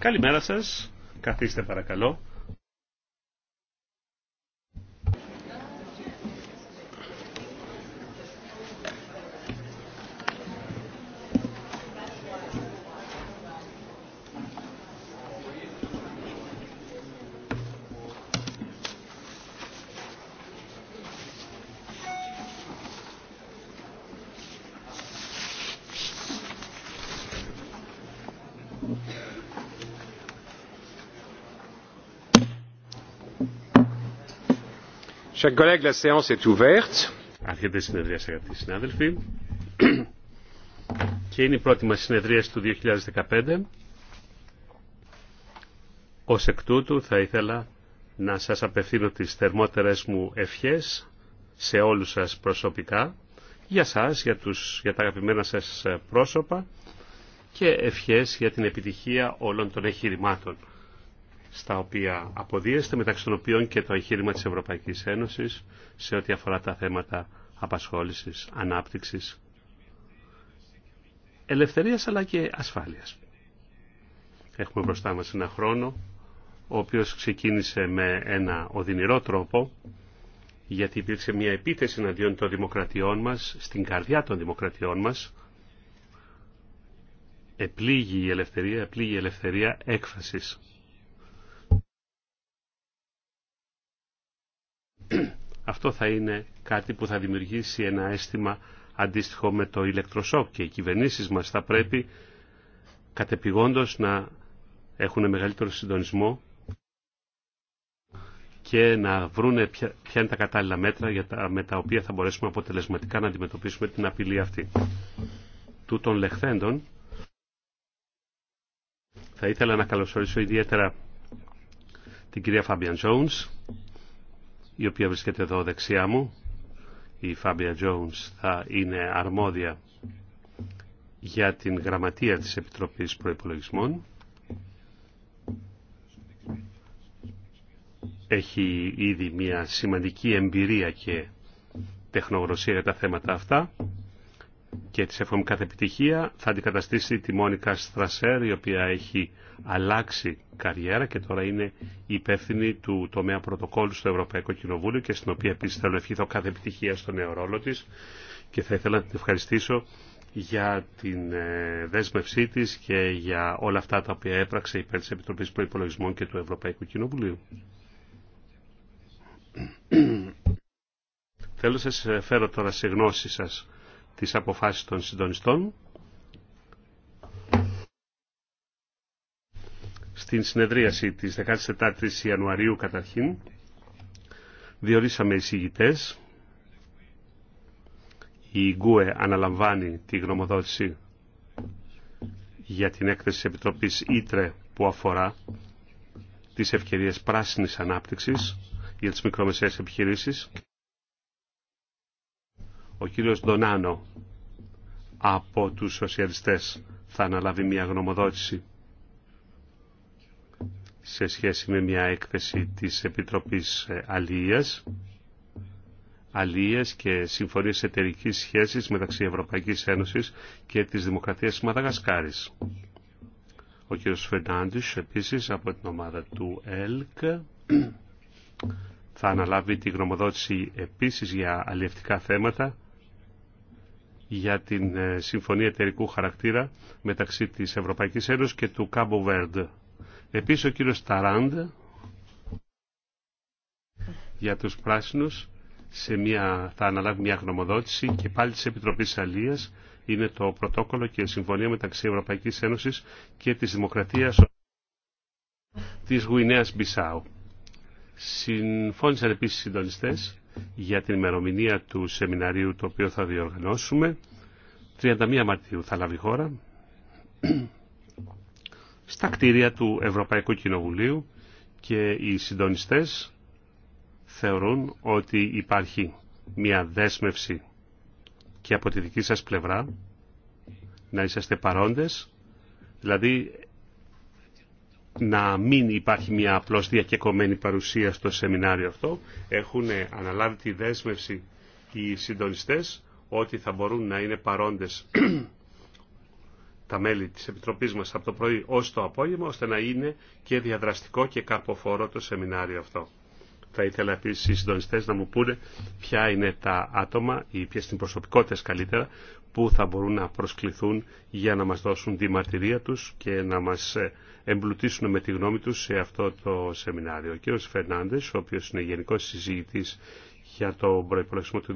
Καλημέρα σας. Καθίστε παρακαλώ. Chers collègues, la séance est ouverte. η συνεδρία, αγαπητοί συνάδελφοι. Και είναι η πρώτη μα συνεδρία του 2015. Ω εκ τούτου θα ήθελα να σα απευθύνω τι θερμότερε μου ευχέ σε όλου σα προσωπικά, για εσά, για, για τα αγαπημένα σα πρόσωπα και ευχές για την επιτυχία όλων των εγχειρημάτων στα οποία αποδίεστε, μεταξύ των οποίων και το εγχείρημα της Ευρωπαϊκής Ένωσης σε ό,τι αφορά τα θέματα απασχόλησης, ανάπτυξης, ελευθερίας αλλά και ασφάλειας. Έχουμε μπροστά μας ένα χρόνο, ο οποίος ξεκίνησε με ένα οδυνηρό τρόπο, γιατί υπήρξε μια επίθεση εναντίον των δημοκρατιών μας, στην καρδιά των δημοκρατιών μας, επλήγει η ελευθερία, επλήγει η ελευθερία έκφρασης. Αυτό θα είναι κάτι που θα δημιουργήσει ένα αίσθημα αντίστοιχο με το ηλεκτροσόκ και οι κυβερνήσει μας θα πρέπει κατεπηγόντως να έχουν μεγαλύτερο συντονισμό και να βρούνε ποια, είναι τα κατάλληλα μέτρα για τα, με τα οποία θα μπορέσουμε αποτελεσματικά να αντιμετωπίσουμε την απειλή αυτή. Του των λεχθέντων θα ήθελα να καλωσορίσω ιδιαίτερα την κυρία Φάμπιαν Jones, η οποία βρίσκεται εδώ δεξιά μου. Η Φάμπια Τζόουνς θα είναι αρμόδια για την γραμματεία της Επιτροπής Προϋπολογισμών. Έχει ήδη μια σημαντική εμπειρία και τεχνογνωσία για τα θέματα αυτά και της εύχομαι κάθε επιτυχία. Θα αντικαταστήσει τη Μόνικα Στρασέρ, η οποία έχει αλλάξει καριέρα και τώρα είναι υπεύθυνη του τομέα πρωτοκόλλου στο Ευρωπαϊκό Κοινοβούλιο και στην οποία επίσης θέλω ευχηθώ κάθε επιτυχία στον νέο ρόλο της και θα ήθελα να την ευχαριστήσω για την ε, δέσμευσή της και για όλα αυτά τα οποία έπραξε υπέρ της Επιτροπής Προϋπολογισμών και του Ευρωπαϊκού Κοινοβουλίου. Θέλω να σας φέρω τώρα σε γνώση σας τις αποφάσεις των συντονιστών. Στην συνεδρίαση της 14ης Ιανουαρίου καταρχήν διορίσαμε εισηγητές. Η ΓΚΟΕ αναλαμβάνει τη γνωμοδότηση για την έκθεση της Επιτροπής Ίτρε που αφορά τις ευκαιρίες πράσινης ανάπτυξης για τις μικρομεσαίες επιχειρήσεις ο κύριος Ντονάνο από τους σοσιαλιστές θα αναλάβει μια γνωμοδότηση σε σχέση με μια έκθεση της Επιτροπής ε, Αλίας αλίες και συμφωνίες εταιρικής σχέσης μεταξύ Ευρωπαϊκής Ένωσης και της Δημοκρατίας της Μαδαγασκάρης. Ο κ. Φερνάντης επίσης από την ομάδα του ΕΛΚ θα αναλάβει τη γνωμοδότηση επίσης για αλλιευτικά θέματα για την ε, Συμφωνία Εταιρικού Χαρακτήρα μεταξύ της Ευρωπαϊκής Ένωσης και του Κάμπο Βέρντ. Επίσης ο κύριος Ταράντ για τους πράσινους σε μια, θα αναλάβει μια γνωμοδότηση και πάλι της Επιτροπής Αλίας είναι το πρωτόκολλο και συμφωνία μεταξύ Ευρωπαϊκής Ένωσης και της Δημοκρατίας της Γουινέας Μπισάου. Συμφώνησαν επίσης οι συντονιστές για την ημερομηνία του σεμιναρίου το οποίο θα διοργανώσουμε. 31 Μαρτίου θα λάβει χώρα στα κτίρια του Ευρωπαϊκού Κοινοβουλίου και οι συντονιστές θεωρούν ότι υπάρχει μια δέσμευση και από τη δική σας πλευρά να είσαστε παρόντες, δηλαδή να μην υπάρχει μια απλώς διακεκομένη παρουσία στο σεμινάριο αυτό. Έχουν αναλάβει τη δέσμευση οι συντονιστές ότι θα μπορούν να είναι παρόντες τα μέλη της Επιτροπής μας από το πρωί ως το απόγευμα, ώστε να είναι και διαδραστικό και καρποφόρο το σεμινάριο αυτό. Θα ήθελα επίσης οι συντονιστές να μου πούνε ποια είναι τα άτομα ή ποιες είναι οι προσωπικότητες καλύτερα που θα μπορούν να προσκληθούν για να μας δώσουν τη μαρτυρία τους και να μας ε, εμπλουτίσουν με τη γνώμη τους σε αυτό το σεμινάριο. Ο κ. Φερνάντες, ο οποίος είναι γενικός συζήτης για το προϋπολογισμό του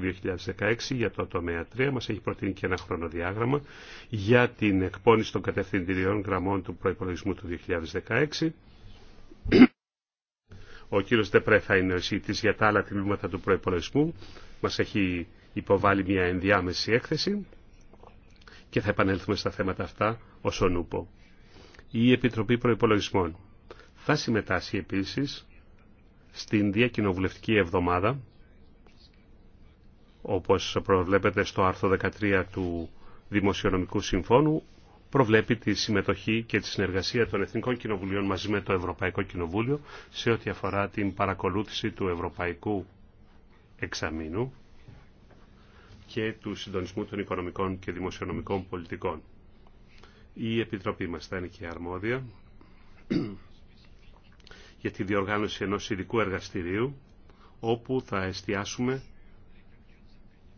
2016, για το τομέα 3, μας έχει προτείνει και ένα χρονοδιάγραμμα για την εκπόνηση των κατευθυντηριών γραμμών του προϋπολογισμού του 2016. Ο κύριος Δεπρέ θα είναι ο συζήτης για τα άλλα τμήματα του προϋπολογισμού. Μας έχει υποβάλει μια ενδιάμεση έκθεση και θα επανέλθουμε στα θέματα αυτά ως ο νουπο η Επιτροπή Προϋπολογισμών. Θα συμμετάσχει επίσης στην Διακοινοβουλευτική Εβδομάδα, όπως προβλέπεται στο άρθρο 13 του Δημοσιονομικού Συμφώνου, προβλέπει τη συμμετοχή και τη συνεργασία των Εθνικών Κοινοβουλίων μαζί με το Ευρωπαϊκό Κοινοβούλιο σε ό,τι αφορά την παρακολούθηση του Ευρωπαϊκού Εξαμήνου και του συντονισμού των οικονομικών και δημοσιονομικών πολιτικών η Επιτροπή μας θα είναι και αρμόδια για τη διοργάνωση ενός ειδικού εργαστηρίου όπου θα εστιάσουμε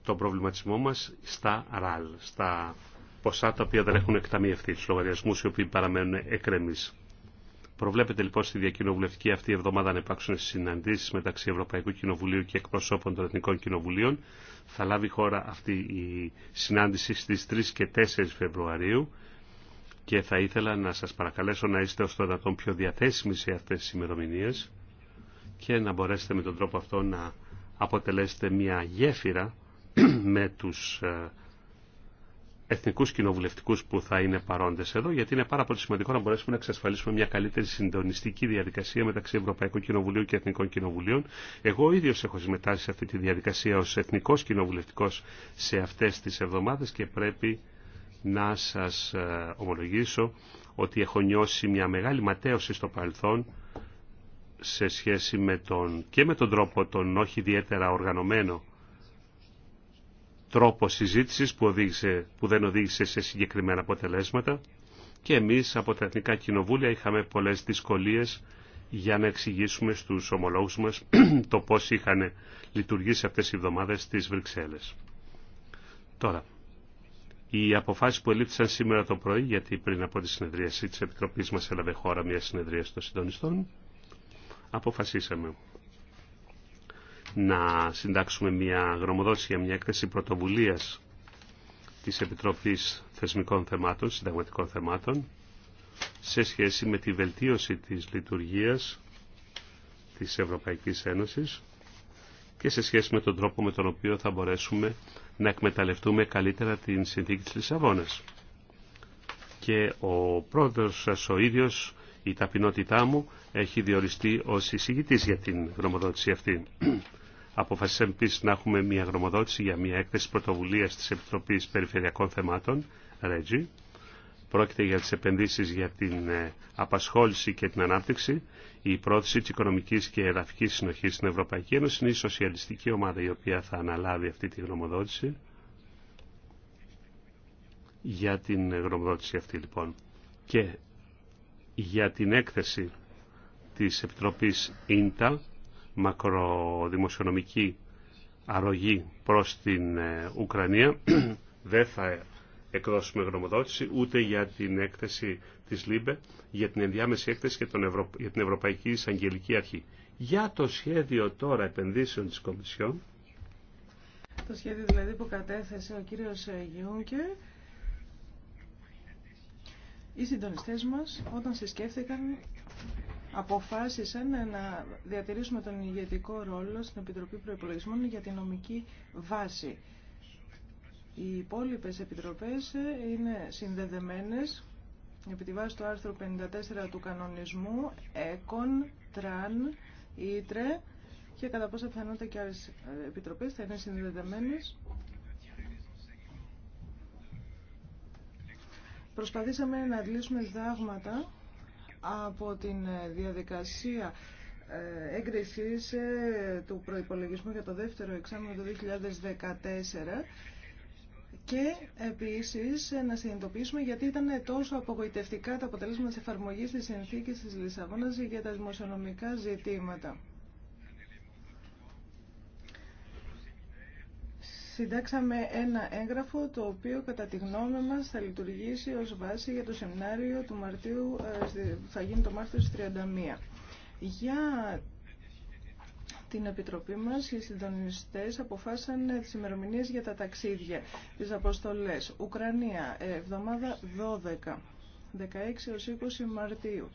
τον προβληματισμό μας στα ραλ, στα ποσά τα οποία δεν έχουν εκταμιευτεί, στους λογαριασμούς οι οποίοι παραμένουν εκκρεμείς. Προβλέπεται λοιπόν στη διακοινοβουλευτική αυτή η εβδομάδα να υπάρξουν συναντήσεις μεταξύ Ευρωπαϊκού Κοινοβουλίου και εκπροσώπων των Εθνικών Κοινοβουλίων. Θα λάβει χώρα αυτή η συνάντηση στις 3 και 4 Φεβρουαρίου και θα ήθελα να σας παρακαλέσω να είστε ως το δυνατόν πιο διαθέσιμοι σε αυτές τις ημερομηνίε και να μπορέσετε με τον τρόπο αυτό να αποτελέσετε μια γέφυρα με τους ε, εθνικούς κοινοβουλευτικούς που θα είναι παρόντες εδώ, γιατί είναι πάρα πολύ σημαντικό να μπορέσουμε να εξασφαλίσουμε μια καλύτερη συντονιστική διαδικασία μεταξύ Ευρωπαϊκού Κοινοβουλίου και Εθνικών Κοινοβουλίων. Εγώ ίδιος έχω συμμετάσχει σε αυτή τη διαδικασία ως εθνικός κοινοβουλευτικός σε αυτές τις εβδομάδες και πρέπει να σας ε, ομολογήσω ότι έχω νιώσει μια μεγάλη ματέωση στο παρελθόν σε σχέση με τον, και με τον τρόπο τον όχι ιδιαίτερα οργανωμένο τρόπο συζήτησης που, οδήγησε, που δεν οδήγησε σε συγκεκριμένα αποτελέσματα και εμείς από τα Εθνικά Κοινοβούλια είχαμε πολλές δυσκολίες για να εξηγήσουμε στους ομολόγους μας το πώς είχαν λειτουργήσει αυτές οι εβδομάδες στις Βρυξέλλες. Τώρα, οι αποφάσει που ελήφθησαν σήμερα το πρωί, γιατί πριν από τη συνεδρίαση τη Επιτροπή μας έλαβε χώρα μια συνεδρίαση των συντονιστών, αποφασίσαμε να συντάξουμε μια γνωμοδότηση για μια έκθεση πρωτοβουλία τη επιτροπή Θεσμικών Θεμάτων, Συνταγματικών Θεμάτων, σε σχέση με τη βελτίωση της λειτουργίας της Ευρωπαϊκή Ένωση και σε σχέση με τον τρόπο με τον οποίο θα μπορέσουμε να εκμεταλλευτούμε καλύτερα την συνθήκη της Λισαβόνας. Και ο πρόεδρος σας ο ίδιος, η ταπεινότητά μου, έχει διοριστεί ως εισηγητής για την γνωμοδότηση αυτή. Αποφασίσαμε επίση να έχουμε μια γνωμοδότηση για μια έκθεση πρωτοβουλία τη Επιτροπής Περιφερειακών Θεμάτων, Ρέτζι, Πρόκειται για τις επενδύσεις για την ε, απασχόληση και την ανάπτυξη. Η πρόθεση της οικονομικής και εδαφικής συνοχής στην Ευρωπαϊκή Ένωση είναι η σοσιαλιστική ομάδα η οποία θα αναλάβει αυτή τη γνωμοδότηση. Για την γνωμοδότηση αυτή λοιπόν και για την έκθεση της Επιτροπής ΙΝΤΑ, μακροδημοσιονομική αρρωγή προς την ε, Ουκρανία, θα εκδώσουμε γνωμοδότηση, ούτε για την έκθεση της ΛΥΜΠΕ, για την ενδιάμεση έκθεση και τον Ευρω... για την Ευρωπαϊκή Εισαγγελική Αρχή. Για το σχέδιο τώρα επενδύσεων της Κομισιόν. Το σχέδιο δηλαδή που κατέθεσε ο κύριος ε, Γιούγκερ, οι συντονιστές μας όταν συσκέφθηκαν αποφάσισαν να διατηρήσουμε τον ηγετικό ρόλο στην Επιτροπή Προϋπολογισμών για τη νομική βάση. Οι υπόλοιπε επιτροπές είναι συνδεδεμένες επί τη βάση του άρθρου 54 του κανονισμού ΕΚΟΝ, ΤΡΑΝ, ΙΤΡΕ και κατά πόσα πιθανότητα και άλλες επιτροπές θα είναι συνδεδεμένες. Προσπαθήσαμε να αντλήσουμε διδάγματα από την διαδικασία ε, έγκρισης ε, του προϋπολογισμού για το δεύτερο εξάμεινο του 2014 και επίση να συνειδητοποιήσουμε γιατί ήταν τόσο απογοητευτικά τα αποτελέσματα της εφαρμογής της συνθήκη της Λισαβόνας για τα δημοσιονομικά ζητήματα. Συντάξαμε ένα έγγραφο το οποίο κατά τη γνώμη μας θα λειτουργήσει ως βάση για το σεμινάριο του Μαρτίου, ε, θα γίνει το Μάρτιο στις 31. Για την Επιτροπή μας οι συντονιστές αποφάσισαν τις ημερομηνίε για τα ταξίδια, τις αποστολές. Ουκρανία, ε, εβδομάδα 12, 16 έως 20 Μαρτίου.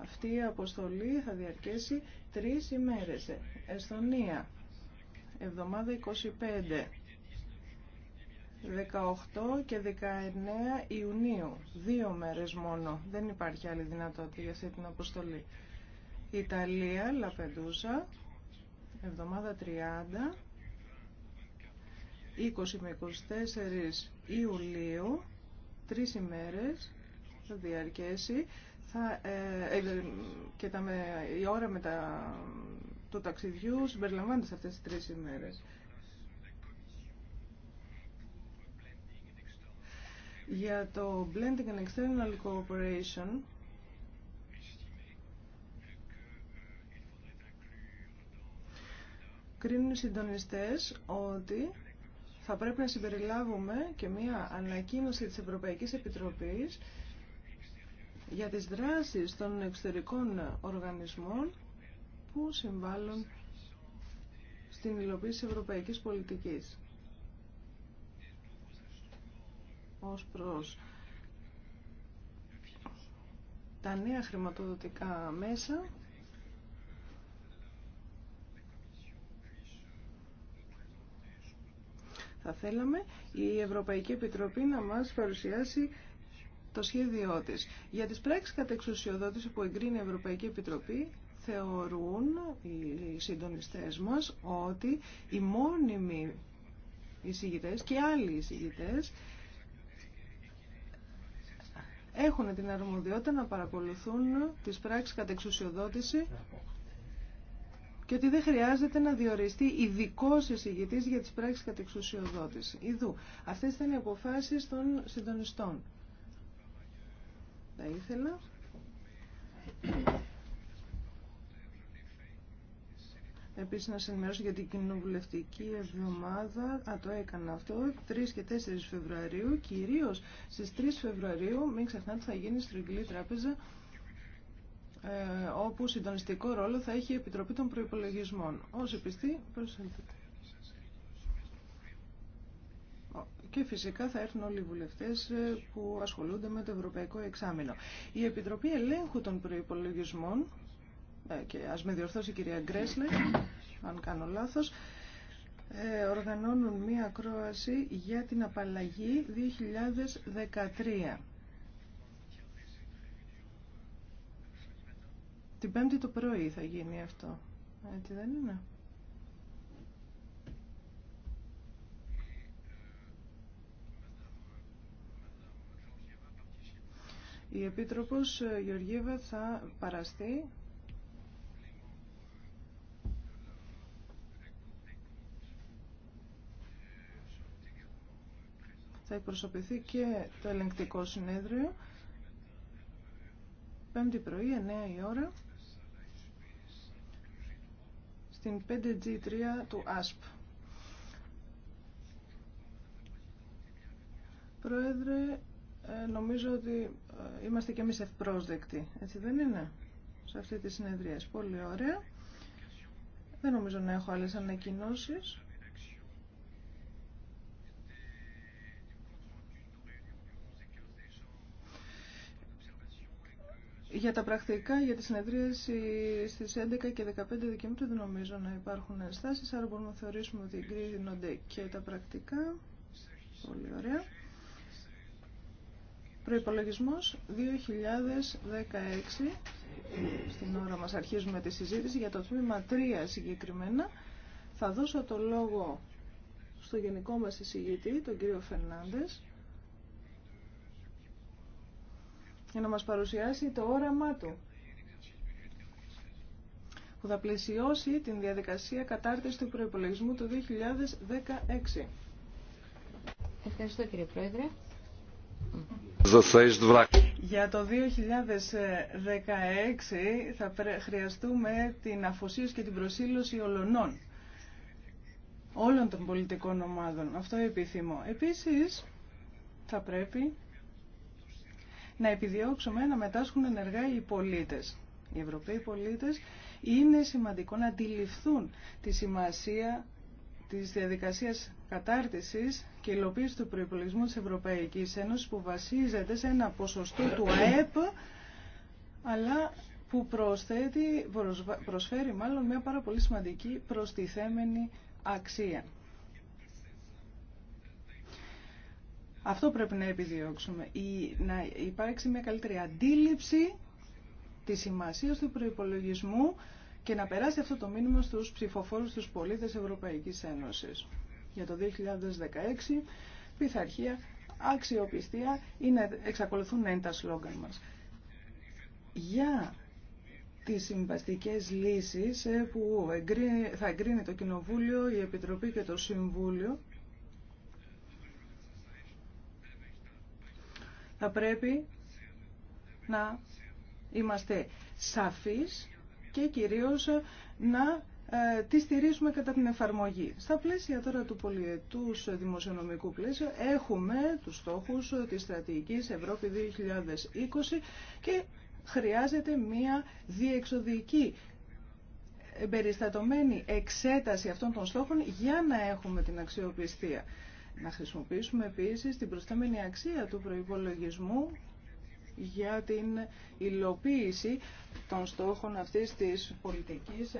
Αυτή η αποστολή θα διαρκέσει τρεις ημέρες. Εσθονία, εβδομάδα 25. 18 και 19 Ιουνίου. Δύο μέρες μόνο. Δεν υπάρχει άλλη δυνατότητα για αυτή την αποστολή. Ιταλία, Λαπεντούσα, εβδομάδα 30, 20 με 24 Ιουλίου, τρεις ημέρες θα διαρκέσει θα, ε, ε και η ώρα με τα, του ταξιδιού συμπεριλαμβάνεται σε αυτές τις τρεις ημέρες. Για το Blending and External Cooperation κρίνουν οι συντονιστές ότι θα πρέπει να συμπεριλάβουμε και μία ανακοίνωση της Ευρωπαϊκής Επιτροπής για τις δράσεις των εξωτερικών οργανισμών που συμβάλλουν στην υλοποίηση της ευρωπαϊκής πολιτικής. Ως προς τα νέα χρηματοδοτικά μέσα Θα θέλαμε η Ευρωπαϊκή Επιτροπή να μας παρουσιάσει το σχέδιό της. Για τις πράξεις εξουσιοδότηση που εγκρίνει η Ευρωπαϊκή Επιτροπή θεωρούν οι συντονιστές μας ότι οι μόνιμοι εισηγητές και άλλοι εισηγητές έχουν την αρμοδιότητα να παρακολουθούν τις πράξεις εξουσιοδότηση και ότι δεν χρειάζεται να διοριστεί ειδικό εισηγητή για τι πράξει κατεξουσιοδότηση. Ιδού. Αυτέ ήταν οι αποφάσει των συντονιστών. Θα ήθελα. Επίσης να σας ενημερώσω για την κοινοβουλευτική εβδομάδα, α, το έκανα αυτό, 3 και 4 Φεβρουαρίου, κυρίως στις 3 Φεβρουαρίου, μην ξεχνάτε θα γίνει στριγκλή τράπεζα, ε, όπου συντονιστικό ρόλο θα έχει η Επιτροπή των Προϋπολογισμών. Όσοι πιστοί, προσέλθετε. Και φυσικά θα έρθουν όλοι οι βουλευτέ ε, που ασχολούνται με το Ευρωπαϊκό Εξάμεινο. Η Επιτροπή Ελέγχου των Προπολογισμών, ε, και ας με διορθώσει η κυρία Γκρέσλε, αν κάνω λάθο, οργανώνουν μία ακρόαση για την απαλλαγή 2013. Την πέμπτη το πρωί θα γίνει αυτό. Έτσι δεν είναι. Η Επίτροπος ε, Γεωργίβα θα παραστεί θα εκπροσωπηθεί και το ελεγκτικό Πέμπτη πρωί, 9 η ώρα στην 5G3 του ΑΣΠ. Πρόεδρε, ε, νομίζω ότι ε, είμαστε και εμείς ευπρόσδεκτοι, έτσι δεν είναι, σε αυτή τη συνεδρία. Πολύ ωραία. Δεν νομίζω να έχω άλλες ανακοινώσεις. Για τα πρακτικά, για τις συνεδρίες στις 11 και 15 Δεκεμβρίου δεν νομίζω να υπάρχουν ενστάσεις, άρα μπορούμε να θεωρήσουμε ότι εγκρίνονται και τα πρακτικά. Πολύ ωραία. Προϋπολογισμός 2016. Στην ώρα μας αρχίζουμε τη συζήτηση για το τμήμα 3 συγκεκριμένα. Θα δώσω το λόγο στο γενικό μας εισηγητή, τον κύριο Φερνάντες. για να μας παρουσιάσει το όραμά του που θα πλαισιώσει την διαδικασία κατάρτισης του προϋπολογισμού του 2016. Ευχαριστώ κύριε Πρόεδρε. Για το 2016 θα χρειαστούμε την αφοσίωση και την προσήλωση ολονών, όλων των πολιτικών ομάδων. Αυτό επιθυμώ. Επίσης θα πρέπει να επιδιώξουμε να μετάσχουν ενεργά οι πολίτες. Οι Ευρωπαίοι πολίτες είναι σημαντικό να αντιληφθούν τη σημασία της διαδικασίας κατάρτισης και υλοποίηση του προϋπολογισμού της Ευρωπαϊκής Ένωσης που βασίζεται σε ένα ποσοστό του ΑΕΠ αλλά που προσθέτει, προσφέρει μάλλον μια πάρα πολύ σημαντική προστιθέμενη αξία. Αυτό πρέπει να επιδιώξουμε. Η, να υπάρξει μια καλύτερη αντίληψη της σημασίας του προϋπολογισμού και να περάσει αυτό το μήνυμα στους ψηφοφόρους, στους πολίτες Ευρωπαϊκής Ένωσης. Για το 2016, πειθαρχία, αξιοπιστία, είναι, εξακολουθούν να είναι τα σλόγγαν μας. Για τις συμβαστικές λύσεις ε, που θα εγκρίνει το Κοινοβούλιο, η Επιτροπή και το Συμβούλιο, Θα πρέπει να είμαστε σαφείς και κυρίως να ε, τη στηρίζουμε κατά την εφαρμογή. Στα πλαίσια τώρα του πολιετούς δημοσιονομικού πλαίσιου έχουμε τους στόχους της στρατηγικής Ευρώπη 2020 και χρειάζεται μία διεξοδική περιστατωμένη εξέταση αυτών των στόχων για να έχουμε την αξιοπιστία. Να χρησιμοποιήσουμε επίσης την προστάμενη αξία του προϋπολογισμού για την υλοποίηση των στόχων αυτής της πολιτικής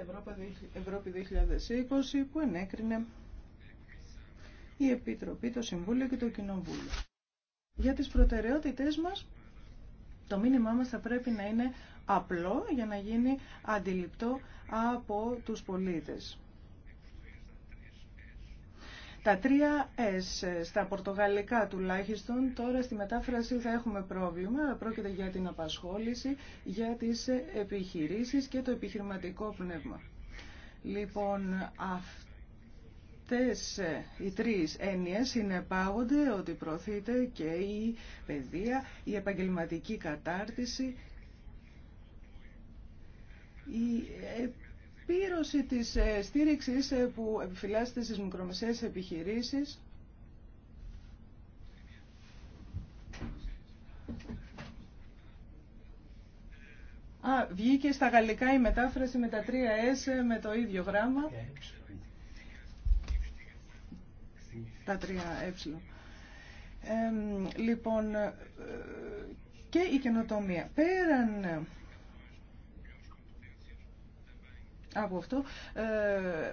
Ευρώπη 2020 που ενέκρινε η Επιτροπή, το Συμβούλιο και το Κοινοβούλιο. Για τις προτεραιότητές μας, το μήνυμά μας θα πρέπει να είναι απλό για να γίνει αντιληπτό από τους πολίτες. Τα τρία S στα πορτογαλικά τουλάχιστον, τώρα στη μετάφραση θα έχουμε πρόβλημα. Πρόκειται για την απασχόληση, για τις επιχειρήσεις και το επιχειρηματικό πνεύμα. Λοιπόν, αυτές οι τρεις έννοιες συνεπάγονται ότι προωθείται και η παιδεία, η επαγγελματική κατάρτιση, η αποσπήρωση της ε, στήριξης ε, που επιφυλάσσεται στις μικρομεσαίες επιχειρήσεις. Α, βγήκε στα γαλλικά η μετάφραση με τα 3 S ε, με το ίδιο γράμμα. Τα τρία ε. Λοιπόν, ε, λοιπόν, και η καινοτομία. Πέραν από αυτό ε,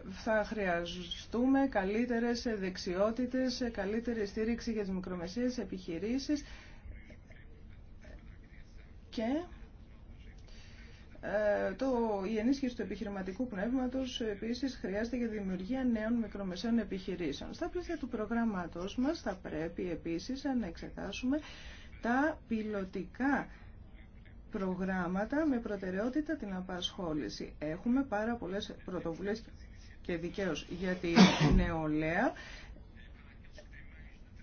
θα χρειαστούμε καλύτερες δεξιότητες, καλύτερη στήριξη για τις μικρομεσαίες επιχειρήσεις και ε, το, η ενίσχυση του επιχειρηματικού πνεύματος επίσης χρειάζεται για δημιουργία νέων μικρομεσαίων επιχειρήσεων. Στα πλαίσια του προγράμματος μας θα πρέπει επίσης να εξετάσουμε τα πιλωτικά προγράμματα με προτεραιότητα την απασχόληση. Έχουμε πάρα πολλές πρωτοβουλίες και δικαίω για τη νεολαία.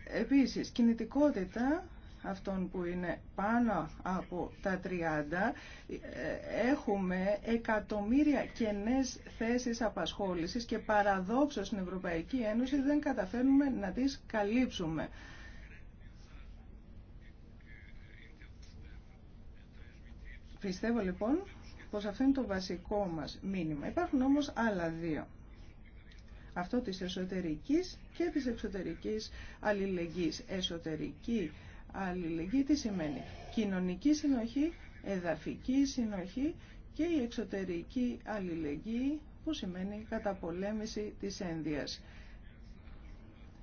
Επίσης, κινητικότητα αυτών που είναι πάνω από τα 30, έχουμε εκατομμύρια κενές θέσεις απασχόλησης και παραδόξως στην Ευρωπαϊκή Ένωση δεν καταφέρνουμε να τις καλύψουμε. Πιστεύω λοιπόν πως αυτό είναι το βασικό μας μήνυμα. Υπάρχουν όμως άλλα δύο. Αυτό της εσωτερικής και της εξωτερικής αλληλεγγύης. Εσωτερική αλληλεγγύη τι σημαίνει. Κοινωνική συνοχή, εδαφική συνοχή και η εξωτερική αλληλεγγύη που σημαίνει καταπολέμηση της ένδυας.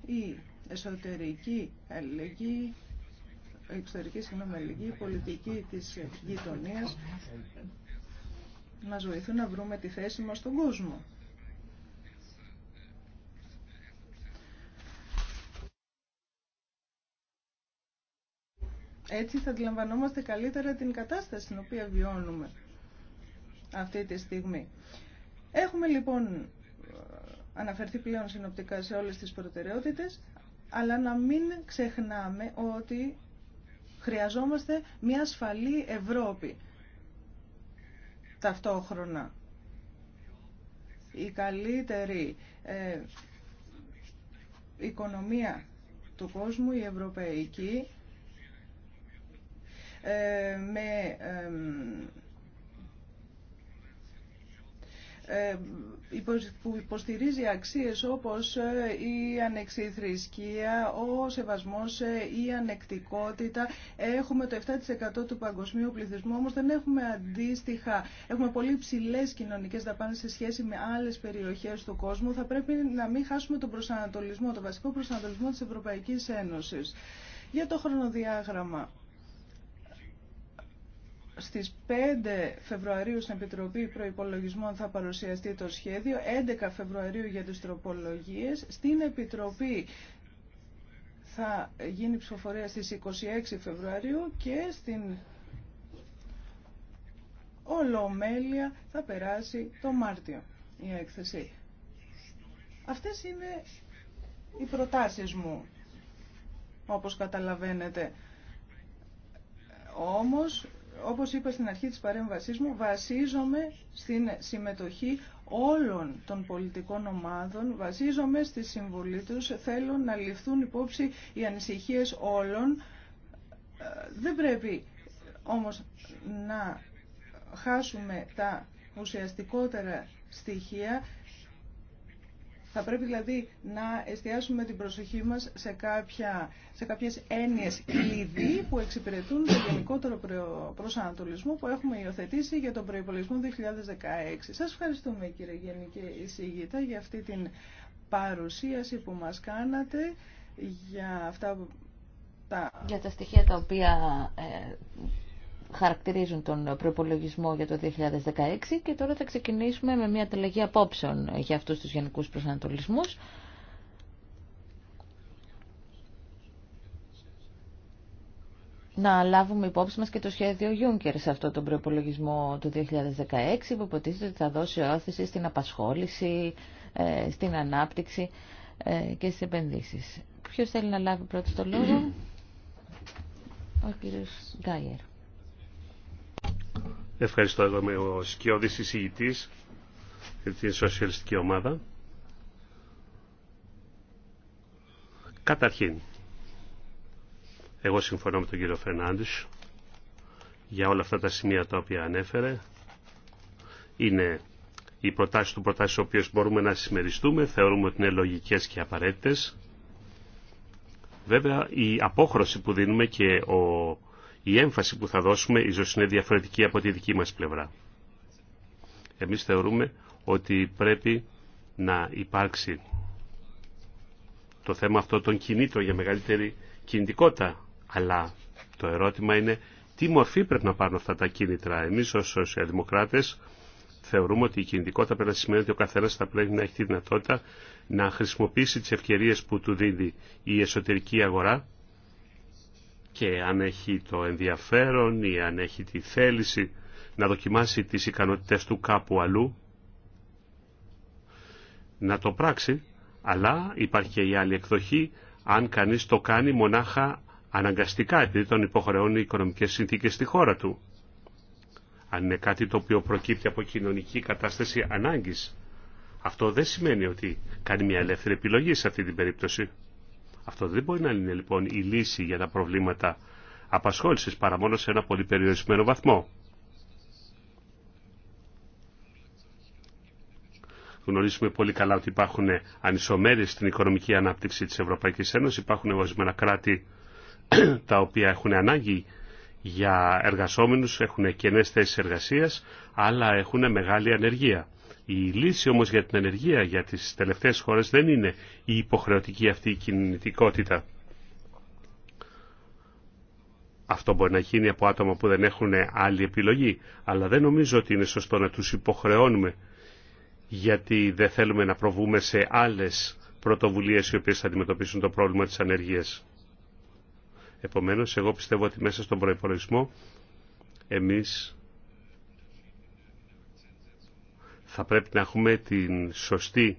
Η εσωτερική αλληλεγγύη εξωτερική συγγνώμη, αλληλεγγύη, πολιτική της γειτονίας μας βοηθούν να βρούμε τη θέση μας στον κόσμο. Έτσι θα αντιλαμβανόμαστε καλύτερα την κατάσταση στην οποία βιώνουμε αυτή τη στιγμή. Έχουμε λοιπόν αναφερθεί πλέον συνοπτικά σε όλες τις προτεραιότητες, αλλά να μην ξεχνάμε ότι Χρειαζόμαστε μια ασφαλή Ευρώπη ταυτόχρονα. Η καλύτερη ε, οικονομία του κόσμου, η ευρωπαϊκή, ε, με... Ε, ε, που υποστηρίζει αξίες όπως ε, η ανεξιθρησκεία, ο σεβασμός, ε, η ανεκτικότητα. Έχουμε το 7% του παγκοσμίου πληθυσμού, όμως δεν έχουμε αντίστοιχα. Έχουμε πολύ ψηλές κοινωνικές δαπάνες σε σχέση με άλλες περιοχές του κόσμου. Θα πρέπει να μην χάσουμε τον προσανατολισμό, τον βασικό προσανατολισμό της Ευρωπαϊκής Ένωσης. Για το χρονοδιάγραμμα. Στις 5 Φεβρουαρίου στην Επιτροπή Προϋπολογισμών θα παρουσιαστεί το σχέδιο, 11 Φεβρουαρίου για τις τροπολογίες. Στην Επιτροπή θα γίνει ψηφοφορία στις 26 Φεβρουαρίου και στην Ολομέλεια θα περάσει το Μάρτιο η έκθεση. Αυτές είναι οι προτάσεις μου, όπως καταλαβαίνετε. Όμως όπως είπα στην αρχή της παρέμβασής μου, βασίζομαι στην συμμετοχή όλων των πολιτικών ομάδων, βασίζομαι στη συμβολή τους, θέλω να ληφθούν υπόψη οι ανησυχίες όλων. Ε, δεν πρέπει όμως να χάσουμε τα ουσιαστικότερα στοιχεία θα πρέπει δηλαδή να εστιάσουμε την προσοχή μας σε, κάποια, σε κάποιες έννοιες κλειδί που εξυπηρετούν το γενικότερο προσανατολισμό που έχουμε υιοθετήσει για τον προϋπολογισμό 2016. Σας ευχαριστούμε κύριε Γενική Εισηγήτα για αυτή την παρουσίαση που μας κάνατε για αυτά τα... Για τα στοιχεία τα οποία ε, χαρακτηρίζουν τον προπολογισμό για το 2016 και τώρα θα ξεκινήσουμε με μια τελεγή απόψεων για αυτούς τους γενικούς προσανατολισμούς. να λάβουμε υπόψη μας και το σχέδιο Juncker σε αυτό τον προπολογισμό του 2016 που υποτίθεται ότι θα δώσει όθηση στην απασχόληση, ε, στην ανάπτυξη ε, και στις επενδύσεις. Ποιος θέλει να λάβει πρώτο το λόγο? Ο κύριος Γκάιερ. Ευχαριστώ. Εγώ με ο σκιώδης εισηγητής για την σοσιαλιστική ομάδα. Καταρχήν, εγώ συμφωνώ με τον κύριο Φερνάντης για όλα αυτά τα σημεία τα οποία ανέφερε. Είναι οι προτάσει του προτάσει οποίε μπορούμε να συμμεριστούμε, θεωρούμε ότι είναι λογικέ και απαραίτητε. Βέβαια, η απόχρωση που δίνουμε και ο η έμφαση που θα δώσουμε ίσως είναι διαφορετική από τη δική μας πλευρά. Εμείς θεωρούμε ότι πρέπει να υπάρξει το θέμα αυτό των κινήτων για μεγαλύτερη κινητικότητα. Αλλά το ερώτημα είναι τι μορφή πρέπει να πάρουν αυτά τα κίνητρα. Εμείς ως σοσιαδημοκράτες θεωρούμε ότι η κινητικότητα πρέπει να σημαίνει ότι ο καθένας θα πρέπει να έχει τη δυνατότητα να χρησιμοποιήσει τις ευκαιρίες που του δίνει η εσωτερική αγορά και αν έχει το ενδιαφέρον ή αν έχει τη θέληση να δοκιμάσει τις ικανότητες του κάπου αλλού, να το πράξει, αλλά υπάρχει και η άλλη εκδοχή, αν κανείς το κάνει μονάχα αναγκαστικά, επειδή τον υποχρεώνει οι οικονομικές συνθήκες στη χώρα του. Αν είναι κάτι το οποίο προκύπτει από κοινωνική κατάσταση ανάγκης. Αυτό δεν σημαίνει ότι κάνει μια ελεύθερη επιλογή σε αυτή την περίπτωση. Αυτό δεν μπορεί να είναι λοιπόν η λύση για τα προβλήματα απασχόλησης παρά μόνο σε ένα πολύ περιορισμένο βαθμό. Γνωρίζουμε πολύ καλά ότι υπάρχουν ανισομέρειες στην οικονομική ανάπτυξη της Ευρωπαϊκής Ένωσης. Υπάρχουν ορισμένα κράτη τα οποία έχουν ανάγκη για εργασόμενους, έχουν κενές θέσεις εργασίας, αλλά έχουν μεγάλη ανεργία. Η λύση όμως για την ενεργεία για τις τελευταίες χώρες δεν είναι η υποχρεωτική αυτή κινητικότητα. Αυτό μπορεί να γίνει από άτομα που δεν έχουν άλλη επιλογή, αλλά δεν νομίζω ότι είναι σωστό να τους υποχρεώνουμε γιατί δεν θέλουμε να προβούμε σε άλλες πρωτοβουλίες οι οποίες θα αντιμετωπίσουν το πρόβλημα της ανεργίας. Επομένως, εγώ πιστεύω ότι μέσα στον προϋπολογισμό εμείς θα πρέπει να έχουμε την σωστή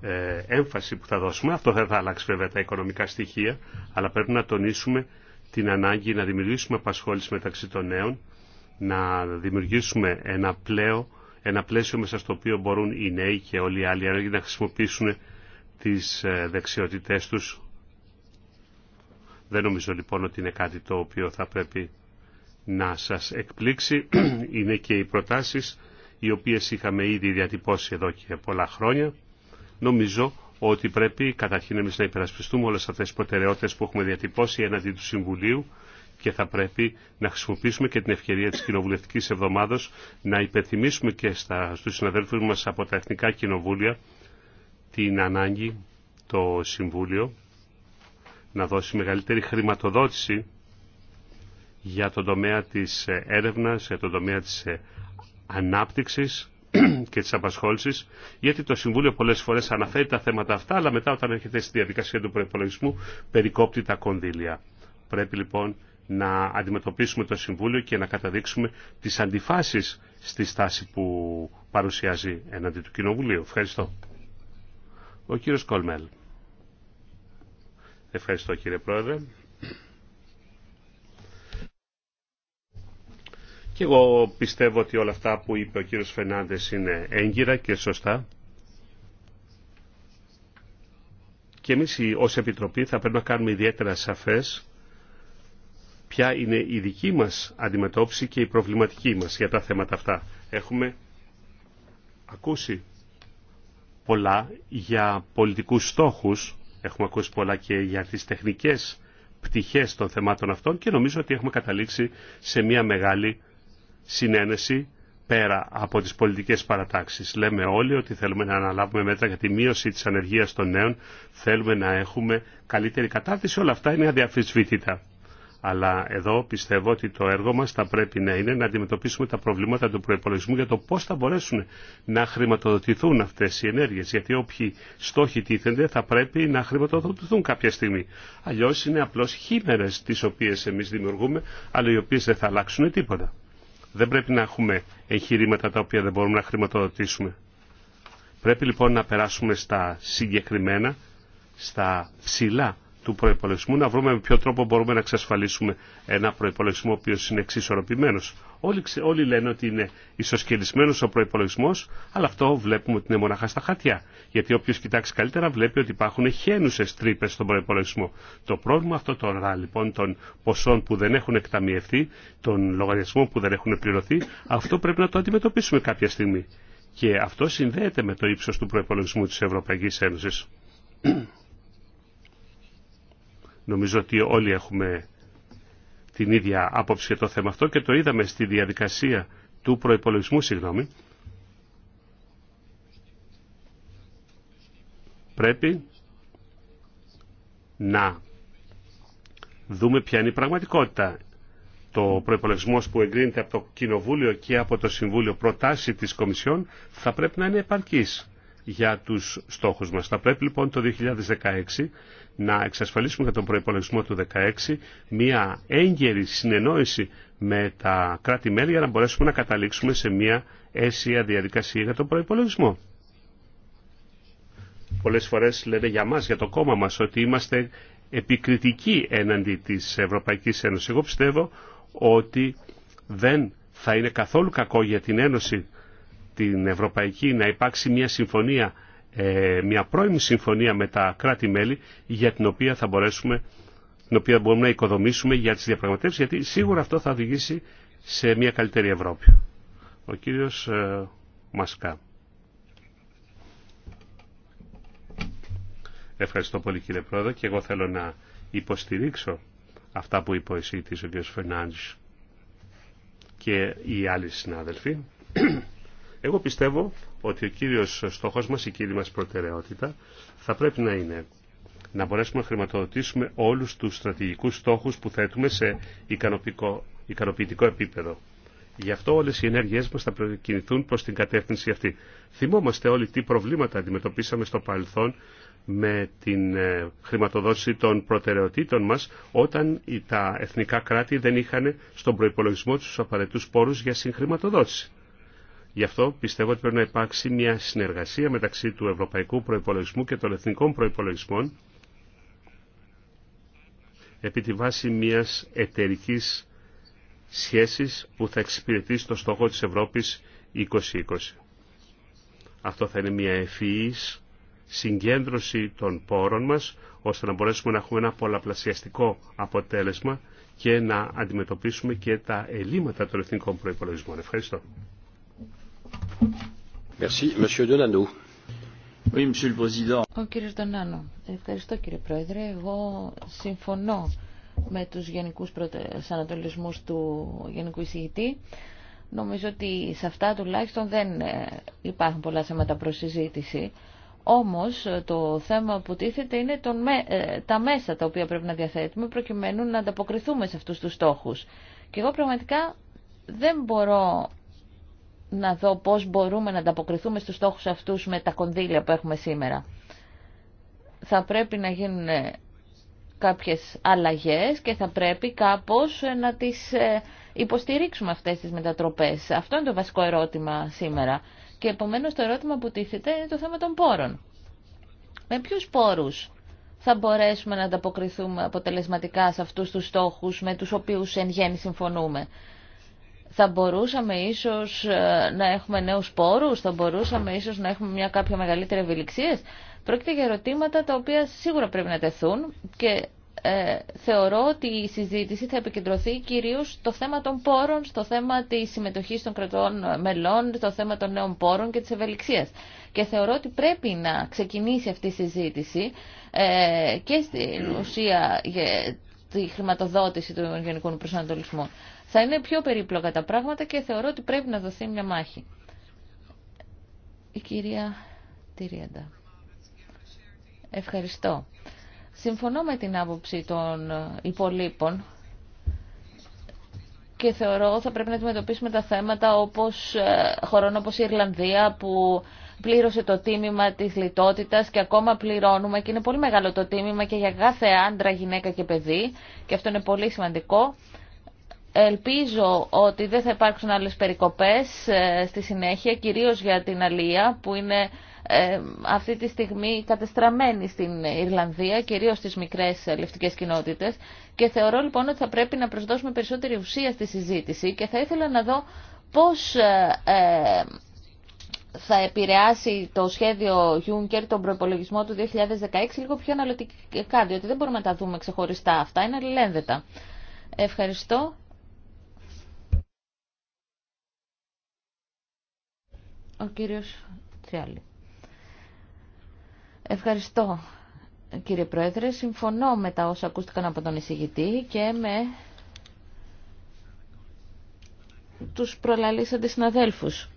ε, έμφαση που θα δώσουμε. Αυτό δεν θα αλλάξει βέβαια τα οικονομικά στοιχεία, αλλά πρέπει να τονίσουμε την ανάγκη να δημιουργήσουμε απασχόληση μεταξύ των νέων, να δημιουργήσουμε ένα, πλέο, ένα πλαίσιο μέσα στο οποίο μπορούν οι νέοι και όλοι οι άλλοι να χρησιμοποιήσουν τις ε, δεξιότητές τους. Δεν νομίζω λοιπόν ότι είναι κάτι το οποίο θα πρέπει να σας εκπλήξει. Είναι και οι προτάσεις οι οποίες είχαμε ήδη διατυπώσει εδώ και πολλά χρόνια. Νομίζω ότι πρέπει καταρχήν εμείς να υπερασπιστούμε όλες αυτές τις προτεραιότητες που έχουμε διατυπώσει έναντι του Συμβουλίου και θα πρέπει να χρησιμοποιήσουμε και την ευκαιρία της κοινοβουλευτικής εβδομάδος να υπενθυμίσουμε και στα, στους συναδέλφους μας από τα Εθνικά Κοινοβούλια την ανάγκη το Συμβούλιο να δώσει μεγαλύτερη χρηματοδότηση για τον τομέα της έρευνας, για τον τομέα της ανάπτυξης και της απασχόλησης, γιατί το Συμβούλιο πολλές φορές αναφέρει τα θέματα αυτά, αλλά μετά όταν έρχεται στη διαδικασία του προπολογισμού περικόπτει τα κονδύλια. Πρέπει λοιπόν να αντιμετωπίσουμε το Συμβούλιο και να καταδείξουμε τις αντιφάσεις στη στάση που παρουσιάζει εναντί του Κοινοβουλίου. Ευχαριστώ. Ο κύριος Κολμέλ. Ευχαριστώ κύριε Πρόεδρε. Και εγώ πιστεύω ότι όλα αυτά που είπε ο κύριος Φενάντες είναι έγκυρα και σωστά. Και εμείς ως Επιτροπή θα πρέπει να κάνουμε ιδιαίτερα σαφές ποια είναι η δική μας αντιμετώπιση και η προβληματική μας για τα θέματα αυτά. Έχουμε ακούσει πολλά για πολιτικούς στόχους, έχουμε ακούσει πολλά και για τις τεχνικές πτυχές των θεμάτων αυτών και νομίζω ότι έχουμε καταλήξει σε μια μεγάλη συνένεση πέρα από τις πολιτικές παρατάξεις. Λέμε όλοι ότι θέλουμε να αναλάβουμε μέτρα για τη μείωση της ανεργίας των νέων, θέλουμε να έχουμε καλύτερη κατάρτιση, όλα αυτά είναι αδιαφυσβήτητα. Αλλά εδώ πιστεύω ότι το έργο μας θα πρέπει να είναι να αντιμετωπίσουμε τα προβλήματα του προϋπολογισμού για το πώς θα μπορέσουν να χρηματοδοτηθούν αυτές οι ενέργειες. Γιατί όποιοι στόχοι τίθενται θα πρέπει να χρηματοδοτηθούν κάποια στιγμή. Αλλιώς είναι απλώς χήμερες τις οποίες εμείς δημιουργούμε, αλλά οι οποίες δεν θα αλλάξουν τίποτα. Δεν πρέπει να έχουμε εγχειρήματα τα οποία δεν μπορούμε να χρηματοδοτήσουμε. Πρέπει λοιπόν να περάσουμε στα συγκεκριμένα, στα ψηλά του προπολογισμού, να βρούμε με ποιο τρόπο μπορούμε να εξασφαλίσουμε ένα προπολογισμό ο οποίο είναι εξισορροπημένο. Όλοι, όλοι λένε ότι είναι ισοσκελισμένο ο προπολογισμό, αλλά αυτό βλέπουμε ότι είναι μονάχα στα χαρτιά. Γιατί όποιο κοιτάξει καλύτερα βλέπει ότι υπάρχουν χένουσε τρύπε στον προπολογισμό. Το πρόβλημα αυτό τώρα λοιπόν των ποσών που δεν έχουν εκταμιευθεί, των λογαριασμών που δεν έχουν πληρωθεί, αυτό πρέπει να το αντιμετωπίσουμε κάποια στιγμή. Και αυτό συνδέεται με το ύψος του προπολογισμού της Ευρωπαϊκής Ένωσης. Νομίζω ότι όλοι έχουμε την ίδια άποψη για το θέμα αυτό και το είδαμε στη διαδικασία του προϋπολογισμού, συγγνώμη. Πρέπει να δούμε ποια είναι η πραγματικότητα. Το προπολογισμό που εγκρίνεται από το Κοινοβούλιο και από το Συμβούλιο προτάσει της Κομισιόν θα πρέπει να είναι επαρκής για τους στόχους μας. Θα πρέπει λοιπόν το 2016 να εξασφαλίσουμε για τον προϋπολογισμό του 2016 μια έγκαιρη συνεννόηση με τα κράτη-μέλη για να μπορέσουμε να καταλήξουμε σε μια αίσια διαδικασία για τον προϋπολογισμό. Πολλές φορές λένε για μας, για το κόμμα μας, ότι είμαστε επικριτικοί έναντι της Ευρωπαϊκής Ένωσης. Εγώ πιστεύω ότι δεν θα είναι καθόλου κακό για την Ένωση την Ευρωπαϊκή να υπάρξει μια συμφωνία, ε, μια πρώιμη συμφωνία με τα κράτη-μέλη για την οποία θα μπορέσουμε την οποία μπορούμε να οικοδομήσουμε για τις διαπραγματεύσεις, γιατί σίγουρα αυτό θα οδηγήσει σε μια καλύτερη Ευρώπη. Ο κύριος ε, Μασκά. Ευχαριστώ πολύ κύριε Πρόεδρε και εγώ θέλω να υποστηρίξω αυτά που είπε ο εισήτης ο κ. Φερνάντζης και οι άλλοι συνάδελφοι εγώ πιστεύω ότι ο κύριος στόχος μας, η κύριη μας προτεραιότητα θα πρέπει να είναι να μπορέσουμε να χρηματοδοτήσουμε όλους τους στρατηγικούς στόχους που θέτουμε σε ικανοποιητικό επίπεδο. Γι' αυτό όλε οι ενέργειέ μα θα κινηθούν προ την κατεύθυνση αυτή. Θυμόμαστε όλοι τι προβλήματα αντιμετωπίσαμε στο παρελθόν με την ε, χρηματοδότηση των προτεραιοτήτων μας όταν τα εθνικά κράτη δεν είχαν στον προϋπολογισμό τους απαραίτητους πόρους για συγχρηματοδότηση. Γι' αυτό πιστεύω ότι πρέπει να υπάρξει μια συνεργασία μεταξύ του ευρωπαϊκού προϋπολογισμού και των εθνικών προϋπολογισμών επί τη βάση μιας εταιρικής σχέσης που θα εξυπηρετήσει το στόχο της Ευρώπης 2020. Αυτό θα είναι μια ευφυής συγκέντρωση των πόρων μας, ώστε να μπορέσουμε να έχουμε ένα πολλαπλασιαστικό αποτέλεσμα και να αντιμετωπίσουμε και τα ελλείμματα των εθνικών προϋπολογισμών. Ευχαριστώ. Ευχαριστώ κύριε Πρόεδρε. Εγώ συμφωνώ με τους γενικούς ανατολισμούς του Γενικού Εισηγητή. Νομίζω ότι σε αυτά τουλάχιστον δεν ε, υπάρχουν πολλά θέματα προς συζήτηση. Όμως το θέμα που τίθεται είναι τον, ε, τα μέσα τα οποία πρέπει να διαθέτουμε προκειμένου να ανταποκριθούμε σε αυτούς τους στόχους. Και εγώ πραγματικά δεν μπορώ να δω πώς μπορούμε να ανταποκριθούμε στους στόχους αυτούς με τα κονδύλια που έχουμε σήμερα. Θα πρέπει να γίνουν ε, κάποιες αλλαγές και θα πρέπει κάπως ε, να τις ε, υποστηρίξουμε αυτές τις μετατροπές. Αυτό είναι το βασικό ερώτημα σήμερα. Και επομένως το ερώτημα που τίθεται είναι το θέμα των πόρων. Με ποιους πόρους θα μπορέσουμε να ανταποκριθούμε αποτελεσματικά σε αυτούς τους στόχους με τους οποίους εν γέννη συμφωνούμε θα μπορούσαμε ίσως ε, να έχουμε νέους πόρους, θα μπορούσαμε ίσως να έχουμε μια κάποια μεγαλύτερη ευελιξία. Πρόκειται για ερωτήματα τα οποία σίγουρα πρέπει να τεθούν και ε, θεωρώ ότι η συζήτηση θα επικεντρωθεί κυρίως στο θέμα των πόρων, στο θέμα της συμμετοχής των κρατών μελών, στο θέμα των νέων πόρων και της ευελιξίας. Και θεωρώ ότι πρέπει να ξεκινήσει αυτή η συζήτηση ε, και στην ουσία για τη χρηματοδότηση των Γενικών Προσανατολισμών. Θα είναι πιο περίπλοκα τα πράγματα και θεωρώ ότι πρέπει να δοθεί μια μάχη. Η κυρία Τυρίαντα. Ευχαριστώ. Συμφωνώ με την άποψη των υπολείπων και θεωρώ θα πρέπει να αντιμετωπίσουμε τα θέματα όπως ε, χωρών όπως η Ιρλανδία που πλήρωσε το τίμημα της λιτότητας και ακόμα πληρώνουμε και είναι πολύ μεγάλο το τίμημα και για κάθε άντρα, γυναίκα και παιδί και αυτό είναι πολύ σημαντικό. Ελπίζω ότι δεν θα υπάρξουν άλλες περικοπές ε, στη συνέχεια, κυρίως για την Αλία που είναι ε, αυτή τη στιγμή κατεστραμμένη στην Ιρλανδία, κυρίως στις μικρές λευτικές κοινότητες και θεωρώ λοιπόν ότι θα πρέπει να προσδώσουμε περισσότερη ουσία στη συζήτηση και θα ήθελα να δω πώς ε, θα επηρεάσει το σχέδιο Juncker τον προπολογισμό του 2016 λίγο πιο αναλυτικά, διότι δεν μπορούμε να τα δούμε ξεχωριστά αυτά, είναι αλληλένδετα. Ευχαριστώ. Ο κύριος Τριάλη. Ευχαριστώ κύριε Πρόεδρε. Συμφωνώ με τα όσα ακούστηκαν από τον εισηγητή και με τους προλαλήσαντες συναδέλφους.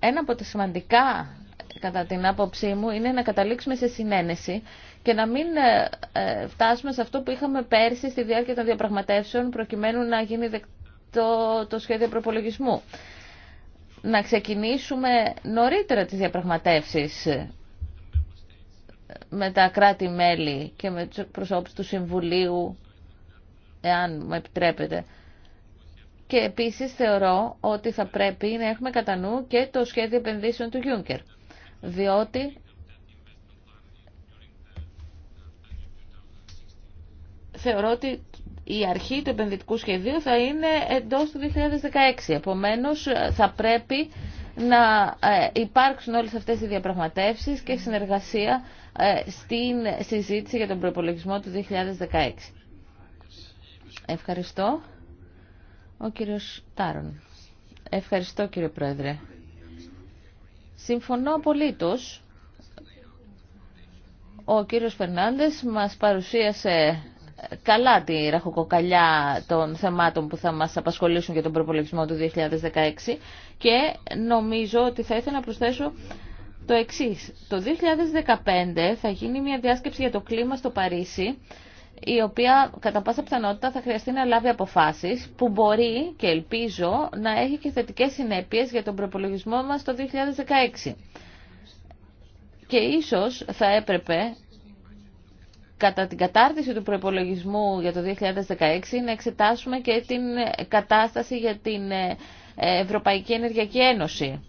Ένα από τα σημαντικά κατά την άποψή μου είναι να καταλήξουμε σε συνένεση και να μην ε, ε, φτάσουμε σε αυτό που είχαμε πέρσι στη διάρκεια των διαπραγματεύσεων προκειμένου να γίνει δεκτό το σχέδιο προπολογισμού να ξεκινήσουμε νωρίτερα τις διαπραγματεύσεις με τα κράτη-μέλη και με τους εκπροσώπους του Συμβουλίου, εάν μου επιτρέπετε. Και επίσης θεωρώ ότι θα πρέπει να έχουμε κατά νου και το σχέδιο επενδύσεων του Γιούγκερ, διότι θεωρώ ότι η αρχή του επενδυτικού σχεδίου θα είναι εντός του 2016. Επομένως, θα πρέπει να ε, υπάρξουν όλες αυτές οι διαπραγματεύσεις και συνεργασία ε, στην συζήτηση για τον προπολογισμό του 2016. Ευχαριστώ. Ο κύριος Τάρον. Ευχαριστώ κύριε Πρόεδρε. Συμφωνώ απολύτως. Ο κύριος Φερνάντες μας παρουσίασε καλά τη ραχοκοκαλιά των θεμάτων που θα μας απασχολήσουν για τον προπολογισμό του 2016 και νομίζω ότι θα ήθελα να προσθέσω το εξή. Το 2015 θα γίνει μια διάσκεψη για το κλίμα στο Παρίσι η οποία κατά πάσα πιθανότητα θα χρειαστεί να λάβει αποφάσεις που μπορεί και ελπίζω να έχει και θετικές συνέπειες για τον προπολογισμό μας το 2016. Και ίσως θα έπρεπε κατά την κατάρτιση του προπολογισμού για το 2016 να εξετάσουμε και την κατάσταση για την ε, Ευρωπαϊκή Ενεργειακή Ένωση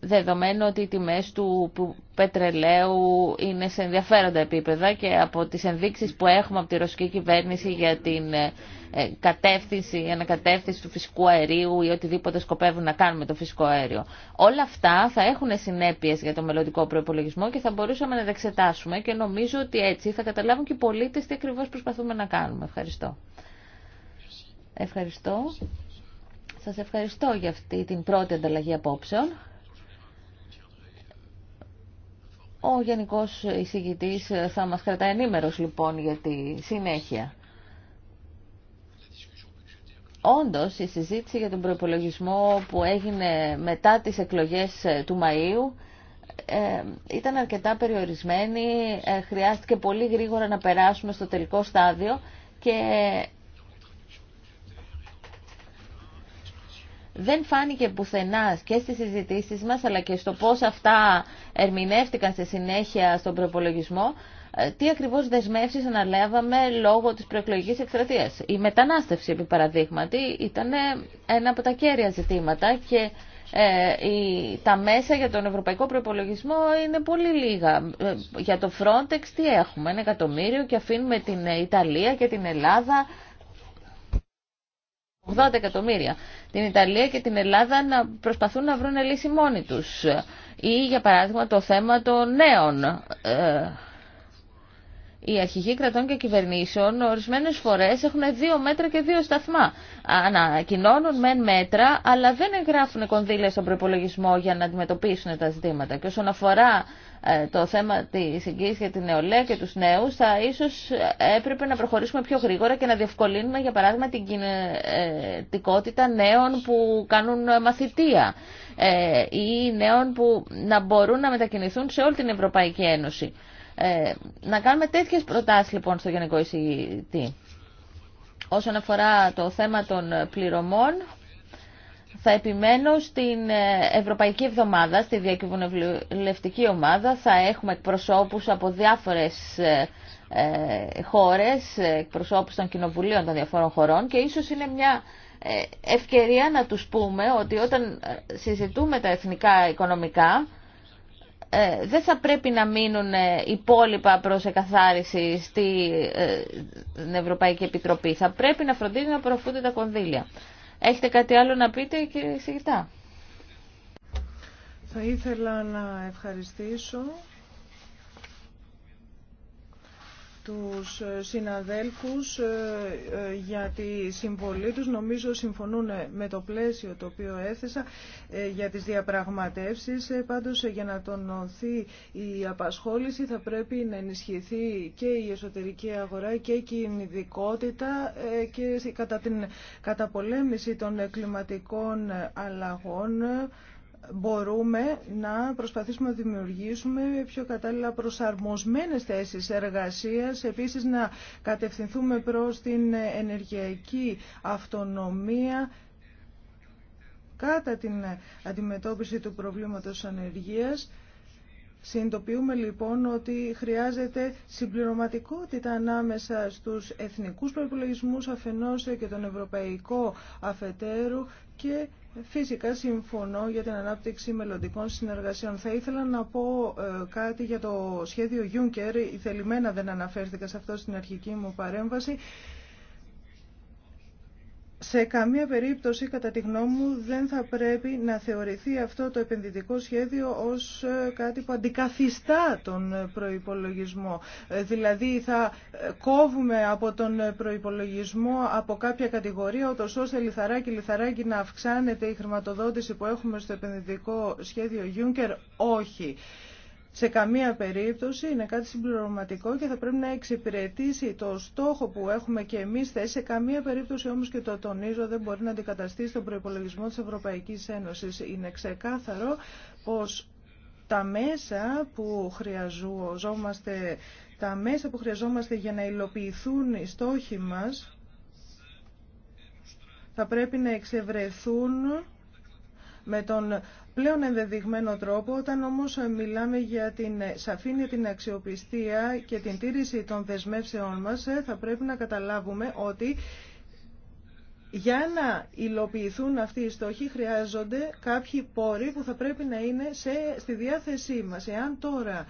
δεδομένου ότι οι τιμές του πετρελαίου είναι σε ενδιαφέροντα επίπεδα και από τις ενδείξεις που έχουμε από τη ρωσική κυβέρνηση για την ε, ε, κατεύθυνση, ανακατεύθυνση του φυσικού αερίου ή οτιδήποτε σκοπεύουν να κάνουμε το φυσικό αέριο. Όλα αυτά θα έχουν συνέπειε για το μελλοντικό προπολογισμό και θα μπορούσαμε να τα εξετάσουμε και νομίζω ότι έτσι θα καταλάβουν και οι πολίτες τι ακριβώς προσπαθούμε να κάνουμε. Ευχαριστώ. Ευχαριστώ. Σας ευχαριστώ για αυτή την πρώτη ανταλλαγή απόψεων. Ο Γενικός Εισηγητής θα μας κρατά ενήμερος λοιπόν για τη συνέχεια. Όντως η συζήτηση για τον προπολογισμό που έγινε μετά τις εκλογές ε, του Μαΐου ε, ήταν αρκετά περιορισμένη, ε, χρειάστηκε πολύ γρήγορα να περάσουμε στο τελικό στάδιο και δεν φάνηκε πουθενά και στις συζητήσεις μας αλλά και στο πώς αυτά ερμηνεύτηκαν στη συνέχεια στον προπολογισμό ε, τι ακριβώς δεσμεύσεις αναλέβαμε λόγω της προεκλογικής εκστρατείας. Η μετανάστευση, επί παραδείγματι, ήταν ε, ένα από τα κέρια ζητήματα και ε, η, τα μέσα για τον ευρωπαϊκό προπολογισμό είναι πολύ λίγα. για το Frontex τι έχουμε, ένα εκατομμύριο και αφήνουμε την Ιταλία και την Ελλάδα 80 εκατομμύρια. Την Ιταλία και την Ελλάδα να προσπαθούν να βρουν λύση μόνοι τους. Ή για παράδειγμα το θέμα των νέων. Ε, οι αρχηγοί κρατών και κυβερνήσεων ορισμένε φορέ έχουν δύο μέτρα και δύο σταθμά. Ανακοινώνουν μεν μέτρα, αλλά δεν εγγράφουν κονδύλια στον προπολογισμό για να αντιμετωπίσουν τα ζητήματα. Και όσον αφορά ε, το θέμα τη εγγύησης για την νεολαία και τους νέους θα ίσως έπρεπε να προχωρήσουμε πιο γρήγορα και να διευκολύνουμε για παράδειγμα την κινητικότητα νέων που κάνουν μαθητεία ε, ή νέων που να μπορούν να μετακινηθούν σε όλη την Ευρωπαϊκή Ένωση. Ε, να κάνουμε τέτοιες προτάσεις λοιπόν στο Γενικό Εισηγητή. Όσον αφορά το θέμα των πληρωμών, θα επιμένω στην ε, Ευρωπαϊκή Εβδομάδα, στη Διακυβουλευτική ομάδα. Θα έχουμε εκπροσώπους από διάφορες ε, ε, χώρες, εκπροσώπους των κοινοβουλίων των διαφόρων χωρών και ίσως είναι μια ευκαιρία να τους πούμε ότι όταν συζητούμε τα εθνικά οικονομικά δεν θα πρέπει να μείνουν υπόλοιπα προς εκαθάριση στην Ευρωπαϊκή Επιτροπή. Θα πρέπει να φροντίζουν να προωθούνται τα κονδύλια. Έχετε κάτι άλλο να πείτε κύριε Σιγητά. Θα ήθελα να ευχαριστήσω τους ε, συναδέλφους ε, ε, για τη συμβολή τους. Νομίζω συμφωνούν με το πλαίσιο το οποίο έθεσα για τις διαπραγματεύσεις. Πάντως για να τονωθεί η απασχόληση θα πρέπει να ενισχυθεί και η εσωτερική αγορά και η κινητικότητα και κατά την καταπολέμηση των κλιματικών αλλαγών μπορούμε να προσπαθήσουμε να δημιουργήσουμε πιο κατάλληλα προσαρμοσμένες θέσεις εργασίας, επίσης να κατευθυνθούμε προς την ενεργειακή αυτονομία κατά την αντιμετώπιση του προβλήματος ανεργίας. Συνειδητοποιούμε λοιπόν ότι χρειάζεται συμπληρωματικότητα ανάμεσα στους εθνικούς προϋπολογισμούς αφενός και τον ευρωπαϊκό αφετέρου και Φυσικά συμφωνώ για την ανάπτυξη μελλοντικών συνεργασιών. Θα ήθελα να πω ε, κάτι για το σχέδιο Juncker. Θελημένα δεν αναφέρθηκα σε αυτό στην αρχική μου παρέμβαση. Σε καμία περίπτωση, κατά τη γνώμη μου, δεν θα πρέπει να θεωρηθεί αυτό το επενδυτικό σχέδιο ως ε, κάτι που αντικαθιστά τον ε, προϋπολογισμό. Ε, δηλαδή θα κόβουμε από τον προϋπολογισμό από κάποια κατηγορία, ούτως ώστε λιθαράκι λιθαράκι να αυξάνεται η χρηματοδότηση που έχουμε στο επενδυτικό σχέδιο Juncker. Όχι σε καμία περίπτωση είναι κάτι συμπληρωματικό και θα πρέπει να εξυπηρετήσει το στόχο που έχουμε και εμείς θέσει. Σε καμία περίπτωση όμως και το τονίζω δεν μπορεί να αντικαταστήσει τον προπολογισμό της Ευρωπαϊκής Ένωσης. Είναι ξεκάθαρο πω τα μέσα που χρειαζόμαστε, τα μέσα που χρειαζόμαστε για να υλοποιηθούν οι στόχοι μας θα πρέπει να εξευρεθούν με τον πλέον ενδεδειγμένο τρόπο. Όταν όμως μιλάμε για την σαφήνεια, την αξιοπιστία και την τήρηση των δεσμεύσεών μας, ε, θα πρέπει να καταλάβουμε ότι για να υλοποιηθούν αυτοί οι στόχοι χρειάζονται κάποιοι πόροι που θα πρέπει να είναι σε, στη διάθεσή μας. Εάν τώρα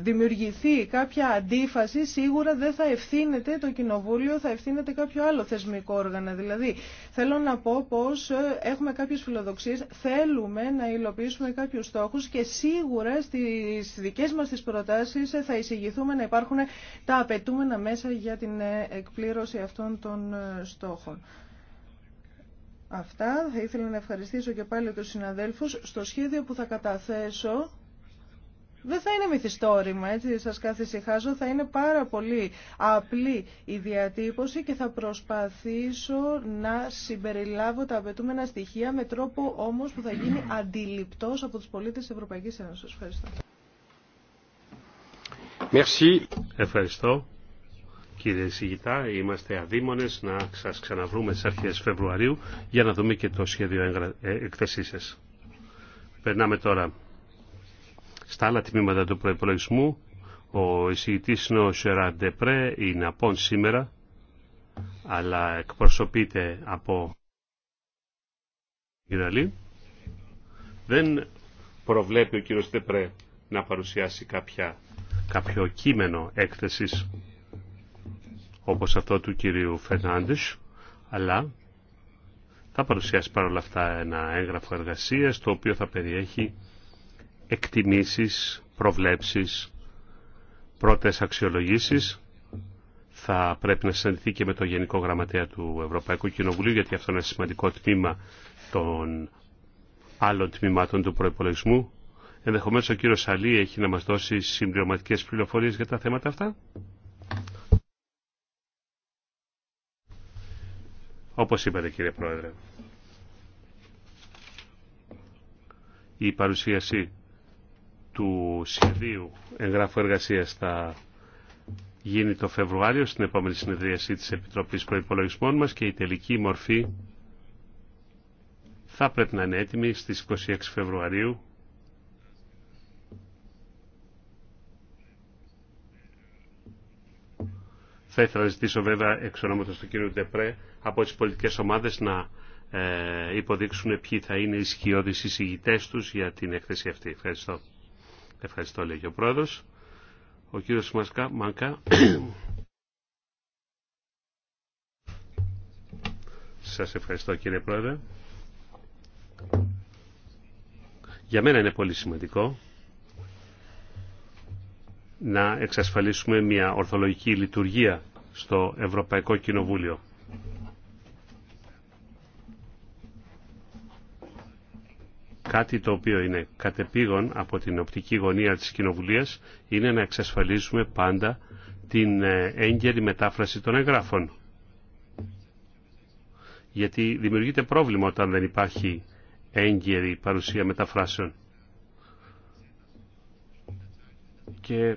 δημιουργηθεί κάποια αντίφαση, σίγουρα δεν θα ευθύνεται το Κοινοβούλιο, θα ευθύνεται κάποιο άλλο θεσμικό όργανα. Δηλαδή, θέλω να πω πως ε, έχουμε κάποιες φιλοδοξίες, θέλουμε να υλοποιήσουμε κάποιους στόχους και σίγουρα στις δικές μας τις προτάσεις ε, θα εισηγηθούμε να υπάρχουν τα απαιτούμενα μέσα για την ε, εκπλήρωση αυτών των στόχων. Αυτά. Θα ήθελα να ευχαριστήσω και πάλι τους συναδέλφους. Στο σχέδιο που θα καταθέσω δεν θα είναι μυθιστόρημα, έτσι σας καθησυχάζω, θα είναι πάρα πολύ απλή η διατύπωση και θα προσπαθήσω να συμπεριλάβω τα απαιτούμενα στοιχεία με τρόπο όμως που θα γίνει αντιληπτός από τους πολίτες της Ευρωπαϊκής Ένωσης. Ευχαριστώ. Merci. Ευχαριστώ. Κύριε Σιγητά, είμαστε αδίμονες να σας ξαναβρούμε στις αρχές Φεβρουαρίου για να δούμε και το σχέδιο έκθεσή ε, σας. Περνάμε τώρα στα άλλα τμήματα του προϋπολογισμού, ο εισηγητής είναι ο είναι απόν σήμερα, αλλά εκπροσωπείται από Ιραλή. Δεν προβλέπει ο κύριος Δεπρέ να παρουσιάσει κάποια, κάποιο κείμενο έκθεσης όπως αυτό του κυρίου Φερνάντες, αλλά θα παρουσιάσει παρόλα αυτά ένα έγγραφο εργασίας το οποίο θα περιέχει εκτιμήσεις, προβλέψεις, πρώτες αξιολογήσεις. Θα πρέπει να συναντηθεί και με το Γενικό Γραμματέα του Ευρωπαϊκού Κοινοβουλίου, γιατί αυτό είναι ένα σημαντικό τμήμα των άλλων τμήματων του προπολογισμού. Ενδεχομένω ο κύριο Σαλή έχει να μα δώσει συμπληρωματικέ πληροφορίε για τα θέματα αυτά. Όπως είπατε κύριε Πρόεδρε, η παρουσίαση του σχεδίου εγγράφου εργασία θα γίνει το Φεβρουάριο στην επόμενη συνεδρίαση της Επιτροπής Προϋπολογισμών μας και η τελική μορφή θα πρέπει να είναι έτοιμη στις 26 Φεβρουαρίου Θα ήθελα να ζητήσω βέβαια εξ ονόματο του κ. Ντεπρέ από τις πολιτικές ομάδες να ε, υποδείξουν ποιοι θα είναι οι σκιώδεις εισηγητές του για την έκθεση αυτή. Ευχαριστώ. Ευχαριστώ, λέει ο πρόεδρος. Ο κύριος Μασκά, Μανκά. Σας ευχαριστώ κύριε πρόεδρε. Για μένα είναι πολύ σημαντικό να εξασφαλίσουμε μια ορθολογική λειτουργία στο Ευρωπαϊκό Κοινοβούλιο. Κάτι το οποίο είναι κατεπήγον από την οπτική γωνία της κοινοβουλίας είναι να εξασφαλίσουμε πάντα την ε, έγκαιρη μετάφραση των εγγράφων. Γιατί δημιουργείται πρόβλημα όταν δεν υπάρχει έγκαιρη παρουσία μεταφράσεων. Και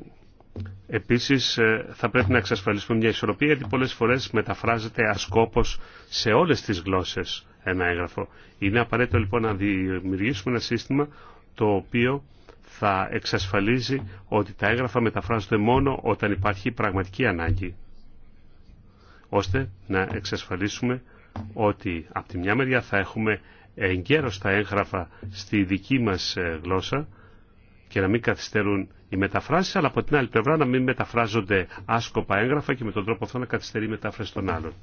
επίσης ε, θα πρέπει να εξασφαλίσουμε μια ισορροπία γιατί πολλές φορές μεταφράζεται ασκόπως σε όλες τις γλώσσες ένα έγγραφο. Είναι απαραίτητο λοιπόν να δημιουργήσουμε ένα σύστημα το οποίο θα εξασφαλίζει ότι τα έγγραφα μεταφράζονται μόνο όταν υπάρχει πραγματική ανάγκη. Ώστε να εξασφαλίσουμε ότι από τη μια μεριά θα έχουμε εγκαίρως τα έγγραφα στη δική μας ε, γλώσσα και να μην καθυστερούν οι μεταφράσεις, αλλά από την άλλη πλευρά να μην μεταφράζονται άσκοπα έγγραφα και με τον τρόπο αυτό να καθυστερεί η μετάφραση των άλλων.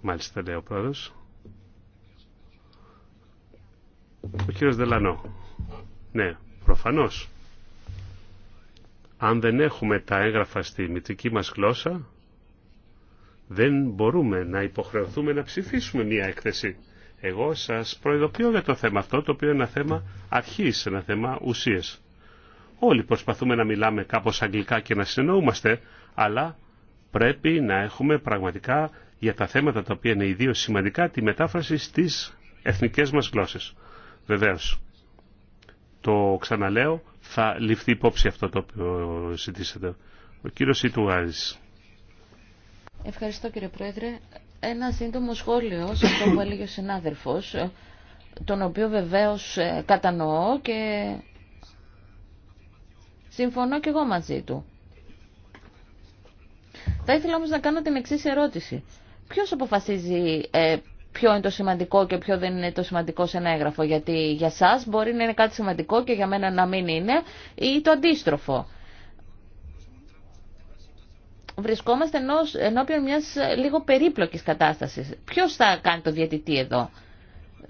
Μάλιστα, λέει ο πρόεδρος. Ο κύριος Δελανό. Ναι, προφανώς. Αν δεν έχουμε τα έγγραφα στη μητρική μας γλώσσα, δεν μπορούμε να υποχρεωθούμε να ψηφίσουμε μια έκθεση. Εγώ σας προειδοποιώ για το θέμα αυτό, το οποίο είναι ένα θέμα αρχής, ένα θέμα ουσίες. Όλοι προσπαθούμε να μιλάμε κάπως αγγλικά και να συνεννοούμαστε, αλλά πρέπει να έχουμε πραγματικά για τα θέματα τα οποία είναι ιδίω σημαντικά τη μετάφραση στις εθνικές μας γλώσσες. Βεβαίως, το ξαναλέω, θα ληφθεί υπόψη αυτό το οποίο ζητήσατε. Ο κύριος Ιτουγάρης. Ευχαριστώ κύριε Πρόεδρε. Ένα σύντομο σχόλιο σε αυτό που έλεγε ο συνάδελφος, τον οποίο βεβαίως ε, κατανοώ και συμφωνώ και εγώ μαζί του. Θα ήθελα όμως να κάνω την εξής ερώτηση. Ποιος αποφασίζει ε, ποιο είναι το σημαντικό και ποιο δεν είναι το σημαντικό σε ένα έγγραφο. Γιατί για σας μπορεί να είναι κάτι σημαντικό και για μένα να μην είναι ή το αντίστροφο. Βρισκόμαστε ενώπιον μιας ε, λίγο περίπλοκης κατάστασης. Ποιος θα κάνει το διαιτητή εδώ.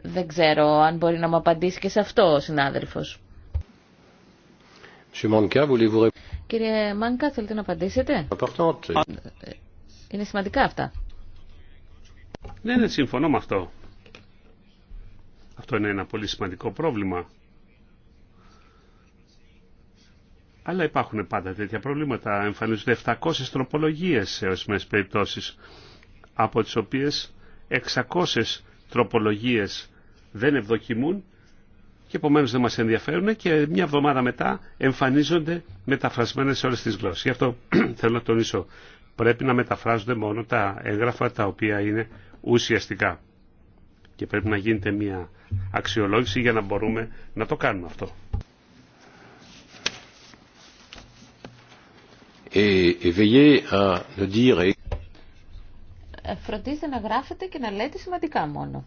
Δεν ξέρω αν μπορεί να μου απαντήσει και σε αυτό ο συνάδελφος. Κύριε Μάνκα, θέλετε να απαντήσετε. Ε, ε, είναι σημαντικά αυτά. Ναι, ναι, συμφωνώ με αυτό. Αυτό είναι ένα πολύ σημαντικό πρόβλημα. Αλλά υπάρχουν πάντα τέτοια προβλήματα. Εμφανίζονται 700 τροπολογίες σε ορισμένε περιπτώσεις, από τις οποίες 600 τροπολογίες δεν ευδοκιμούν και επομένως δεν μας ενδιαφέρουν και μια εβδομάδα μετά εμφανίζονται μεταφρασμένες σε όλες τις γλώσσες. Γι' αυτό θέλω να τονίσω, πρέπει να μεταφράζονται μόνο τα έγγραφα τα οποία είναι ουσιαστικά. Και πρέπει να γίνεται μια αξιολόγηση για να μπορούμε να το κάνουμε αυτό. Ε, φροντίστε να γράφετε και να λέτε σημαντικά μόνο.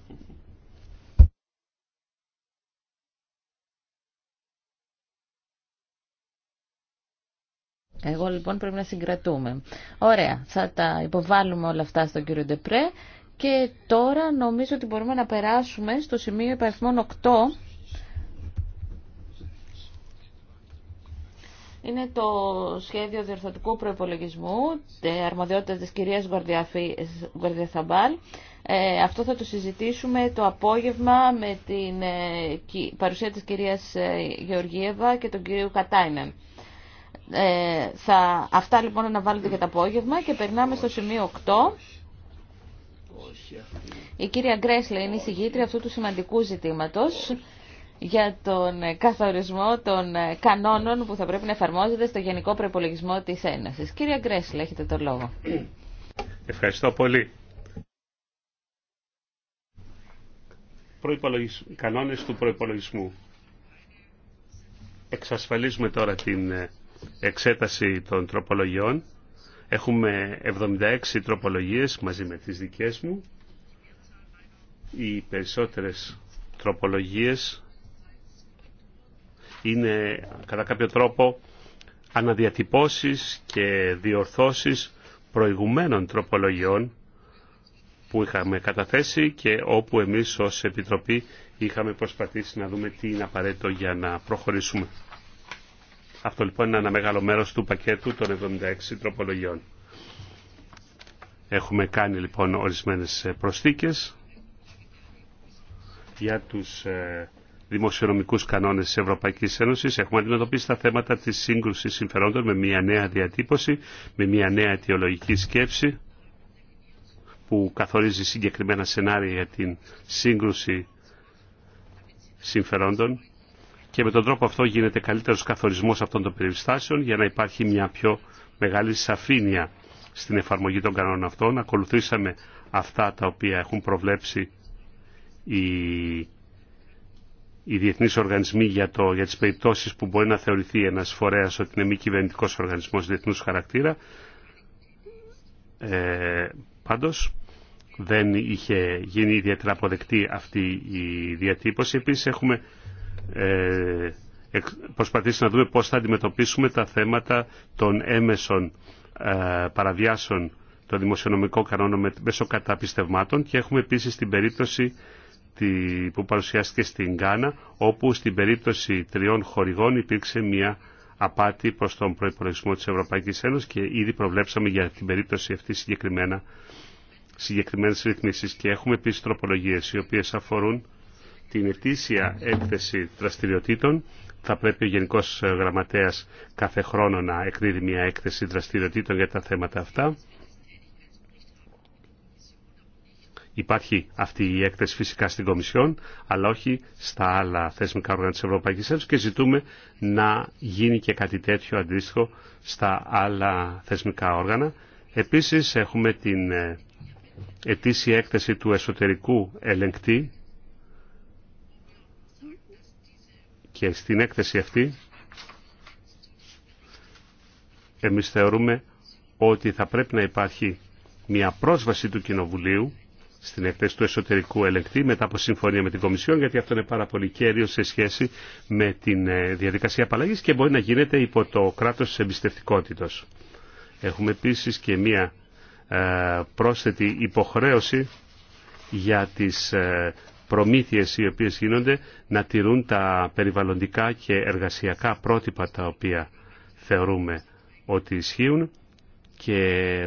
Εγώ λοιπόν πρέπει να συγκρατούμε. Ωραία, θα τα υποβάλουμε όλα αυτά στον κύριο Ντεπρέ και τώρα νομίζω ότι μπορούμε να περάσουμε στο σημείο υπαριθμών 8. Είναι το σχέδιο διορθωτικού προϋπολογισμού αρμοδιότητας της κυρίας Γκορδιαθαμπάλ. Ε, αυτό θα το συζητήσουμε το απόγευμα με την ε, παρουσία της κυρίας ε, Γεωργίευα και τον κύριο Κατάινεν. Ε, θα, αυτά λοιπόν αναβάλλονται για το απόγευμα και περνάμε στο σημείο 8 η κυρία Γκρέσλε είναι η συγγήτρια αυτού του σημαντικού ζητήματος για τον καθορισμό των κανόνων που θα πρέπει να εφαρμόζεται στο Γενικό Προπολογισμό της Ένωσης. Κυρία Γκρέσλε, έχετε το λόγο. Ευχαριστώ πολύ. Προϋπολογισ... Κανόνες του προϋπολογισμού. Εξασφαλίζουμε τώρα την ε, εξέταση των τροπολογιών Έχουμε 76 τροπολογίες μαζί με τις δικές μου. Οι περισσότερες τροπολογίες είναι κατά κάποιο τρόπο αναδιατυπώσεις και διορθώσεις προηγουμένων τροπολογιών που είχαμε καταθέσει και όπου εμείς ως Επιτροπή είχαμε προσπαθήσει να δούμε τι είναι απαραίτητο για να προχωρήσουμε. Αυτό λοιπόν είναι ένα μεγάλο μέρος του πακέτου των 76 τροπολογιών. Έχουμε κάνει λοιπόν ορισμένες ε, προσθήκες για τους ε, δημοσιονομικούς κανόνες της Ευρωπαϊκής Ένωσης. Έχουμε αντιμετωπίσει τα θέματα της σύγκρουσης συμφερόντων με μια νέα διατύπωση, με μια νέα αιτιολογική σκέψη που καθορίζει συγκεκριμένα σενάρια για την σύγκρουση συμφερόντων και με τον τρόπο αυτό γίνεται καλύτερος καθορισμός αυτών των περιστάσεων για να υπάρχει μια πιο μεγάλη σαφήνεια στην εφαρμογή των κανόνων αυτών. Ακολουθήσαμε αυτά τα οποία έχουν προβλέψει οι, οι διεθνείς οργανισμοί για, το, για τις περιπτώσεις που μπορεί να θεωρηθεί ένας φορέας ότι είναι μη κυβερνητικό οργανισμός διεθνούς χαρακτήρα. Ε, πάντως, δεν είχε γίνει ιδιαίτερα αποδεκτή αυτή η διατύπωση. Επίσης, έχουμε ε, προσπαθήσει να δούμε πώς θα αντιμετωπίσουμε τα θέματα των έμεσων ε, παραβιάσεων των δημοσιονομικών κανόνων μέσω καταπιστευμάτων και έχουμε επίσης την περίπτωση που παρουσιάστηκε στην Γκάνα όπου στην περίπτωση τριών χορηγών υπήρξε μια απάτη προς τον προϋπολογισμό της Ευρωπαϊκής Ένωσης και ήδη προβλέψαμε για την περίπτωση αυτή συγκεκριμένα συγκεκριμένες ρυθμίσεις και έχουμε επίσης τροπολογίες οι οποίες αφορούν την ετήσια έκθεση δραστηριοτήτων. Θα πρέπει ο Γενικός Γραμματέας κάθε χρόνο να εκδίδει μια έκθεση δραστηριοτήτων για τα θέματα αυτά. Υπάρχει αυτή η έκθεση φυσικά στην Κομισιόν, αλλά όχι στα άλλα θεσμικά όργανα της Ευρωπαϊκής Ένωσης και ζητούμε να γίνει και κάτι τέτοιο αντίστοιχο στα άλλα θεσμικά όργανα. Επίσης έχουμε την ε, ετήσια έκθεση του εσωτερικού ελεγκτή Και στην έκθεση αυτή εμείς θεωρούμε ότι θα πρέπει να υπάρχει μια πρόσβαση του Κοινοβουλίου στην έκθεση του εσωτερικού ελεγκτή μετά από συμφωνία με την Κομισιόν, γιατί αυτό είναι πάρα πολύ κέριο σε σχέση με την ε, διαδικασία απαλλαγή και μπορεί να γίνεται υπό το κράτος της Έχουμε επίσης και μία ε, πρόσθετη υποχρέωση για τις ε, προμήθειες οι οποίες γίνονται να τηρούν τα περιβαλλοντικά και εργασιακά πρότυπα τα οποία θεωρούμε ότι ισχύουν και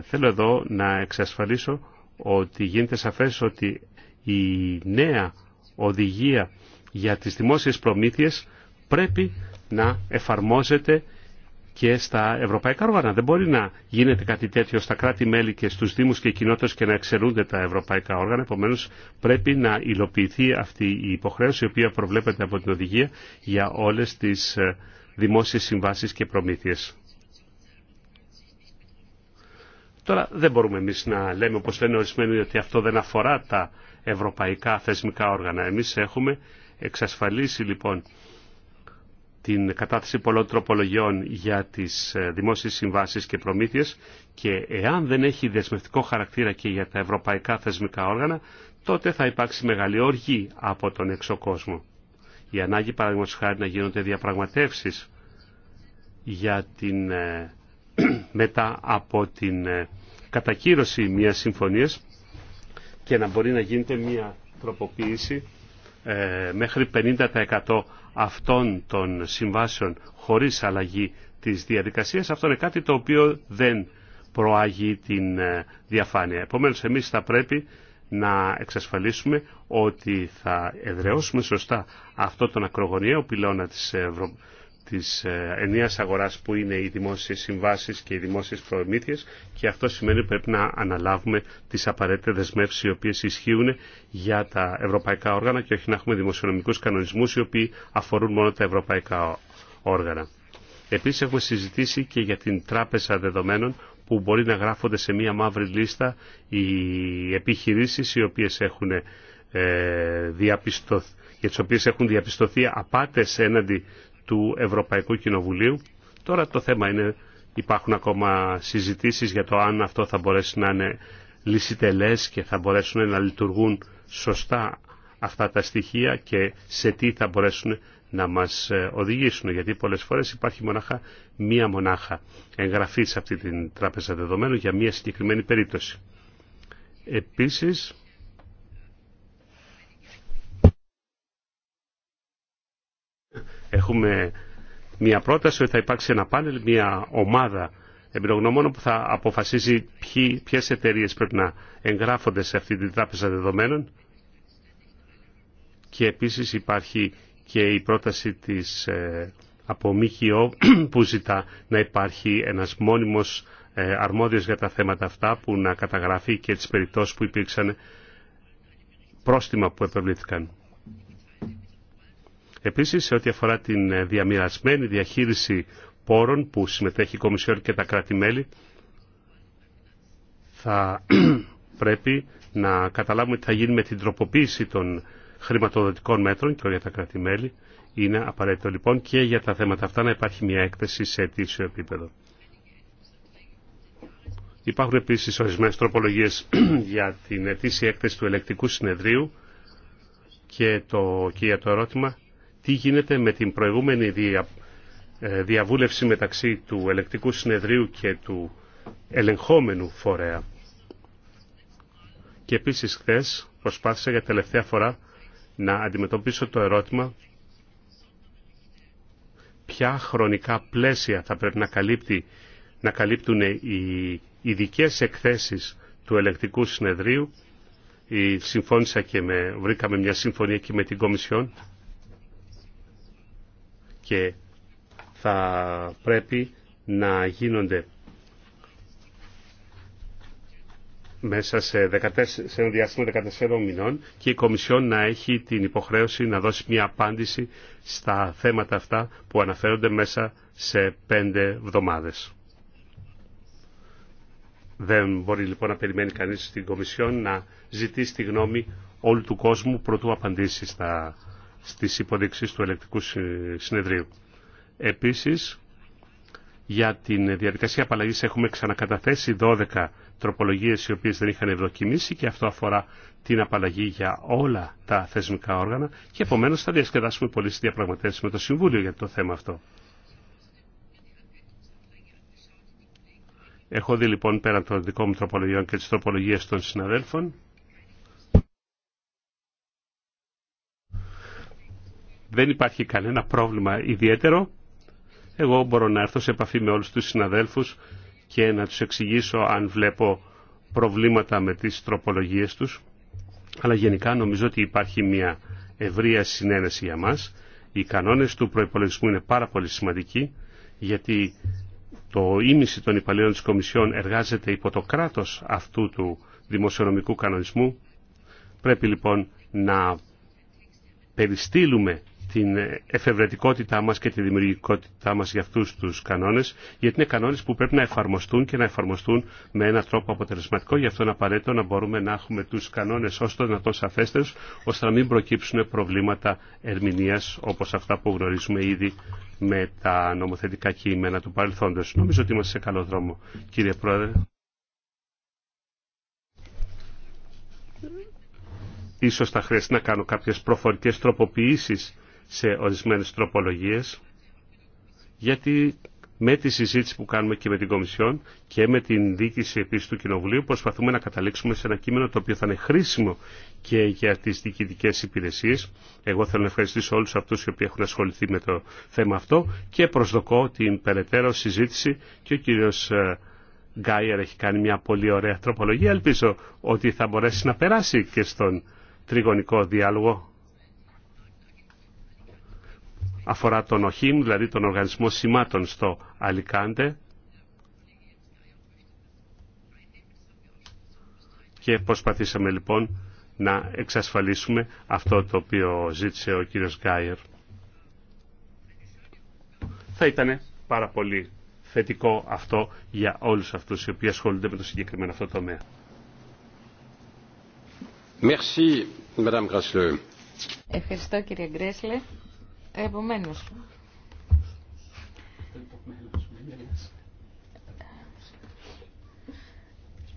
θέλω εδώ να εξασφαλίσω ότι γίνεται σαφές ότι η νέα οδηγία για τις δημόσιες προμήθειες πρέπει να εφαρμόζεται και στα ευρωπαϊκά όργανα. Δεν μπορεί να γίνεται κάτι τέτοιο στα κράτη-μέλη και στους δήμους και κοινότητες και να εξαιρούνται τα ευρωπαϊκά όργανα. Επομένως πρέπει να υλοποιηθεί αυτή η υποχρέωση η οποία προβλέπεται από την οδηγία για όλες τις ε, δημόσιες συμβάσεις και προμήθειες. Τώρα δεν μπορούμε εμείς να λέμε όπως λένε ορισμένοι ότι αυτό δεν αφορά τα ευρωπαϊκά θεσμικά όργανα. Εμείς έχουμε εξασφαλίσει λοιπόν την κατάθεση πολλών τροπολογιών για τις ε, δημόσιες συμβάσεις και προμήθειες και εάν δεν έχει δεσμευτικό χαρακτήρα και για τα ευρωπαϊκά θεσμικά όργανα, τότε θα υπάρξει μεγάλη οργή από τον εξωκόσμο. Η ανάγκη παραδείγματος χάρη να γίνονται διαπραγματεύσεις για την, ε, μετά από την ε, κατακύρωση μιας συμφωνίας και να μπορεί να γίνεται μια τροποποίηση ε, μέχρι 50% αυτών των συμβάσεων χωρίς αλλαγή της διαδικασίας, αυτό είναι κάτι το οποίο δεν προάγει την ε, διαφάνεια. Επομένως, εμείς θα πρέπει να εξασφαλίσουμε ότι θα εδραιώσουμε σωστά αυτό τον ακρογωνιαίο πυλώνα της, Ευρω της ε, ενίας αγοράς που είναι οι δημόσιες συμβάσεις και οι δημόσιες προμήθειες και αυτό σημαίνει ότι πρέπει να αναλάβουμε τις απαραίτητες δεσμεύσεις οι οποίες ισχύουν για τα ευρωπαϊκά όργανα και όχι να έχουμε δημοσιονομικούς κανονισμούς οι οποίοι αφορούν μόνο τα ευρωπαϊκά όργανα. Επίσης έχουμε συζητήσει και για την τράπεζα δεδομένων που μπορεί να γράφονται σε μία μαύρη λίστα οι επιχειρήσεις οι οποίες έχουν ε, διαπιστωθεί για τις οποίες έχουν διαπιστωθεί απάτες έναντι του Ευρωπαϊκού Κοινοβουλίου. Τώρα το θέμα είναι, υπάρχουν ακόμα συζητήσεις για το αν αυτό θα μπορέσει να είναι λυσιτελές και θα μπορέσουν να λειτουργούν σωστά αυτά τα στοιχεία και σε τι θα μπορέσουν να μας ε, οδηγήσουν, γιατί πολλές φορές υπάρχει μονάχα μία μονάχα εγγραφή σε αυτή την τράπεζα δεδομένου για μία συγκεκριμένη περίπτωση. Επίσης, Έχουμε μια πρόταση ότι θα υπάρξει ένα πάνελ, μια ομάδα εμπειρογνωμών που θα αποφασίζει ποιε εταιρείε πρέπει να εγγράφονται σε αυτή την τράπεζα δεδομένων. Και επίσης υπάρχει και η πρόταση της ε, από ΜΚΟ που ζητά να υπάρχει ένας μόνιμος ε, αρμόδιος για τα θέματα αυτά που να καταγραφεί και τις περιπτώσεις που υπήρξαν πρόστιμα που επευλήθηκαν. Επίσης, σε ό,τι αφορά την ε, διαμοιρασμένη διαχείριση πόρων που συμμετέχει η Κομισιόν και τα κράτη-μέλη, θα πρέπει να καταλάβουμε τι θα γίνει με την τροποποίηση των χρηματοδοτικών μέτρων και όλα τα κράτη-μέλη. Είναι απαραίτητο λοιπόν και για τα θέματα αυτά να υπάρχει μια έκθεση σε αιτήσιο επίπεδο. Υπάρχουν επίσης ορισμένες τροπολογίες για την αιτήσια έκθεση του ελεκτικού συνεδρίου και, το, και για το ερώτημα τι γίνεται με την προηγούμενη ε, διαβούλευση μεταξύ του ελεκτικού συνεδρίου και του ελεγχόμενου φορέα. Και επίσης χθε προσπάθησα για τελευταία φορά να αντιμετωπίσω το ερώτημα ποια χρονικά πλαίσια θα πρέπει να, καλύπτει, να καλύπτουν οι ειδικέ εκθέσεις του ελεκτικού συνεδρίου. Η συμφώνησα και με, βρήκαμε μια συμφωνία και με την Κομισιόν και θα πρέπει να γίνονται μέσα σε, 14, σε ένα διάστημα 14 μηνών και η Κομισιόν να έχει την υποχρέωση να δώσει μια απάντηση στα θέματα αυτά που αναφέρονται μέσα σε πέντε εβδομάδες. Δεν μπορεί λοιπόν να περιμένει κανείς στην Κομισιόν να ζητήσει τη γνώμη όλου του κόσμου προτού απαντήσει στα στις υποδείξεις του ελεκτικού συνεδρίου. Επίσης, για την διαδικασία απαλλαγής έχουμε ξανακαταθέσει 12 τροπολογίες οι οποίες δεν είχαν ευδοκιμήσει και αυτό αφορά την απαλλαγή για όλα τα θεσμικά όργανα και επομένως θα διασκεδάσουμε πολύ στις διαπραγματεύσεις με το Συμβούλιο για το θέμα αυτό. Έχω δει λοιπόν πέραν των δικών μου τροπολογιών και τις τροπολογίες των συναδέλφων δεν υπάρχει κανένα πρόβλημα ιδιαίτερο. Εγώ μπορώ να έρθω σε επαφή με όλους τους συναδέλφους και να τους εξηγήσω αν βλέπω προβλήματα με τις τροπολογίες τους. Αλλά γενικά νομίζω ότι υπάρχει μια ευρεία συνένεση για μας. Οι κανόνες του προϋπολογισμού είναι πάρα πολύ σημαντικοί γιατί το ίμιση των υπαλλήλων της Κομισιόν εργάζεται υπό το κράτος αυτού του δημοσιονομικού κανονισμού. Πρέπει λοιπόν να περιστήλουμε την εφευρετικότητά μας και τη δημιουργικότητά μας για αυτούς τους κανόνες, γιατί είναι κανόνες που πρέπει να εφαρμοστούν και να εφαρμοστούν με έναν τρόπο αποτελεσματικό, γι' αυτό είναι απαραίτητο να μπορούμε να έχουμε τους κανόνες όσο το δυνατόν σαφέστερους, ώστε να μην προκύψουν προβλήματα ερμηνείας όπως αυτά που γνωρίζουμε ήδη με τα νομοθετικά κείμενα του παρελθόντος. Νομίζω ότι είμαστε σε καλό δρόμο, κύριε Πρόεδρε. Ίσως θα χρειαστεί να κάνω κάποιες προφορικές τροποποιήσεις σε ορισμένες τροπολογίες, γιατί με τη συζήτηση που κάνουμε και με την Κομισιόν και με την δίκηση επίσης του Κοινοβουλίου προσπαθούμε να καταλήξουμε σε ένα κείμενο το οποίο θα είναι χρήσιμο και για τις διοικητικές υπηρεσίες. Εγώ θέλω να ευχαριστήσω όλους αυτούς οι οποίοι έχουν ασχοληθεί με το θέμα αυτό και προσδοκώ την περαιτέρω συζήτηση και ο κύριος ε, Γκάιερ έχει κάνει μια πολύ ωραία τροπολογία. Ελπίζω ότι θα μπορέσει να περάσει και στον τριγωνικό διάλογο αφορά τον ΟΧΙΜ, δηλαδή τον Οργανισμό Σημάτων στο Αλικάντε. Και προσπαθήσαμε λοιπόν να εξασφαλίσουμε αυτό το οποίο ζήτησε ο κύριος Γκάιερ. Θα ήταν πάρα πολύ θετικό αυτό για όλους αυτούς οι οποίοι ασχολούνται με το συγκεκριμένο αυτό το τομέα. Ευχαριστώ κύριε Γκρέσλε. Επομένως,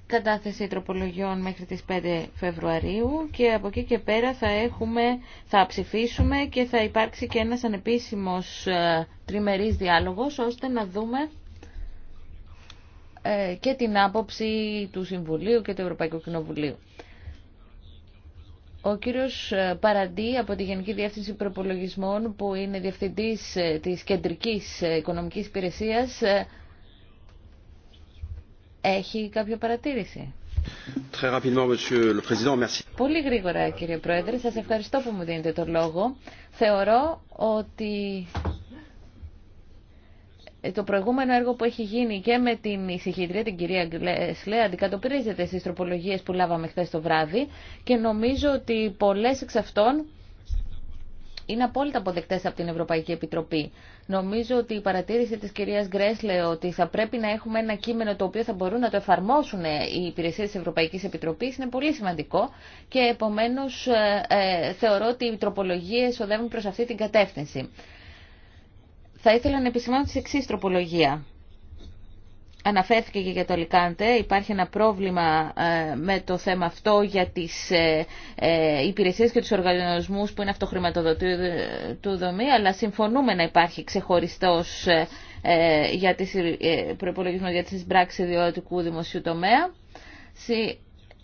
κατάθεση τροπολογιών μέχρι τις 5 Φεβρουαρίου και από εκεί και πέρα θα, έχουμε, θα ψηφίσουμε και θα υπάρξει και ένας ανεπίσημος ε, τριμερής διάλογος ώστε να δούμε ε, και την άποψη του Συμβουλίου και του Ευρωπαϊκού Κοινοβουλίου. Ο κύριος ε, Παραντή από τη Γενική Διεύθυνση Προπολογισμών που είναι διευθυντής ε, της Κεντρικής ε, Οικονομικής Υπηρεσίας έχει κάποια παρατήρηση. Πολύ γρήγορα κύριε Πρόεδρε, σας ευχαριστώ που μου δίνετε το λόγο. Θεωρώ ότι ε, το προηγούμενο έργο που έχει γίνει και με την ησυχητρία την κυρία Γκρέσλε αντικατοπτρίζεται στις τροπολογίες που λάβαμε χθε το βράδυ και νομίζω ότι πολλές εξ αυτών είναι απόλυτα αποδεκτές από την Ευρωπαϊκή Επιτροπή. Νομίζω ότι η παρατήρηση της κυρίας Γκρέσλε ότι θα πρέπει να έχουμε ένα κείμενο το οποίο θα μπορούν να το εφαρμόσουν ε, οι υπηρεσίες της Ευρωπαϊκής Επιτροπής είναι πολύ σημαντικό και επομένως ε, θεωρώ ότι οι τροπολογίες οδεύουν προς αυτή την κατεύθυνση. Θα ήθελα να επισημάνω τη εξή τροπολογία. Αναφέρθηκε και για το Αλικάντε. Υπάρχει ένα πρόβλημα ε, με το θέμα αυτό για τις ε, ε, υπηρεσίες και τους οργανισμούς που είναι του ΔΟΜΗ, αλλά συμφωνούμε να υπάρχει ξεχωριστός για τις, προπολογισμό για τις πράξεις ιδιωτικού δημοσίου τομέα.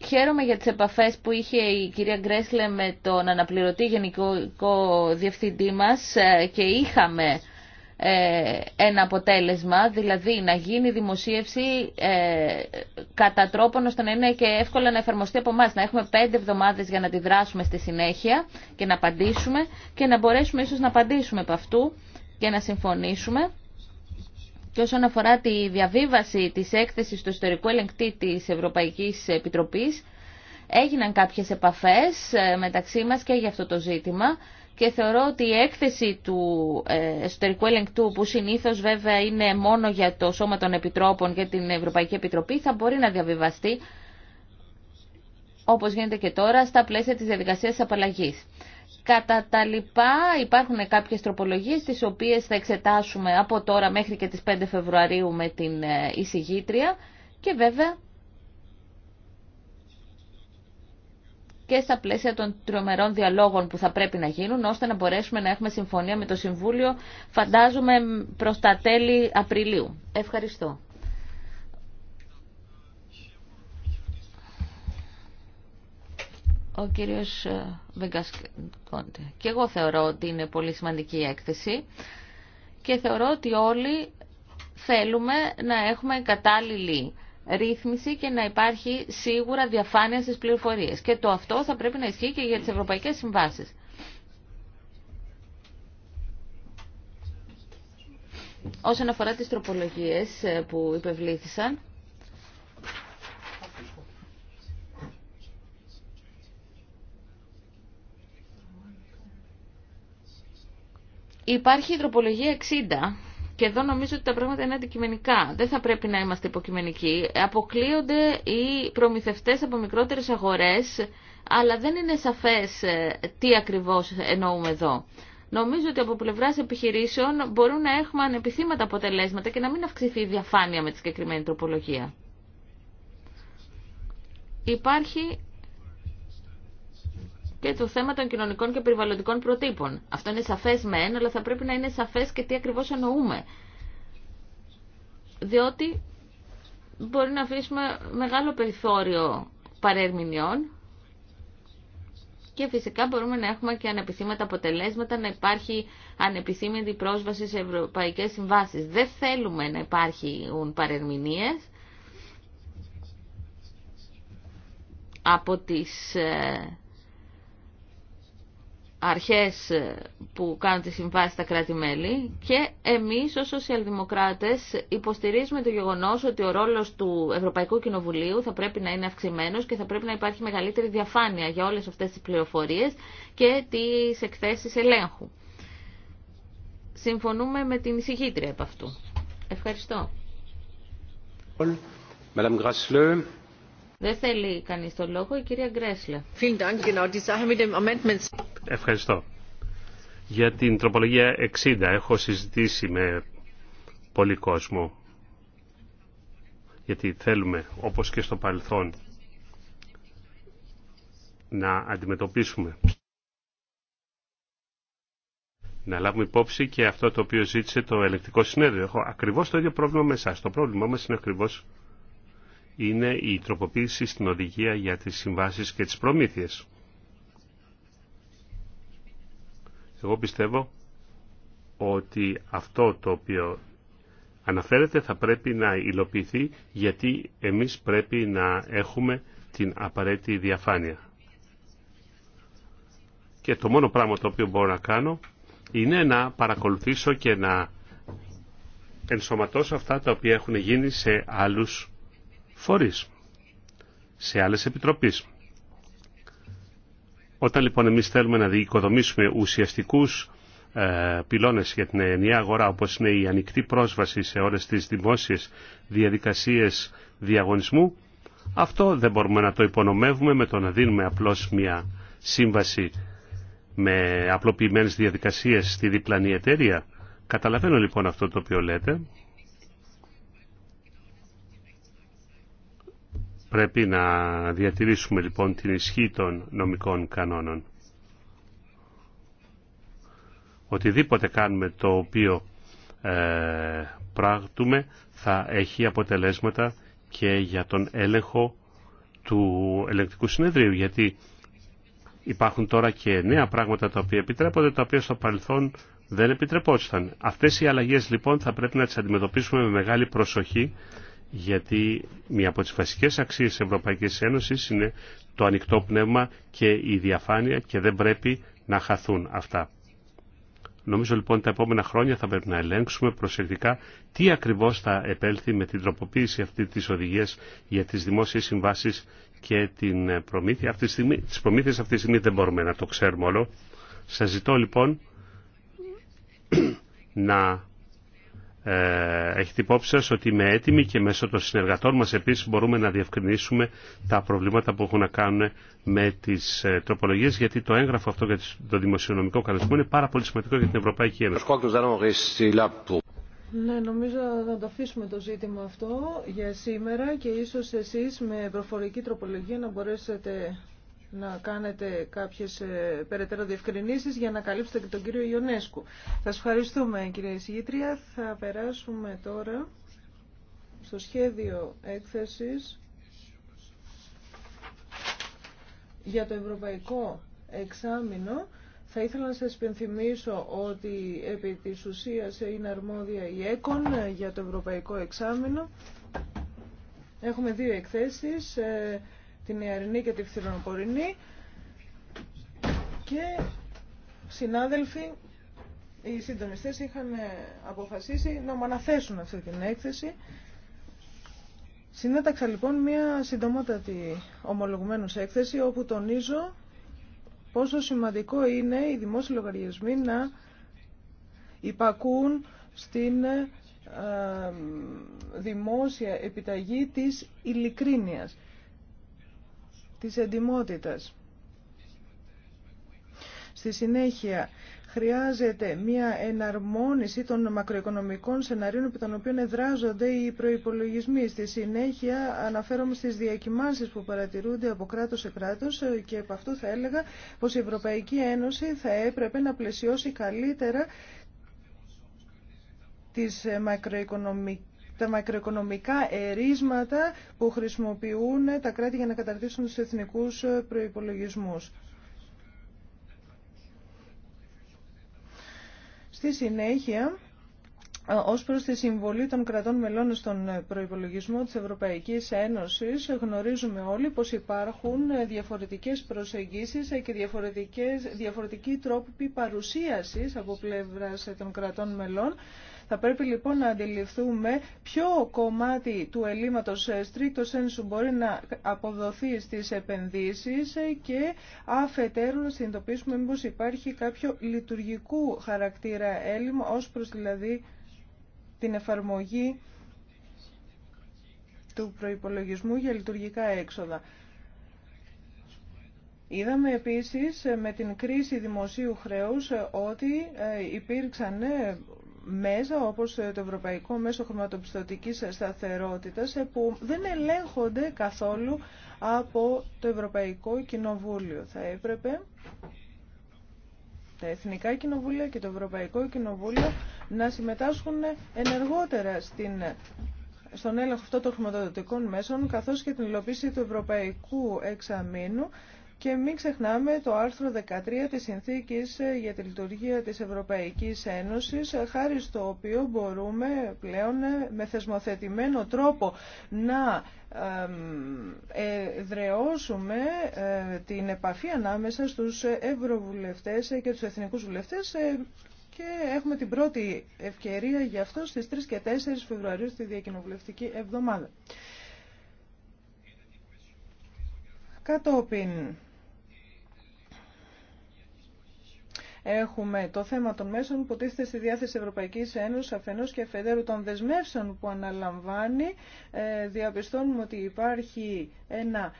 Χαίρομαι για τις επαφές που είχε η κυρία Γκρέσλε με τον αναπληρωτή γενικό διευθυντή μας και είχαμε ε, ένα αποτέλεσμα, δηλαδή να γίνει δημοσίευση ε, κατά τρόπον ώστε να είναι και εύκολα να εφαρμοστεί από εμά. Να έχουμε πέντε εβδομάδε για να τη δράσουμε στη συνέχεια και να απαντήσουμε και να μπορέσουμε ίσως να απαντήσουμε από αυτού και να συμφωνήσουμε. Και όσον αφορά τη διαβίβαση τη έκθεση του ιστορικού ελεγκτή της Ευρωπαϊκής Επιτροπή, έγιναν κάποιες επαφές ε, μεταξύ μα και για αυτό το ζήτημα και θεωρώ ότι η έκθεση του ε, εσωτερικού ελεγκτού που συνήθως βέβαια είναι μόνο για το Σώμα των Επιτρόπων και την Ευρωπαϊκή Επιτροπή θα μπορεί να διαβιβαστεί όπως γίνεται και τώρα στα πλαίσια της διαδικασίας απαλλαγής. Κατά τα λοιπά υπάρχουν κάποιες τροπολογίες τις οποίες θα εξετάσουμε από τώρα μέχρι και τις 5 Φεβρουαρίου με την ε, εισηγήτρια και βέβαια και στα πλαίσια των τρομερών διαλόγων που θα πρέπει να γίνουν, ώστε να μπορέσουμε να έχουμε συμφωνία με το Συμβούλιο, φαντάζομαι, προς τα τέλη Απριλίου. Ευχαριστώ. ο κύριος ε, Βεγκασκόντε. Και εγώ θεωρώ ότι είναι πολύ σημαντική η έκθεση και θεωρώ ότι όλοι θέλουμε να έχουμε κατάλληλη ρύθμιση και να υπάρχει σίγουρα διαφάνεια στις πληροφορίες. Και το αυτό θα πρέπει να ισχύει και για τις ευρωπαϊκές συμβάσεις. Όσον αφορά τις τροπολογίες ε, που υπευλήθησαν, υπάρχει η τροπολογία 60 και εδώ νομίζω ότι τα πράγματα είναι αντικειμενικά. Δεν θα πρέπει να είμαστε υποκειμενικοί. Αποκλείονται οι προμηθευτές από μικρότερες αγορές, αλλά δεν είναι σαφές ε, τι ακριβώς εννοούμε εδώ. Νομίζω ότι από πλευρά επιχειρήσεων μπορούν να έχουμε ανεπιθύματα αποτελέσματα και να μην αυξηθεί η διαφάνεια με τη συγκεκριμένη τροπολογία. Υπάρχει και το θέμα των κοινωνικών και περιβαλλοντικών προτύπων. Αυτό είναι σαφέ, μεν, αλλά θα πρέπει να είναι σαφέ και τι ακριβώς εννοούμε. Διότι μπορεί να αφήσουμε μεγάλο περιθώριο παρερμηνιών και φυσικά μπορούμε να έχουμε και ανεπιθύμητα αποτελέσματα, να υπάρχει ανεπιθύμητη πρόσβαση σε ευρωπαϊκές συμβάσεις. Δεν θέλουμε να υπάρχουν παρερμηνίες από τις ε, αρχές ε, που κάνουν τη συμβάση στα κράτη-μέλη και εμείς ως σοσιαλδημοκράτες υποστηρίζουμε το γεγονός ότι ο ρόλος του Ευρωπαϊκού Κοινοβουλίου θα πρέπει να είναι αυξημένος και θα πρέπει να υπάρχει μεγαλύτερη διαφάνεια για όλες αυτές τις πληροφορίες και τις εκθέσεις ελέγχου. Συμφωνούμε με την εισηγήτρια από αυτού. Ευχαριστώ. Δεν θέλει κανείς το λόγο. Η κυρία Γκρέσλε. Ευχαριστώ. Για την τροπολογία 60 έχω συζητήσει με πολλοί κόσμο. Γιατί θέλουμε, όπως και στο παρελθόν, να αντιμετωπίσουμε να λάβουμε υπόψη και αυτό το οποίο ζήτησε το ελεκτικό συνέδριο. Έχω ακριβώς το ίδιο πρόβλημα με εσάς. Το πρόβλημά μας είναι ακριβώς είναι η τροποποίηση στην οδηγία για τις συμβάσεις και τις προμήθειες. Εγώ πιστεύω ότι αυτό το οποίο αναφέρεται θα πρέπει να υλοποιηθεί γιατί εμείς πρέπει να έχουμε την απαραίτητη διαφάνεια. Και το μόνο πράγμα το οποίο μπορώ να κάνω είναι να παρακολουθήσω και να ενσωματώσω αυτά τα οποία έχουν γίνει σε άλλους φορείς, σε άλλες επιτροπείς. Όταν λοιπόν εμείς θέλουμε να διοικοδομήσουμε ουσιαστικούς ε, για την ενιαία αγορά, όπως είναι η ανοιχτή πρόσβαση σε όλες τις δημόσιες διαδικασίες διαγωνισμού, αυτό δεν μπορούμε να το υπονομεύουμε με το να δίνουμε απλώς μια σύμβαση με απλοποιημένες διαδικασίες στη διπλανή εταιρεία. Καταλαβαίνω λοιπόν αυτό το οποίο λέτε Πρέπει να διατηρήσουμε λοιπόν την ισχύ των νομικών κανόνων. Οτιδήποτε κάνουμε το οποίο ε, θα έχει αποτελέσματα και για τον έλεγχο του ελεγκτικού συνεδρίου γιατί υπάρχουν τώρα και νέα πράγματα τα οποία επιτρέπονται τα οποία στο παρελθόν δεν επιτρεπόταν. Αυτές οι αλλαγές λοιπόν θα πρέπει να τις αντιμετωπίσουμε με μεγάλη προσοχή γιατί μία από τις βασικές αξίες της Ευρωπαϊκής Ένωσης είναι το ανοιχτό πνεύμα και η διαφάνεια και δεν πρέπει να χαθούν αυτά. Νομίζω λοιπόν τα επόμενα χρόνια θα πρέπει να ελέγξουμε προσεκτικά τι ακριβώς θα επέλθει με την τροποποίηση αυτή της οδηγίας για τις δημόσιες συμβάσεις και την προμήθεια. Αυτή τη στιγμή, τις προμήθειες αυτή τη στιγμή δεν μπορούμε να το ξέρουμε όλο. Σας ζητώ λοιπόν να ε, Έχει την υπόψη σας ότι είμαι έτοιμη και μέσω των συνεργατών μας επίσης μπορούμε να διευκρινίσουμε τα προβλήματα που έχουν να κάνουν με τις ε, τροπολογίες γιατί το έγγραφο αυτό για το δημοσιονομικό κανονισμό είναι πάρα πολύ σημαντικό για την Ευρωπαϊκή Ένωση. Ναι, νομίζω να το αφήσουμε το ζήτημα αυτό για σήμερα και ίσως εσείς με προφορική τροπολογία να μπορέσετε να κάνετε κάποιες ε, περαιτέρω διευκρινήσεις για να καλύψετε και τον κύριο Ιωνέσκου. Θα σας ευχαριστούμε κύριε Ισηγήτρια. Θα περάσουμε τώρα στο σχέδιο έκθεσης για το Ευρωπαϊκό Εξάμεινο. Θα ήθελα να σας υπενθυμίσω ότι επί της ουσίας είναι αρμόδια η ΕΚΟΝ για το Ευρωπαϊκό Εξάμεινο. Έχουμε δύο εκθέσεις ε, την Ιαρινή και τη Φθινοπορεινή και συνάδελφοι, οι συντονιστές είχαν αποφασίσει να μου αναθέσουν αυτή την έκθεση. Συνέταξα λοιπόν μια συντομότατη ομολογουμένου έκθεση όπου τονίζω πόσο σημαντικό είναι οι δημόσιοι λογαριασμοί να υπακούν στην ε, δημόσια επιταγή της ειλικρίνειας της εντιμότητας. Στη συνέχεια, χρειάζεται μια εναρμόνιση των μακροοικονομικών σενάριων επί τον οποίο εδράζονται οι προϋπολογισμοί. Στη συνέχεια αναφέρομαι στις διακοιμάνσεις που παρατηρούνται από κράτος σε κράτος και από αυτό θα έλεγα πως η Ευρωπαϊκή Ένωση θα έπρεπε να πλαισιώσει καλύτερα τις μακροοικονομικές τα μακροοικονομικά ερίσματα που χρησιμοποιούν τα κράτη για να καταρτήσουν τους εθνικούς προϋπολογισμούς. Στη συνέχεια, ως προς τη συμβολή των κρατών μελών στον προϋπολογισμό της Ευρωπαϊκής Ένωσης, γνωρίζουμε όλοι πως υπάρχουν διαφορετικές προσεγγίσεις και διαφορετικοί τρόποι παρουσίασης από πλευράς των κρατών μελών. Θα πρέπει λοιπόν να αντιληφθούμε ποιο κομμάτι του ελλείμματος στρίκτος ε, σένσου μπορεί να αποδοθεί στις επενδύσεις ε, και αφετέρου να συνειδητοποιήσουμε μήπως υπάρχει κάποιο λειτουργικού χαρακτήρα έλλειμμα ως προς δηλαδή την εφαρμογή του προϋπολογισμού για λειτουργικά έξοδα. Είδαμε επίσης ε, με την κρίση δημοσίου χρέους ότι υπήρξαν μέσα όπως το Ευρωπαϊκό Μέσο Χρηματοπιστωτικής Σταθερότητας ε, που δεν ελέγχονται καθόλου από το Ευρωπαϊκό Κοινοβούλιο. Θα έπρεπε τα Εθνικά Κοινοβούλια και το Ευρωπαϊκό Κοινοβούλιο να συμμετάσχουν ενεργότερα στην στον έλεγχο αυτών των χρηματοδοτικών μέσων, καθώς και την υλοποίηση του Ευρωπαϊκού Εξαμήνου, και μην ξεχνάμε το άρθρο 13 της Συνθήκης ε, για τη Λειτουργία της Ευρωπαϊκής Ένωσης, ε, χάρη στο οποίο μπορούμε πλέον ε, με θεσμοθετημένο τρόπο να εδραιώσουμε την επαφή ανάμεσα στους ευρωβουλευτές και τους εθνικούς βουλευτές και έχουμε την πρώτη ευκαιρία γι' αυτό στις 3 και 4 Φεβρουαρίου στη Διακοινοβουλευτική Εβδομάδα. Κατόπιν, Έχουμε το θέμα των μέσων που τίθεται στη διάθεση Ευρωπαϊκής Ένωσης αφενός και Αφεντέρου των δεσμεύσεων που αναλαμβάνει. Ε, διαπιστώνουμε ότι υπάρχει ένα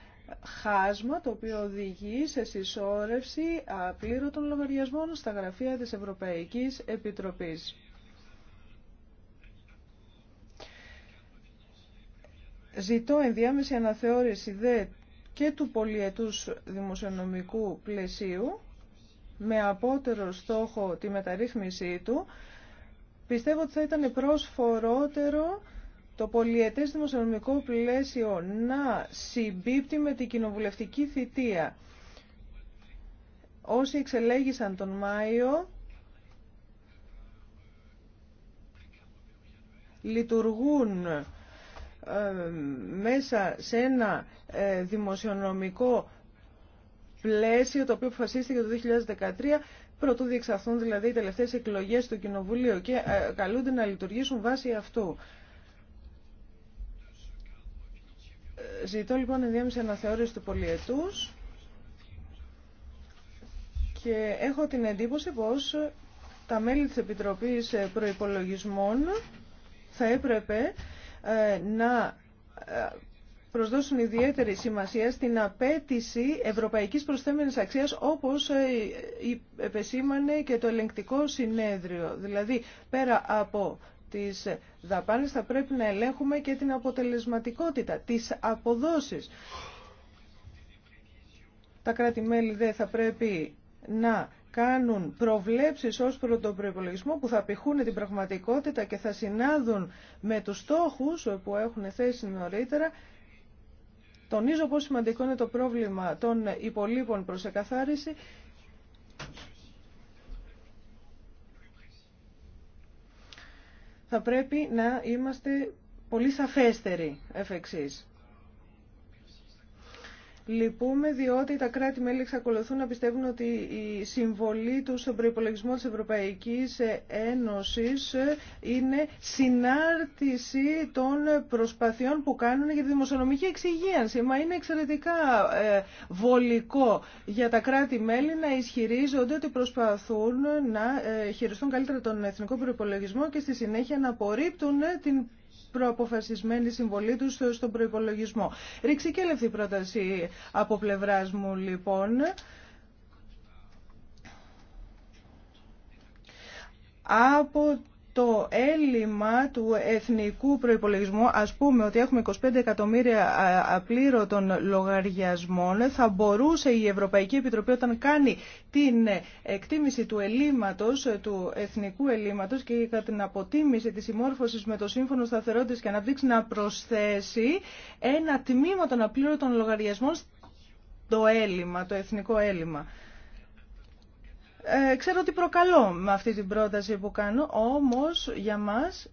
χάσμα το οποίο οδηγεί σε συσσόρευση απλήρωτων λογαριασμών στα γραφεία της Ευρωπαϊκής Επιτροπής. Ζητώ ενδιάμεση αναθεώρηση δε και του πολιετούς δημοσιονομικού πλαισίου με απότερο στόχο τη μεταρρύθμιση του, πιστεύω ότι θα ήταν προσφορότερο το πολιετές δημοσιονομικό πλαίσιο να συμπίπτει με την κοινοβουλευτική θητεία. Όσοι εξελέγησαν τον Μάιο λειτουργούν ε, μέσα σε ένα ε, δημοσιονομικό πλαίσιο το οποίο αποφασίστηκε το 2013 πρωτού διεξαχθούν δηλαδή οι τελευταίε εκλογέ του Κοινοβουλίου και ε, καλούνται να λειτουργήσουν βάσει αυτού. Ζητώ λοιπόν ενδιάμεση αναθεώρηση του πολιετού και έχω την εντύπωση πω τα μέλη τη επιτροπή ε, προπολογισμών θα έπρεπε ε, να προσδώσουν ιδιαίτερη σημασία στην απέτηση ευρωπαϊκής προσθέμενης αξίας όπως ε, επεσήμανε και το ελεγκτικό συνέδριο. Δηλαδή, πέρα από τις δαπάνες θα πρέπει να ελέγχουμε και την αποτελεσματικότητα, τις αποδόσεις. Τα κράτη-μέλη δεν θα πρέπει να κάνουν προβλέψεις ως προ τον προϋπολογισμό που θα πηχούν την πραγματικότητα και θα συνάδουν με τους στόχους που έχουν θέσει νωρίτερα Τονίζω πόσο σημαντικό είναι το πρόβλημα των υπολείπων προς εκαθάριση θα πρέπει να είμαστε πολύ σαφέστεροι εφ' εξής. Λυπούμε διότι τα κράτη-μέλη εξακολουθούν να πιστεύουν ότι η συμβολή του στον προπολογισμό της Ευρωπαϊκής Ένωσης είναι συνάρτηση των προσπαθειών που κάνουν για τη δημοσιονομική εξυγίανση. Μα είναι εξαιρετικά ε, βολικό για τα κράτη-μέλη να ισχυρίζονται ότι προσπαθούν να ε, χειριστούν καλύτερα τον εθνικό προπολογισμό και στη συνέχεια να απορρίπτουν ε, την προαποφασισμένη συμβολή του στον και λεφτή πρόταση από πλευρά μου λοιπόν. Από το έλλειμμα του εθνικού προϋπολογισμού, ας πούμε ότι έχουμε 25 εκατομμύρια απλήρωτων λογαριασμών, θα μπορούσε η Ευρωπαϊκή Επιτροπή όταν κάνει την εκτίμηση του ελλείμματος, του εθνικού ελλείμματος και κατά την αποτίμηση της συμμόρφωσης με το Σύμφωνο Σταθερότητας και Αναπτύξη να προσθέσει ένα τμήμα των απλήρωτων λογαριασμών στο έλλειμμα, το εθνικό έλλειμμα. Ε, ξέρω ότι προκαλώ με αυτή την πρόταση που κάνω, όμως για μας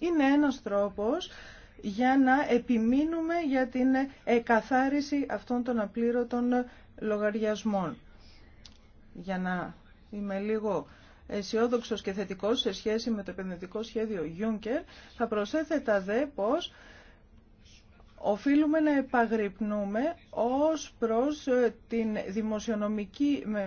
είναι ένας τρόπος για να επιμείνουμε για την εκαθάριση αυτών των απλήρωτων λογαριασμών. Για να είμαι λίγο αισιόδοξο και θετικός σε σχέση με το επενδυτικό σχέδιο Juncker, θα προσέθετα δε πως οφείλουμε να επαγρυπνούμε ως προς ε, την δημοσιονομική ε,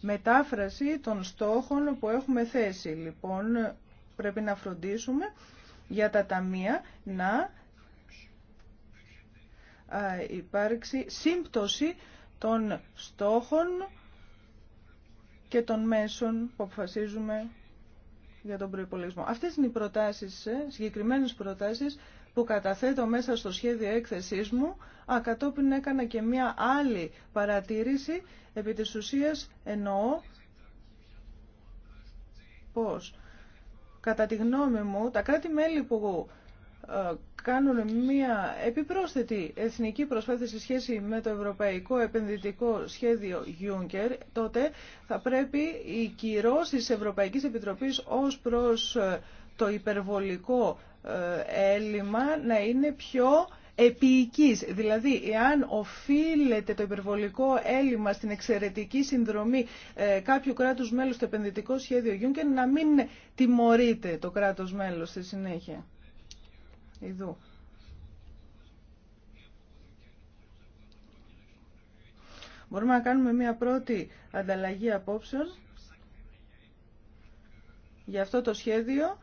μετάφραση των στόχων που έχουμε θέσει. Λοιπόν, πρέπει να φροντίσουμε για τα ταμεία να υπάρξει σύμπτωση των στόχων και των μέσων που αποφασίζουμε για τον προπολογισμό. Αυτές είναι οι προτάσεις, ε, συγκεκριμένες προτάσεις που καταθέτω μέσα στο σχέδιο έκθεσής μου, ακατόπιν έκανα και μία άλλη παρατήρηση, επί τη ουσία εννοώ πώς. Κατά τη γνώμη μου, τα κράτη-μέλη που ε, κάνουν μια επιπρόσθετη εθνική προσπάθεια σε σχέση με το Ευρωπαϊκό Επενδυτικό Σχέδιο Juncker, τότε θα πρέπει οι κυρώσει τη Ευρωπαϊκή Επιτροπή ως προς ε, το υπερβολικό ε, έλλειμμα να είναι πιο επίοικης. Δηλαδή, εάν οφείλεται το υπερβολικό έλλειμμα στην εξαιρετική συνδρομή ε, κάποιου κράτους μέλους στο επενδυτικό σχέδιο Juncker, να μην τιμωρείται το κράτος μέλος στη συνέχεια εδώ Μπορούμε να κάνουμε μια πρώτη ανταλλαγή απόψεων για αυτό το σχέδιο.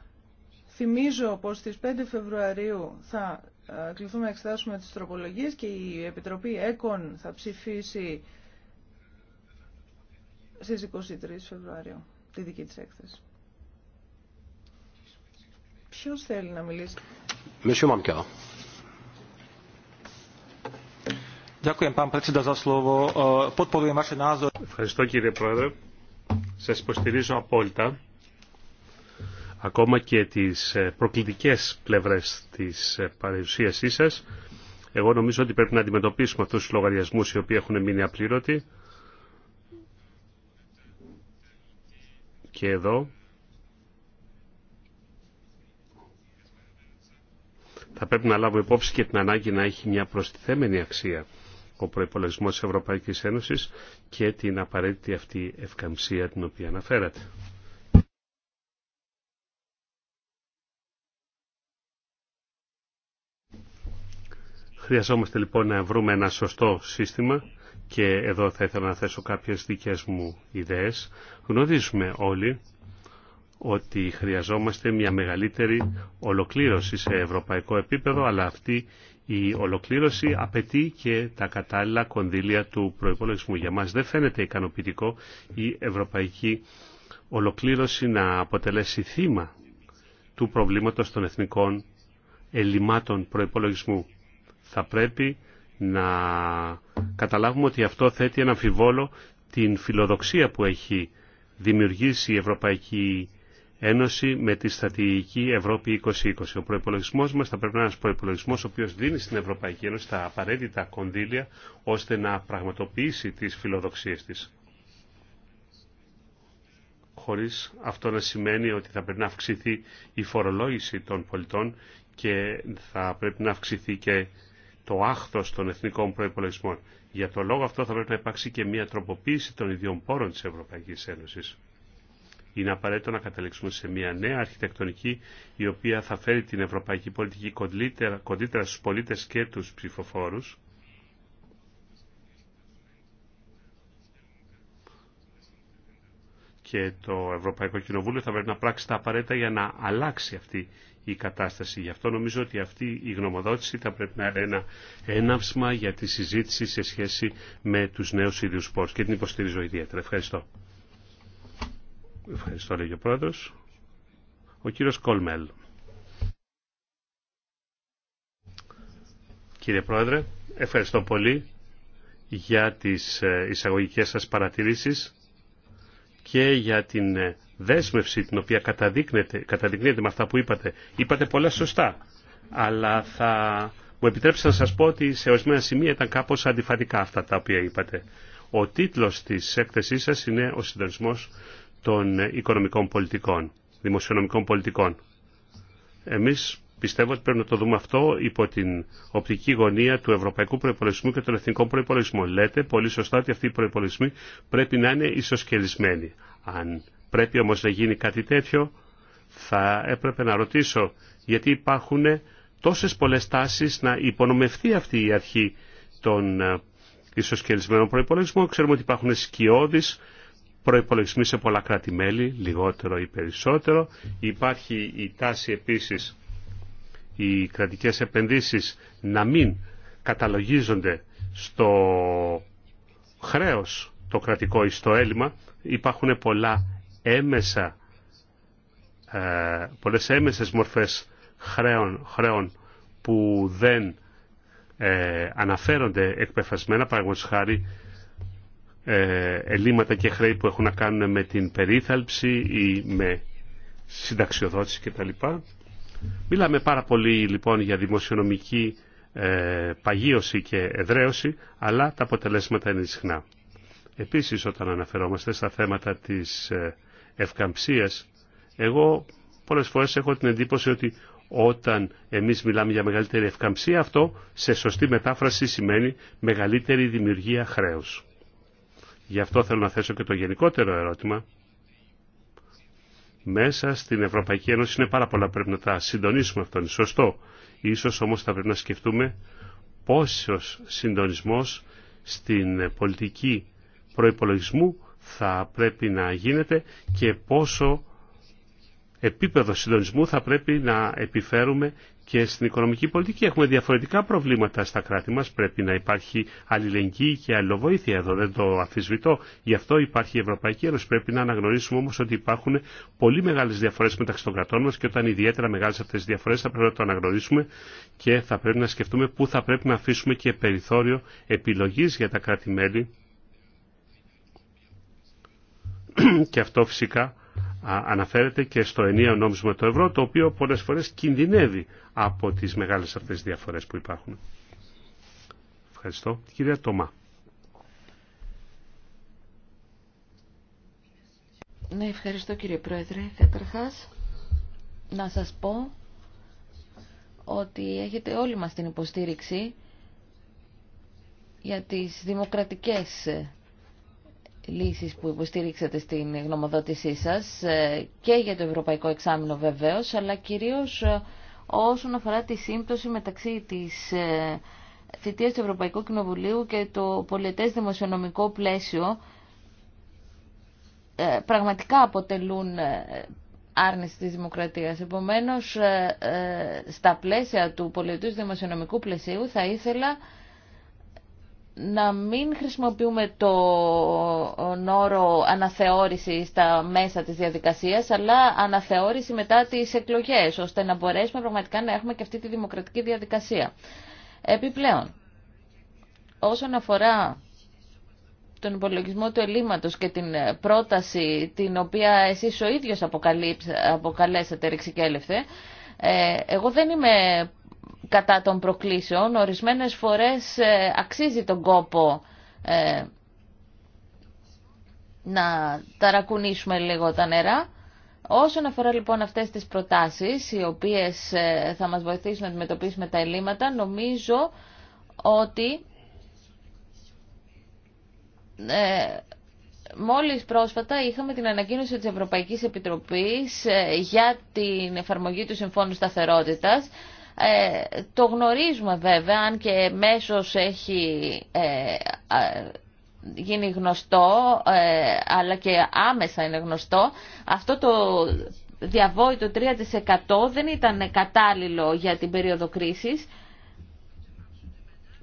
Θυμίζω πως στις 5 Φεβρουαρίου θα ε, κληθούμε να εξετάσουμε τις τροπολογίες και η Επιτροπή ΕΚΟΝ θα ψηφίσει στις 23 Φεβρουαρίου τη δική της έκθεση. Ποιος θέλει να μιλήσει. E, Ευχαριστώ κύριε Πρόεδρε. Σα υποστηρίζω απόλυτα. Ακόμα και τι ε, προκλητικές πλευρέ τη ε, παρουσίασή σα. Εγώ νομίζω ότι πρέπει να αντιμετωπίσουμε αυτού του λογαριασμού οι οποίοι έχουν μείνει απλήρωτοι. Και εδώ θα πρέπει να λάβουμε υπόψη και την ανάγκη να έχει μια προστιθέμενη αξία ο προϋπολογισμός της Ευρωπαϊκής Ένωσης και την απαραίτητη αυτή ευκαμψία την οποία αναφέρατε. Χρειαζόμαστε λοιπόν να βρούμε ένα σωστό σύστημα και εδώ θα ήθελα να θέσω κάποιες δικές μου ιδέες. Γνωρίζουμε όλοι ότι χρειαζόμαστε μια μεγαλύτερη ολοκλήρωση σε ευρωπαϊκό επίπεδο, αλλά αυτή η ολοκλήρωση απαιτεί και τα κατάλληλα κονδύλια του προϋπολογισμού. Για μας δεν φαίνεται ικανοποιητικό η ευρωπαϊκή ολοκλήρωση να αποτελέσει θύμα του προβλήματος των εθνικών ελλημάτων προϋπολογισμού. Θα πρέπει να καταλάβουμε ότι αυτό θέτει ένα αμφιβόλο την φιλοδοξία που έχει δημιουργήσει η Ευρωπαϊκή Ένωση με τη στρατηγική Ευρώπη 2020. Ο προπολογισμό μα θα πρέπει να είναι ένα προπολογισμό ο οποίο δίνει στην Ευρωπαϊκή Ένωση τα απαραίτητα κονδύλια ώστε να πραγματοποιήσει τι φιλοδοξίε τη. Χωρί αυτό να σημαίνει ότι θα πρέπει να αυξηθεί η φορολόγηση των πολιτών και θα πρέπει να αυξηθεί και το άχθο των εθνικών προπολογισμών. Για το λόγο αυτό θα πρέπει να υπάρξει και μια τροποποίηση των ιδιών πόρων τη Ευρωπαϊκή Ένωση είναι απαραίτητο να καταλήξουμε σε μια νέα αρχιτεκτονική η οποία θα φέρει την ευρωπαϊκή πολιτική κοντύτερα, στους πολίτες και τους ψηφοφόρους και το Ευρωπαϊκό Κοινοβούλιο θα πρέπει να πράξει τα απαραίτητα για να αλλάξει αυτή η κατάσταση. Γι' αυτό νομίζω ότι αυτή η γνωμοδότηση θα πρέπει να είναι ένα έναυσμα για τη συζήτηση σε σχέση με τους νέους ίδιους πόρους και την υποστηρίζω ιδιαίτερα. Ευχαριστώ. Ευχαριστώ, λέγει ο πρόεδρος. Ο κύριος Κολμέλ. Κύριε Πρόεδρε, ευχαριστώ πολύ για τις ε, εισαγωγικές σας παρατηρήσεις και για την ε, δέσμευση την οποία καταδεικνύεται με αυτά που είπατε. Είπατε πολλά σωστά, αλλά θα μου επιτρέψετε να σας πω ότι σε ορισμένα σημεία ήταν κάπως αντιφατικά αυτά τα οποία είπατε. Ο τίτλος της έκθεσής σας είναι «Ο συντονισμός των οικονομικών πολιτικών, δημοσιονομικών πολιτικών. Εμείς πιστεύω ότι πρέπει να το δούμε αυτό υπό την οπτική γωνία του ευρωπαϊκού προπολογισμού και των εθνικών προπολογισμών. Λέτε πολύ σωστά ότι αυτοί οι προπολογισμοί πρέπει να είναι ισοσκελισμένοι. Αν πρέπει όμως να γίνει κάτι τέτοιο, θα έπρεπε να ρωτήσω γιατί υπάρχουν τόσες πολλές τάσεις να υπονομευτεί αυτή η αρχή των ε, ισοσκελισμένων προπολογισμών. Ξέρουμε ότι υπάρχουν σκιώδεις προϋπολογισμοί σε πολλά κράτη-μέλη, λιγότερο ή περισσότερο. Υπάρχει η τάση επίσης οι κρατικές επενδύσεις να μην καταλογίζονται στο χρέος το κρατικό ή στο έλλειμμα. Υπάρχουν πολλά έμεσα, ε, πολλές έμεσες μορφές χρέων, χρέων που δεν ε, αναφέρονται εκπεφασμένα, παραγωγικά χάρη ε, ελλείμματα και χρέη που έχουν να κάνουν με την περίθαλψη ή με συνταξιοδότηση κτλ. Μιλάμε πάρα πολύ λοιπόν για δημοσιονομική ε, παγίωση και εδραίωση, αλλά τα αποτελέσματα είναι συχνά. Επίσης όταν αναφερόμαστε στα θέματα της ε, ευκαμψίας, εγώ πολλές φορές έχω την εντύπωση ότι όταν εμείς μιλάμε για μεγαλύτερη ευκαμψία, αυτό σε σωστή μετάφραση σημαίνει μεγαλύτερη δημιουργία χρέους. Γι' αυτό θέλω να θέσω και το γενικότερο ερώτημα. Μέσα στην Ευρωπαϊκή Ένωση είναι πάρα πολλά πρέπει να τα συντονίσουμε αυτό, σωστό. Ίσως όμως θα πρέπει να σκεφτούμε πόσος συντονισμός στην πολιτική προϋπολογισμού θα πρέπει να γίνεται και πόσο επίπεδο συντονισμού θα πρέπει να επιφέρουμε και στην οικονομική πολιτική. Έχουμε διαφορετικά προβλήματα στα κράτη μας. Πρέπει να υπάρχει αλληλεγγύη και αλληλοβοήθεια εδώ. Δεν το αφισβητώ. Γι' αυτό υπάρχει η Ευρωπαϊκή Ένωση. Πρέπει να αναγνωρίσουμε όμως ότι υπάρχουν πολύ μεγάλες διαφορές μεταξύ των κρατών μας και όταν ιδιαίτερα μεγάλες αυτές τις διαφορές θα πρέπει να το αναγνωρίσουμε και θα πρέπει να σκεφτούμε πού θα πρέπει να αφήσουμε και περιθώριο επιλογής για τα κράτη-μέλη. και αυτό φυσικά αναφέρεται και στο ενιαίο νόμισμα το ευρώ, το οποίο πολλές φορές κινδυνεύει από τις μεγάλες αυτές διαφορές που υπάρχουν. Ευχαριστώ. Κυρία Τωμά. Ναι, ευχαριστώ κύριε Πρόεδρε. Καταρχάς, να σας πω ότι έχετε όλοι μας την υποστήριξη για τις δημοκρατικές λύσεις που υποστήριξατε στην γνωμοδότησή σας ε, και για το Ευρωπαϊκό Εξάμεινο βεβαίως, αλλά κυρίως ε, όσον αφορά τη σύμπτωση μεταξύ της ε, θητείας του Ευρωπαϊκού Κοινοβουλίου και το πολιτές δημοσιονομικό πλαίσιο πραγματικά αποτελούν άρνηση της δημοκρατίας. Επομένως, στα πλαίσια του πολιτούς δημοσιονομικού πλαισίου θα ήθελα να μην χρησιμοποιούμε το όρο αναθεώρηση στα μέσα της διαδικασίας, αλλά αναθεώρηση μετά τις εκλογές, ώστε να μπορέσουμε πραγματικά να έχουμε και αυτή τη δημοκρατική διαδικασία. Επιπλέον, όσον αφορά τον υπολογισμό του ελλείμματος και την πρόταση την οποία εσείς ο ίδιος αποκαλέσατε ρηξικέλευθε, ε, εγώ δεν είμαι κατά των προκλήσεων. Ορισμένες φορές ε, αξίζει τον κόπο ε, να ταρακουνήσουμε λίγο τα νερά. Όσον αφορά λοιπόν αυτές τις προτάσεις, οι οποίες ε, θα μας βοηθήσουν να αντιμετωπίσουμε τα ελλείμματα, νομίζω ότι μόλις πρόσφατα είχαμε την ανακοίνωση της Ευρωπαϊκής Επιτροπής για την εφαρμογή του Συμφώνου Σταθερότητας, ε, το γνωρίζουμε βέβαια, αν και μέσως έχει ε, γίνει γνωστό, ε, αλλά και άμεσα είναι γνωστό, αυτό το διαβόητο 3% δεν ήταν κατάλληλο για την περίοδο κρίσης.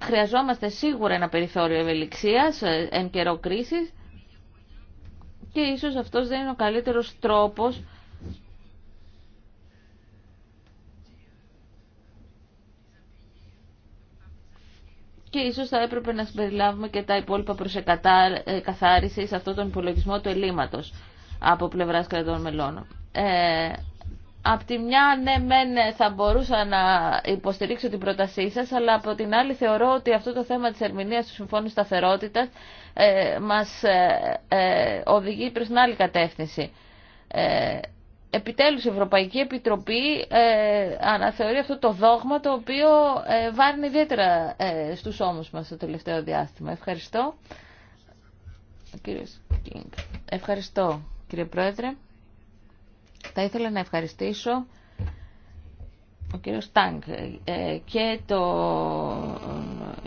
Χρειαζόμαστε σίγουρα ένα περιθώριο ευελιξίας ε, εν καιρό κρίσης και ίσως αυτός δεν είναι ο καλύτερος τρόπος και ίσως θα έπρεπε να συμπεριλάβουμε και τα υπόλοιπα προσεκαθάριση ε, σε αυτόν τον υπολογισμό του ελλείμματος από πλευράς κρατών μελών. Ε, Απ' τη μια, ναι, μεν ε, θα μπορούσα να υποστηρίξω την πρότασή σα, αλλά από την άλλη θεωρώ ότι αυτό το θέμα τη ερμηνεία του Συμφώνου Σταθερότητα ε, μα ε, ε, οδηγεί προ την άλλη κατεύθυνση επιτέλους η Ευρωπαϊκή Επιτροπή ε, αναθεωρεί αυτό το δόγμα το οποίο ε, βάρνει ιδιαίτερα ε, στους ώμους μας το τελευταίο διάστημα. Ευχαριστώ. Ευχαριστώ κύριε Πρόεδρε. Θα ήθελα να ευχαριστήσω ο κύριος Τάγκ ε, και το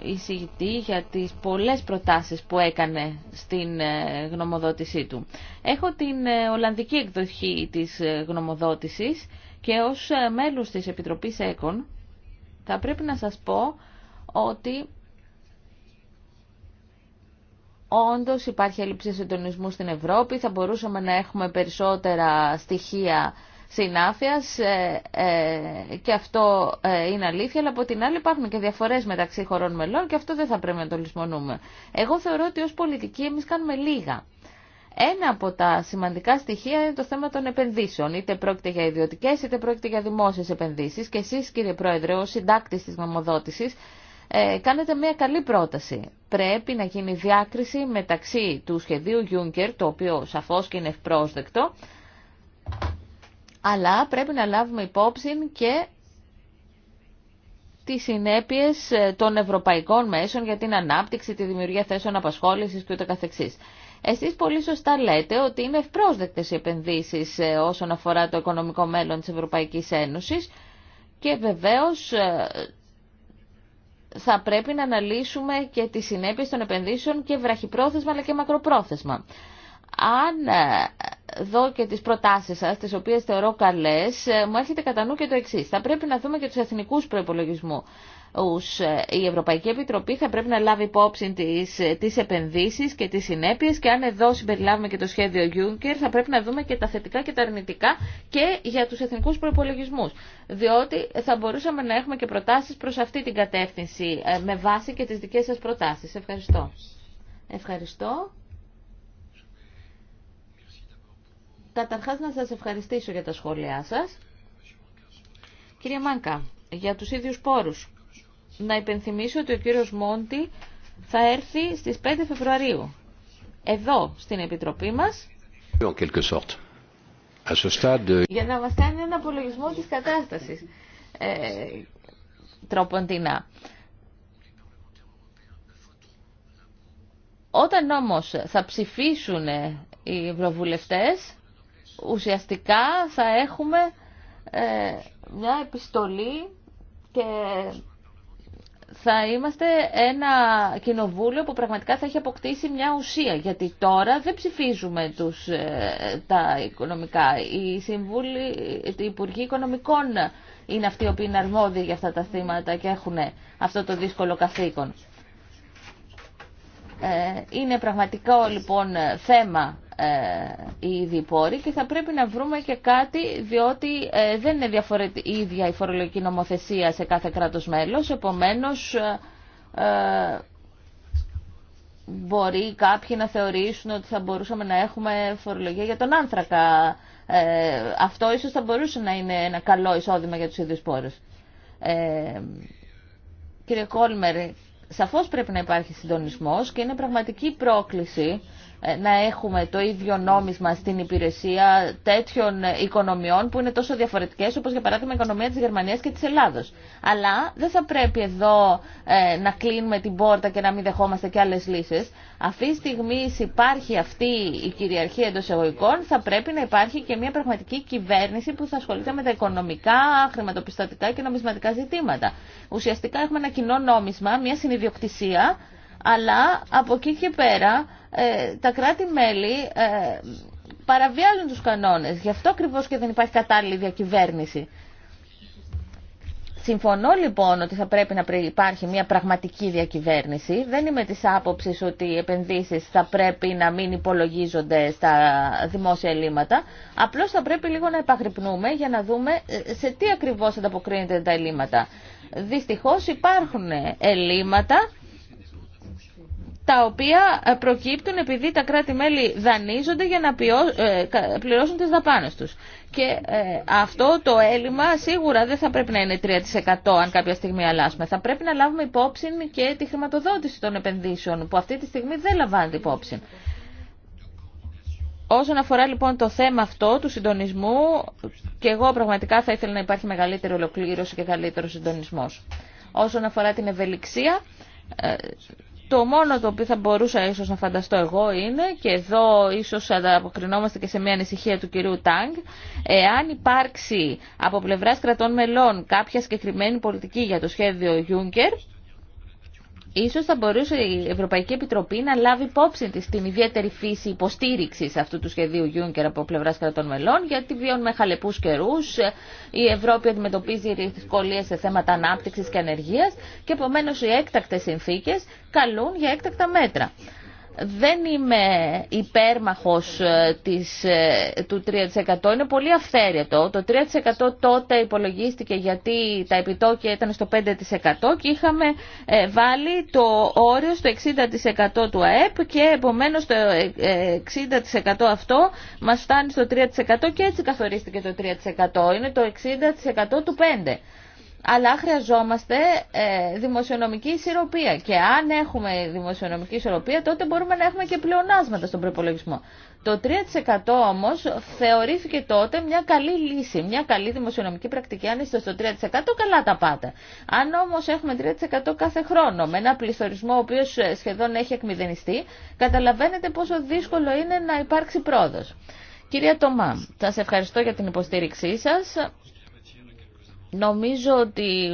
ε, εισηγητή για τις πολλές προτάσεις που έκανε στην ε, γνωμοδότησή του. Έχω την Ολλανδική εκδοχή της γνωμοδότησης και ως μέλος της Επιτροπής ΕΚΟΝ θα πρέπει να σας πω ότι όντως υπάρχει έλλειψη συντονισμού στην Ευρώπη, θα μπορούσαμε να έχουμε περισσότερα στοιχεία ε, ε, και αυτό ε, είναι αλήθεια, αλλά από την άλλη υπάρχουν και διαφορέ μεταξύ χωρών μελών και αυτό δεν θα πρέπει να το λησμονούμε. Εγώ θεωρώ ότι ω πολιτικοί εμεί κάνουμε λίγα. Ένα από τα σημαντικά στοιχεία είναι το θέμα των επενδύσεων. Είτε πρόκειται για ιδιωτικέ είτε πρόκειται για δημόσιε επενδύσει. Και εσεί, κύριε Πρόεδρε, ω συντάκτη τη νομοδότηση, ε, κάνετε μια καλή πρόταση. Πρέπει να γίνει διάκριση μεταξύ του σχεδίου Juncker, το οποίο σαφώ και είναι ευπρόσδεκτο, αλλά πρέπει να λάβουμε υπόψη και τις συνέπειες ε, των ευρωπαϊκών μέσων για την ανάπτυξη, τη δημιουργία θέσεων απασχόλησης και ούτε καθεξής. Εσείς πολύ σωστά λέτε ότι είναι ευπρόσδεκτες οι επενδύσεις ε, όσον αφορά το οικονομικό μέλλον της Ευρωπαϊκής Ένωσης και βεβαίως ε, θα πρέπει να αναλύσουμε και τις συνέπειες των επενδύσεων και βραχυπρόθεσμα αλλά και μακροπρόθεσμα αν ε, δω και τις προτάσεις σας, τις οποίες θεωρώ καλές, ε, μου έρχεται κατά νου και το εξής. Θα πρέπει να δούμε και τους εθνικούς προϋπολογισμού. Ε, η Ευρωπαϊκή Επιτροπή θα πρέπει να λάβει υπόψη τις, τις επενδύσεις και τις συνέπειες και αν εδώ συμπεριλάβουμε και το σχέδιο Juncker θα πρέπει να δούμε και τα θετικά και τα αρνητικά και για τους εθνικούς προπολογισμού. Διότι θα μπορούσαμε να έχουμε και προτάσεις προς αυτή την κατεύθυνση με βάση και τις δικές σας προτάσεις. Ευχαριστώ. Ευχαριστώ. Καταρχάς να σας ευχαριστήσω για τα σχόλιά σας. Κύριε Μάνκα, για τους ίδιους πόρους. Να υπενθυμίσω ότι ο κύριος Μόντι θα έρθει στις 5 Φεβρουαρίου. Εδώ, στην Επιτροπή μας. Euh, για να μας κάνει ένα απολογισμό της κατάστασης. Ε, τροποντινά. Όταν όμως θα ψηφίσουν οι ευρωβουλευτές, ουσιαστικά θα έχουμε ε, μια επιστολή και θα είμαστε ένα κοινοβούλιο που πραγματικά θα έχει αποκτήσει μια ουσία, γιατί τώρα δεν ψηφίζουμε τους, ε, τα οικονομικά. Οι, συμβούλοι, οι Υπουργοί Οικονομικών είναι αυτοί οι οποίοι είναι αρμόδιοι για αυτά τα θύματα και έχουν αυτό το δύσκολο καθήκον. Ε, είναι πραγματικό λοιπόν θέμα ε, οι ίδιοι πόροι και θα πρέπει να βρούμε και κάτι διότι ε, δεν είναι διαφορετική η ίδια η φορολογική νομοθεσία σε κάθε κράτος μέλος, επομένως ε, μπορεί κάποιοι να θεωρήσουν ότι θα μπορούσαμε να έχουμε φορολογία για τον άνθρακα. αυτό ίσως θα μπορούσε να είναι ένα καλό εισόδημα για τους ίδιους πόρους. κύριε Κόλμερ, σαφώς πρέπει να υπάρχει συντονισμός και είναι πραγματική πρόκληση ε, να έχουμε το ίδιο νόμισμα στην υπηρεσία τέτοιων οικονομιών που είναι τόσο διαφορετικές όπως για παράδειγμα η οικονομία της Γερμανίας και της Ελλάδος. Αλλά δεν θα πρέπει εδώ ε, να κλείνουμε την πόρτα και να μην δεχόμαστε και άλλες λύσεις. Αυτή τη στιγμή υπάρχει αυτή η κυριαρχία εντός εγωικών, θα πρέπει να υπάρχει και μια πραγματική κυβέρνηση που θα ασχολείται με τα οικονομικά, χρηματοπιστωτικά και νομισματικά ζητήματα. Ουσιαστικά έχουμε ένα κοινό νόμισμα, μια συνειδιοκτησία αλλά από εκεί και πέρα ε, τα κράτη-μέλη ε, παραβιάζουν τους κανόνες. Γι' αυτό ακριβώς και δεν υπάρχει κατάλληλη διακυβέρνηση. Συμφωνώ λοιπόν ότι θα πρέπει να υπάρχει μια πραγματική διακυβέρνηση. Δεν είμαι της άποψης ότι οι επενδύσεις θα πρέπει να μην υπολογίζονται στα δημόσια ελλείμματα. Απλώς θα πρέπει λίγο να επαγρυπνούμε για να δούμε ε, σε τι ακριβώς ανταποκρίνεται τα ελλείμματα. Δυστυχώς υπάρχουν ελλείμματα τα οποία ε, προκύπτουν επειδή τα κράτη-μέλη δανείζονται για να ε, πληρώσουν τις δαπάνες τους. Και ε, αυτό το έλλειμμα σίγουρα δεν θα πρέπει να είναι 3% αν κάποια στιγμή αλλάσουμε. Θα πρέπει να λάβουμε υπόψη και τη χρηματοδότηση των επενδύσεων που αυτή τη στιγμή δεν λαμβάνεται υπόψη. Όσον αφορά λοιπόν το θέμα αυτό του συντονισμού, και εγώ πραγματικά θα ήθελα να υπάρχει μεγαλύτερη ολοκλήρωση και καλύτερο συντονισμός. Όσον αφορά την ευελιξία, το μόνο το οποίο θα μπορούσα ίσως να φανταστώ εγώ είναι, και εδώ ίσως ανταποκρινόμαστε και σε μια ανησυχία του κυρίου Τάγκ, εάν υπάρξει από πλευράς κρατών μελών κάποια συγκεκριμένη πολιτική για το σχέδιο Juncker, Ίσως θα μπορούσε η Ευρωπαϊκή Επιτροπή να λάβει υπόψη της την ιδιαίτερη φύση υποστήριξης αυτού του σχεδίου Juncker από πλευράς κρατών μελών, γιατί βιώνουμε χαλεπούς καιρούς, η Ευρώπη αντιμετωπίζει δυσκολίες σε θέματα ανάπτυξης και ανεργίας και επομένως οι έκτακτες συνθήκες καλούν για έκτακτα μέτρα δεν είμαι υπέρμαχος ε, της, ε, του 3%. Είναι πολύ αυθαίρετο. Το 3% τότε υπολογίστηκε γιατί τα επιτόκια ήταν στο 5% και είχαμε ε, βάλει το όριο στο 60% του ΑΕΠ και επομένως το 60% αυτό μας φτάνει στο 3% και έτσι καθορίστηκε το 3%. Είναι το 60% του 5% αλλά χρειαζόμαστε ε, δημοσιονομική ισορροπία. Και αν έχουμε δημοσιονομική ισορροπία, τότε μπορούμε να έχουμε και πλεονάσματα στον προπολογισμό. Το 3% όμως θεωρήθηκε τότε μια καλή λύση, μια καλή δημοσιονομική πρακτική. Αν είστε στο 3% καλά τα πάτε. Αν όμως έχουμε 3% κάθε χρόνο με ένα πληθωρισμό ο οποίο ε, σχεδόν έχει εκμηδενιστεί, καταλαβαίνετε πόσο δύσκολο είναι να υπάρξει πρόοδο. Κυρία Τομά, σας ευχαριστώ για την υποστήριξή σας. Νομίζω ότι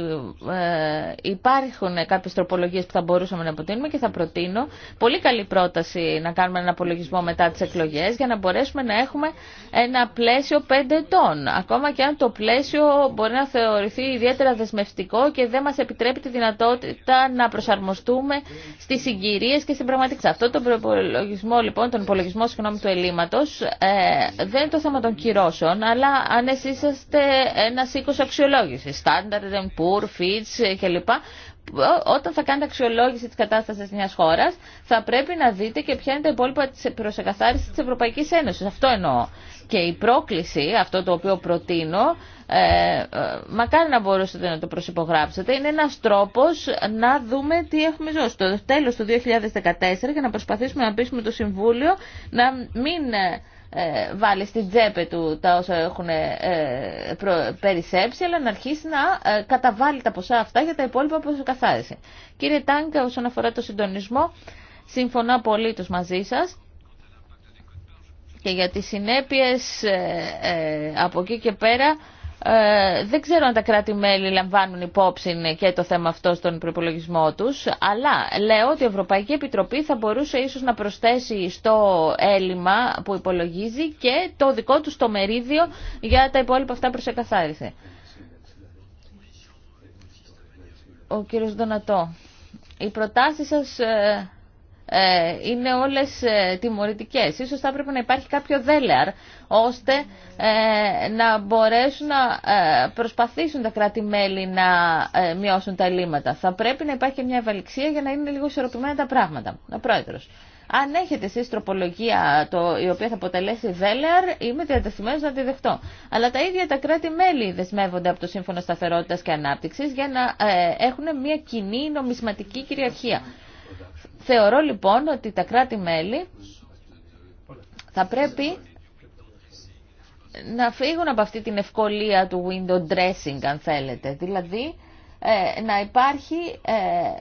ε, υπάρχουν κάποιες τροπολογίες που θα μπορούσαμε να αποτείνουμε και θα προτείνω πολύ καλή πρόταση να κάνουμε έναν απολογισμό μετά τις εκλογές για να μπορέσουμε να έχουμε ένα πλαίσιο πέντε ετών. Ακόμα και αν το πλαίσιο μπορεί να θεωρηθεί ιδιαίτερα δεσμευτικό και δεν μας επιτρέπει τη δυνατότητα να προσαρμοστούμε στις συγκυρίες και στην πραγματικότητα. Αυτό το προπολογισμό λοιπόν, τον υπολογισμό συγγνώμη του ελλείμματος ε, δεν είναι το θέμα των κυρώσεων αλλά αν εσείς είστε ένας οίκος αξιολόγηση. Standard Poor, Fitch κλπ. Όταν θα κάνετε αξιολόγηση τη κατάσταση μια χώρα, θα πρέπει να δείτε και ποια είναι τα υπόλοιπα τη προσεκαθάριση τη Ευρωπαϊκή Ένωση. Αυτό εννοώ. Και η πρόκληση, αυτό το οποίο προτείνω, ε, ε, μακάρι να μπορούσατε να το προσυπογράψετε, είναι ένας τρόπος να δούμε τι έχουμε ζώσει. Στο τέλος του 2014 για να προσπαθήσουμε να πείσουμε το Συμβούλιο να μην ε, ε, βάλει στην τσέπη του τα όσα έχουν ε, περισσέψει, αλλά να αρχίσει να ε, καταβάλει τα ποσά αυτά για τα υπόλοιπα που καθάρισε. Κύριε Τάνκα, όσον αφορά το συντονισμό, συμφωνώ τους μαζί σας και για τις συνέπειες από εκεί και πέρα ε, δεν ξέρω αν τα κράτη-μέλη λαμβάνουν υπόψη και το θέμα αυτό στον προπολογισμό τους, αλλά λέω ότι η Ευρωπαϊκή Επιτροπή θα μπορούσε ίσως να προσθέσει στο έλλειμμα που υπολογίζει και το δικό του το μερίδιο για τα υπόλοιπα αυτά που σε Ο κύριος Δονατό, οι προτάσεις σας... Ε, ε, είναι όλες ε, τιμωρητικές. Ίσως θα έπρεπε να υπάρχει κάποιο δέλεαρ ώστε ε, να μπορέσουν να προσπαθήσουν τα κράτη-μέλη να μειώσουν τα ελλείμματα. Θα πρέπει να υπάρχει και μια ευαλιξία για να είναι λίγο ισορροπημένα τα πράγματα. Ο Πρόεδρος. Αν έχετε εσεί τροπολογία το, η οποία θα αποτελέσει δέλεαρ, είμαι διατεθειμένο να τη δεχτώ. Αλλά τα ίδια τα κράτη-μέλη δεσμεύονται από το Σύμφωνο Σταθερότητα και Ανάπτυξη για να έχουν μια κοινή νομισματική κυριαρχία. Θεωρώ λοιπόν ότι τα κράτη-μέλη θα πρέπει να φύγουν από αυτή την ευκολία του window dressing αν θέλετε. Δηλαδή ε, να υπάρχει ε,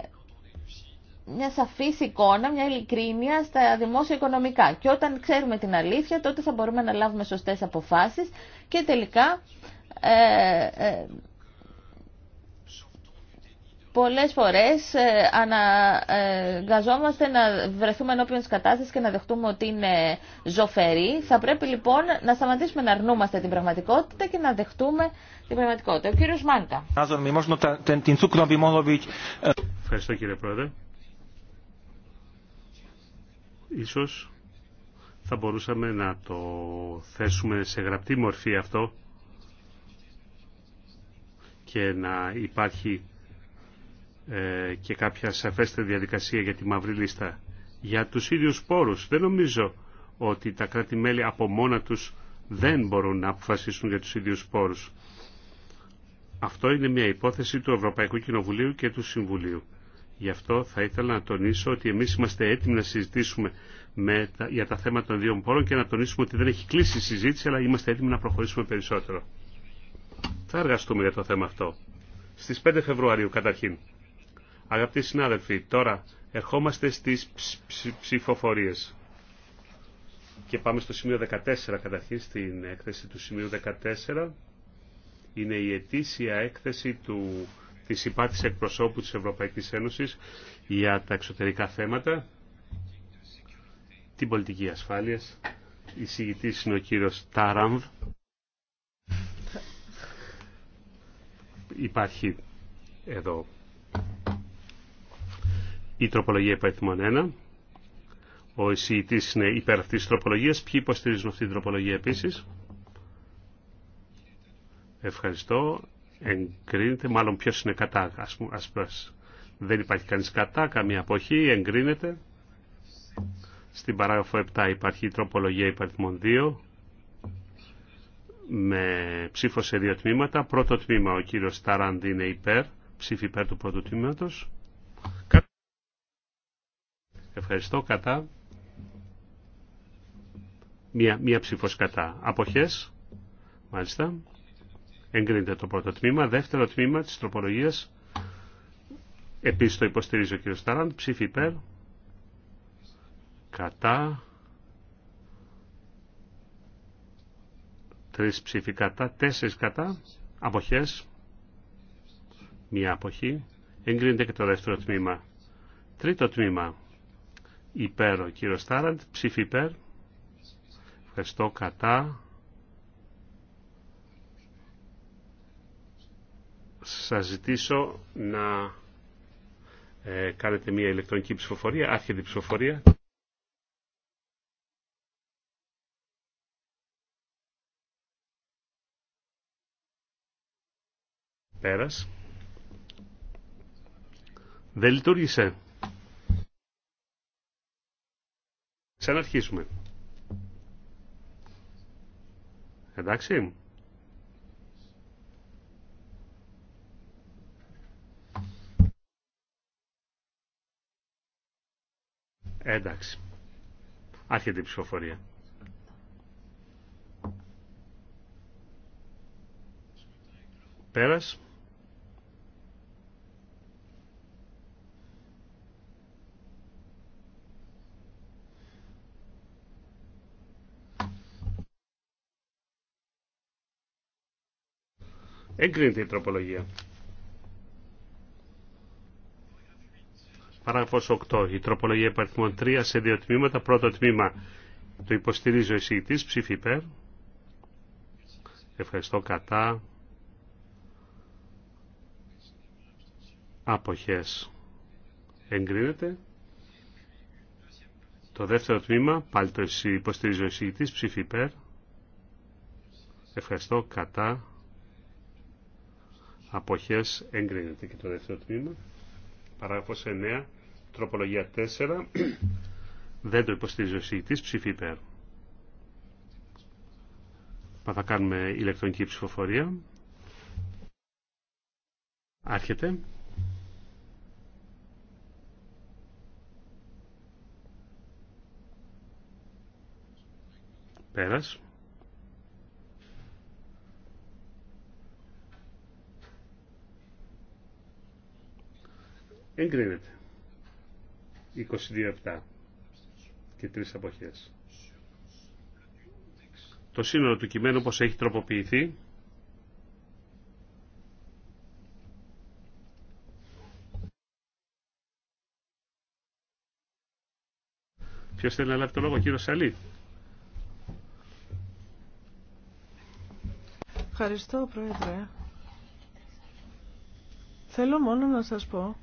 μια σαφής εικόνα, μια ειλικρίνεια στα δημόσια οικονομικά. Και όταν ξέρουμε την αλήθεια τότε θα μπορούμε να λάβουμε σωστές αποφάσεις και τελικά ε, ε πολλές φορές ε, αναγκαζόμαστε ε, να βρεθούμε ενώπιον της κατάστασης και να δεχτούμε ότι είναι ζωφερή. Θα πρέπει λοιπόν να σταματήσουμε να αρνούμαστε την πραγματικότητα και να δεχτούμε την πραγματικότητα. Ο κύριος Μάνκα. Ευχαριστώ κύριε Πρόεδρε. Ίσως θα μπορούσαμε να το θέσουμε σε γραπτή μορφή αυτό και να υπάρχει ε, και κάποια σαφέστερη διαδικασία για τη μαύρη λίστα. Για τους ίδιους πόρους δεν νομίζω ότι τα κράτη-μέλη από μόνα τους δεν μπορούν να αποφασίσουν για τους ίδιους πόρους. Αυτό είναι μια υπόθεση του Ευρωπαϊκού Κοινοβουλίου και του Συμβουλίου. Γι' αυτό θα ήθελα να τονίσω ότι εμείς είμαστε έτοιμοι να συζητήσουμε με για τα θέματα των δύο πόρων και να τονίσουμε ότι δεν έχει κλείσει η συζήτηση, αλλά είμαστε έτοιμοι να προχωρήσουμε περισσότερο. Θα εργαστούμε για το θέμα αυτό. Στις 5 Φεβρουαρίου καταρχήν. Αγαπητοί συνάδελφοι, τώρα ερχόμαστε στις ψηφοφορίες. Και πάμε στο σημείο 14 καταρχήν, στην έκθεση του σημείου 14. Είναι η ετήσια έκθεση του, της υπάτης εκπροσώπου της Ευρωπαϊκής Ένωσης για τα εξωτερικά θέματα, την πολιτική ασφάλειας. Η συγητής είναι ο κύριος Τάραμβ. Υπάρχει εδώ η τροπολογία υπαριθμών 1. Ο εισηγητή είναι υπέρ αυτή τη τροπολογία. Ποιοι υποστηρίζουν αυτή την τροπολογία επίση. Ευχαριστώ. Εγκρίνεται. Μάλλον ποιο είναι κατά. πούμε, Δεν υπάρχει κανεί κατά. Καμία αποχή. Εγκρίνεται. Στην παράγραφο 7 υπάρχει η τροπολογία υπαριθμών 2 με ψήφο σε δύο τμήματα. Πρώτο τμήμα ο κύριος Ταραντ είναι υπέρ, ψήφι υπέρ του πρώτου τμήματος. Ευχαριστώ. Κατά. Μία, μία ψήφος κατά. Αποχές. Μάλιστα. Εγκρίνεται το πρώτο τμήμα. Δεύτερο τμήμα της τροπολογίας. Επίσης το υποστηρίζει ο κ. Σταράν. Ψήφι υπέρ. Κατά. Τρεις ψήφι κατά. Τέσσερις κατά. Αποχές. Μία αποχή. Εγκρίνεται και το δεύτερο τμήμα. Τρίτο τμήμα υπέρ ο κύριος Στάραντ. ψήφι υπέρ. Ευχαριστώ κατά. Σας ζητήσω να ε, κάνετε μια ηλεκτρονική ψηφοφορία, άρχεται ψηφοφορία. Πέρας. Δεν λειτουργήσε. Ξαναρχίσουμε. Εντάξει. Εντάξει. Άρχεται η ψηφοφορία. Πέρας. Εγκρίνεται η τροπολογία. Παράγραφο 8. Η τροπολογία υπαριθμών 3 σε δύο τμήματα. Πρώτο τμήμα το υποστηρίζει ο εισηγητή. Ψήφι υπέρ. Ευχαριστώ κατά. Αποχές. Εγκρίνεται. Το δεύτερο τμήμα, πάλι το υποστηρίζει ο εισηγητής, ψήφι υπέρ. Ευχαριστώ, κατά αποχές εγκρίνεται. Και το δεύτερο τμήμα, παράγραφος 9, τροπολογία 4, δεν το υποστηρίζει ο συγητής, ψηφί υπέρ. Μα θα κάνουμε ηλεκτρονική ψηφοφορία. Άρχεται. Πέρας. Εγκρίνεται. 22-7 και τρεις αποχές. Το σύνολο του κειμένου πως έχει τροποποιηθεί Ποιος θέλει να λάβει το λόγο, κύριο Σαλή. Ευχαριστώ, Πρόεδρε. Θέλω μόνο να σας πω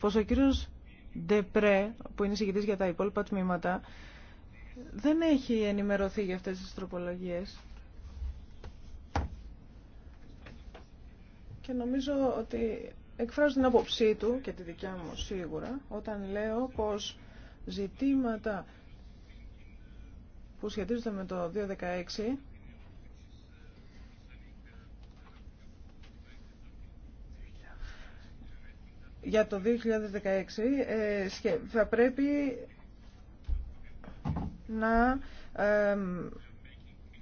πως ο κύριος Ντεπρέ, που είναι συγκεκριτής για τα υπόλοιπα τμήματα, δεν έχει ενημερωθεί για αυτές τις τροπολογίες. Και νομίζω ότι εκφράζω την άποψή του και τη δικιά μου σίγουρα όταν λέω πως ζητήματα που σχετίζονται με το 2016 για το 2016 ε, θα πρέπει να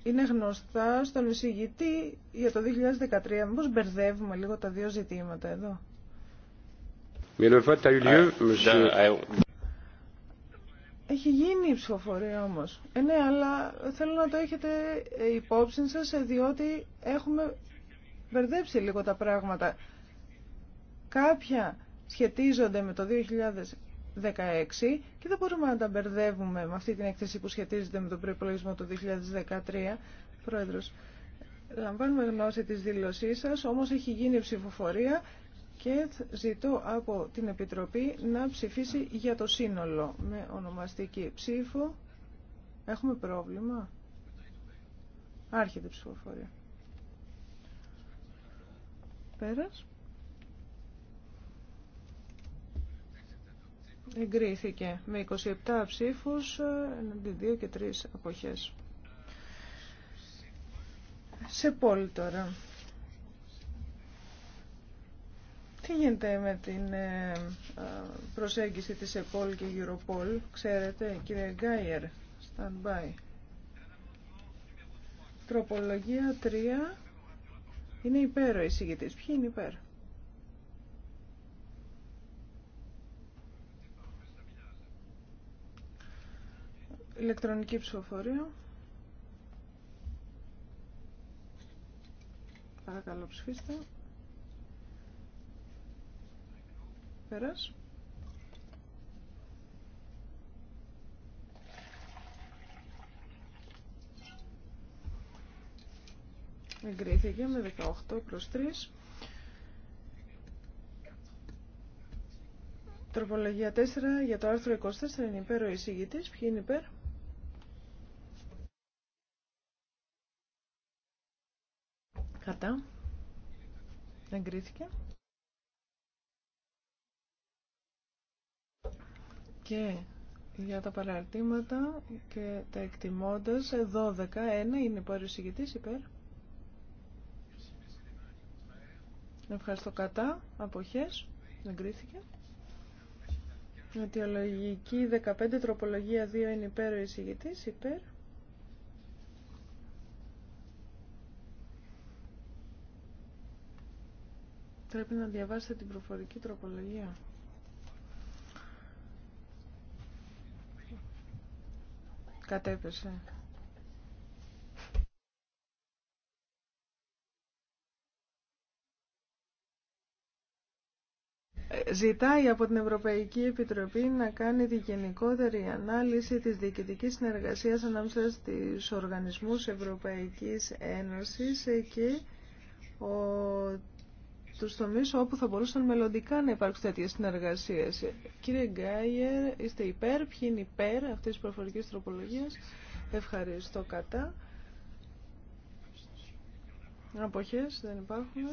είναι γνωστά στον εισηγητή για το 2013. να μπερδεύουμε λίγο τα δύο ζητήματα εδώ. Euh, Έχει γίνει η ψηφοφορία όμως. Ε, ναι, αλλά θέλω να το έχετε ε, υπόψη σας, ε, διότι έχουμε μπερδέψει λίγο τα πράγματα. Κάποια σχετίζονται με το 2016 και δεν μπορούμε να τα μπερδεύουμε με αυτή την έκθεση που σχετίζεται με τον προϋπολογισμό του 2013. Πρόεδρος, λαμβάνουμε γνώση της δήλωσής σας, όμως έχει γίνει ψηφοφορία και ζητώ από την Επιτροπή να ψηφίσει για το σύνολο με ονομαστική ψήφο. Έχουμε πρόβλημα. Άρχεται η ψηφοφορία. Πέρας. εγκρίθηκε με 27 ψήφους, 2 ε, και 3 αποχές. Σε πόλη τώρα. Τι γίνεται με την ε, ε, προσέγγιση της ΕΠΟΛ και Europol, ξέρετε, κύριε Γκάιερ, stand by. Τροπολογία 3 είναι υπέρ ο εισηγητής. Ποιοι είναι υπέρ. Ηλεκτρονική ψηφοφορία. Παρακαλώ ψηφίστε. Πέρας. Εγκρίθηκε με 18 προς 3. Τροπολογία 4 για το άρθρο 24 είναι υπέρ ο εισηγητής. Ποιοι είναι υπέρ. Κατά. Εγκρίθηκε. Και για τα παραρτήματα και τα εκτιμώντας 12-1 ε, είναι παρουσιογητής υπέρ. Ευχαριστώ κατά. Αποχές. Εγκρίθηκε. Αιτιολογική 15 τροπολογία 2 είναι υπέρ ο εισηγητής. Υπέρ. Πρέπει να διαβάσετε την προφορική τροπολογία. Κατέπεσε. Ζητάει από την Ευρωπαϊκή Επιτροπή να κάνει τη γενικότερη ανάλυση της διοικητικής συνεργασίας ανάμεσα στους οργανισμούς Ευρωπαϊκής Ένωσης και ότι τους τομείς όπου θα μπορούσαν μελλοντικά να υπάρξουν τέτοιες συνεργασίες. Κύριε Γκάιερ, είστε υπέρ, ποιοι είναι υπέρ αυτής της προφορικής τροπολογίας. Ευχαριστώ κατά. Αποχές δεν υπάρχουν.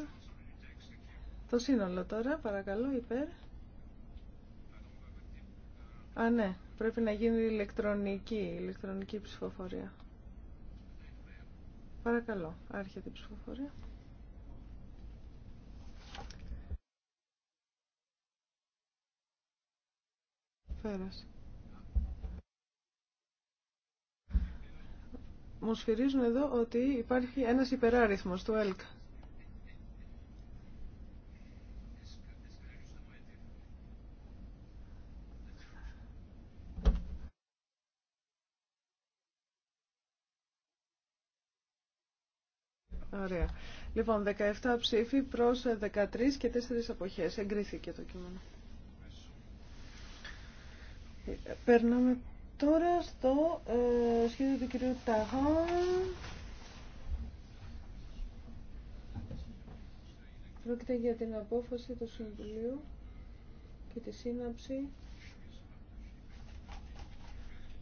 Το σύνολο τώρα, παρακαλώ, υπέρ. Α, ναι, πρέπει να γίνει ηλεκτρονική, ηλεκτρονική ψηφοφορία. Παρακαλώ, άρχεται η ψηφοφορία. Μου σφυρίζουν εδώ ότι υπάρχει ένας υπεράριθμος του ΕΛΚ. Ωραία. Λοιπόν, 17 ψήφοι προς 13 και 4 αποχές. Εγκρίθηκε το κείμενο. Περνάμε τώρα στο ε, σχέδιο του κυρίου Ταχά. Πρόκειται για την απόφαση του Συμβουλίου και τη σύναψη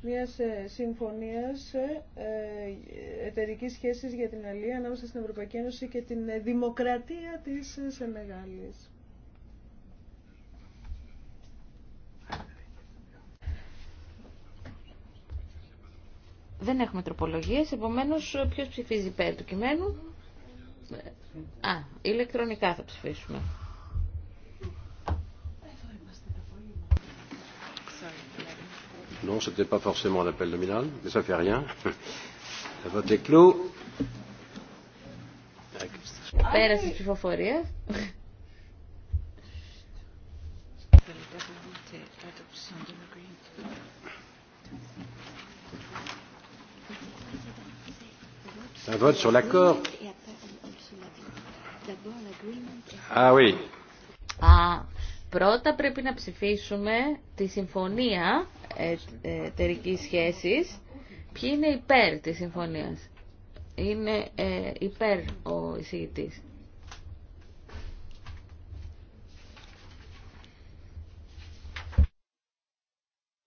μιας ε, συμφωνίας ε, ε, εταιρικής σχέσης για την Αλία ανάμεσα στην Ευρωπαϊκή Ένωση και την δημοκρατία της Σενεγάλης. Δεν έχουμε τροπολογίες, επομένως ποιο ψηφίζει υπέρ του κειμένου. Α, ηλεκτρονικά θα ψηφίσουμε. Non, c'était pas forcément l'appel nominal, mais ça fait rien. Le vote est clos. Πέρασε η ψηφοφορία. Un vote sur ah Α, πρώτα πρέπει να ψηφίσουμε τη συμφωνία ε, ε, εταιρικής σχέσης. Ποιοι είναι υπέρ της συμφωνίας. Είναι ε, υπέρ ο εισηγητής.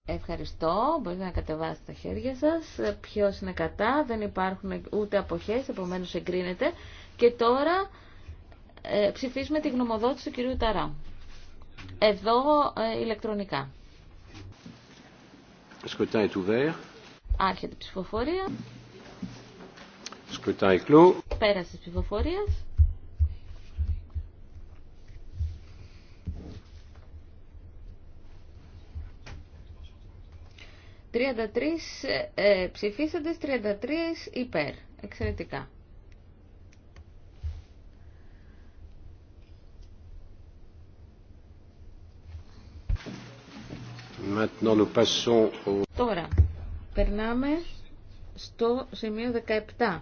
Ευχαριστώ. Μπορείτε να κατεβάσετε τα χέρια σας. Ποιος είναι κατά. Δεν υπάρχουν ούτε αποχές, επομένως εγκρίνεται. Και τώρα ε, τη γνωμοδότηση του κυρίου Ταρά. Εδώ ε, ηλεκτρονικά. est Άρχεται η ψηφοφορία. Πέρασε est ψηφοφορία. 33 ε, ψηφίσαντες, 33 υπέρ. Εξαιρετικά. Τώρα, περνάμε στο σημείο 17.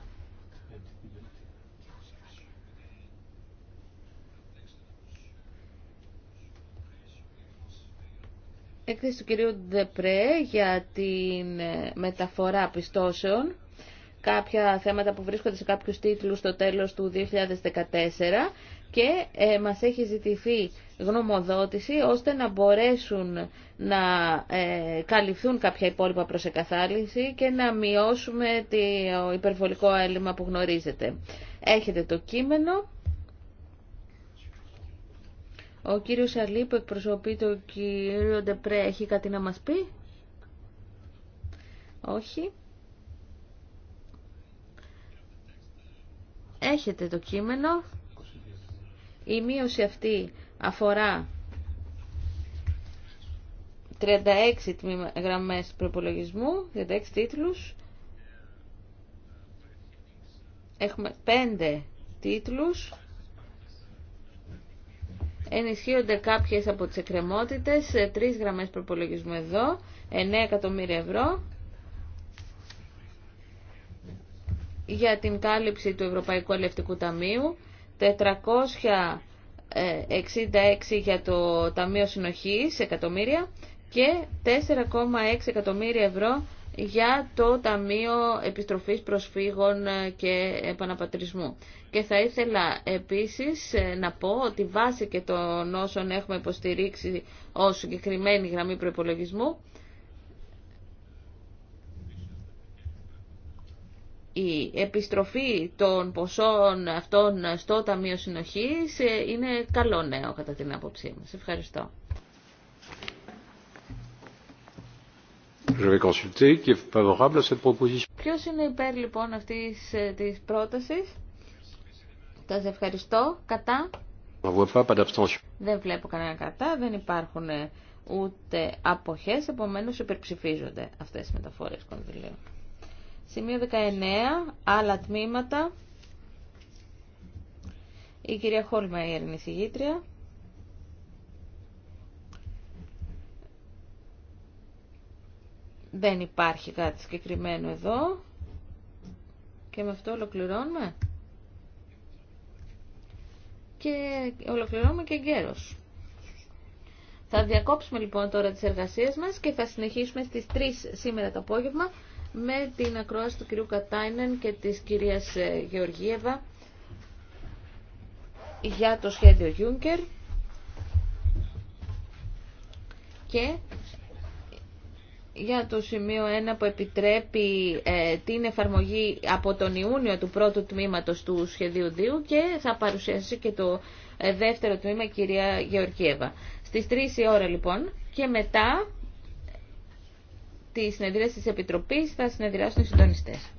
έκθεση του κυρίου Ντεπρέ για την ε, μεταφορά πιστώσεων, κάποια θέματα που βρίσκονται σε κάποιους τίτλους στο τέλος του 2014 και ε, μας έχει ζητηθεί γνωμοδότηση ώστε να μπορέσουν να ε, καλυφθούν κάποια υπόλοιπα προς και να μειώσουμε το υπερβολικό έλλειμμα που γνωρίζετε. Έχετε το κείμενο. Ο κύριος Αλή που εκπροσωπεί το κύριο Ντεπρέ έχει κάτι να μας πει. Όχι. Έχετε το κείμενο. Η μείωση αυτή αφορά 36 γραμμές προπολογισμού, 36 τίτλους. Έχουμε 5 τίτλους ενισχύονται κάποιες από τις εκκρεμότητες, 3 ε, γραμμές προπολογισμού εδώ, 9 εκατομμύρια ευρώ για την κάλυψη του Ευρωπαϊκού Ελευτικού Ταμείου, 466 ε, για το Ταμείο Συνοχής εκατομμύρια και 4,6 εκατομμύρια ευρώ για το Ταμείο Επιστροφής Προσφύγων και Επαναπατρισμού. Και θα ήθελα επίσης ε, να πω ότι βάσει και των όσων έχουμε υποστηρίξει ως συγκεκριμένη γραμμή προπολογισμού, η επιστροφή των ποσών αυτών στο Ταμείο Συνοχής ε, είναι καλό νέο κατά την άποψή μας. Ευχαριστώ. Ποιος είναι υπέρ λοιπόν αυτής ε, της πρότασης. Τα ευχαριστώ. Κατά. Δεν βλέπω κανένα κατά. Δεν υπάρχουν ε, ούτε αποχές. Επομένως υπερψηφίζονται αυτές οι μεταφορές κονδυλίων. Σημείο 19. Άλλα τμήματα. Η κυρία Χόλμα η ερνησυγήτρια. Δεν υπάρχει κάτι συγκεκριμένο εδώ. Και με αυτό ολοκληρώνουμε. Και ολοκληρώνουμε και γέρος. Θα διακόψουμε λοιπόν τώρα τις εργασίες μας και θα συνεχίσουμε στις 3 σήμερα το απόγευμα με την ακρόαση του κυρίου Κατάινεν και της κυρίας ε, Γεωργίεβα για το σχέδιο Juncker και για το σημείο 1 που επιτρέπει ε, την εφαρμογή από τον Ιούνιο του πρώτου τμήματος του σχεδίου 2 και θα παρουσιάσει και το ε, δεύτερο τμήμα η κυρία Γεωργίευα. Στις 3 η ώρα λοιπόν και μετά τη συνεδρία της Επιτροπής θα συνεδριάσουν οι συντονιστές.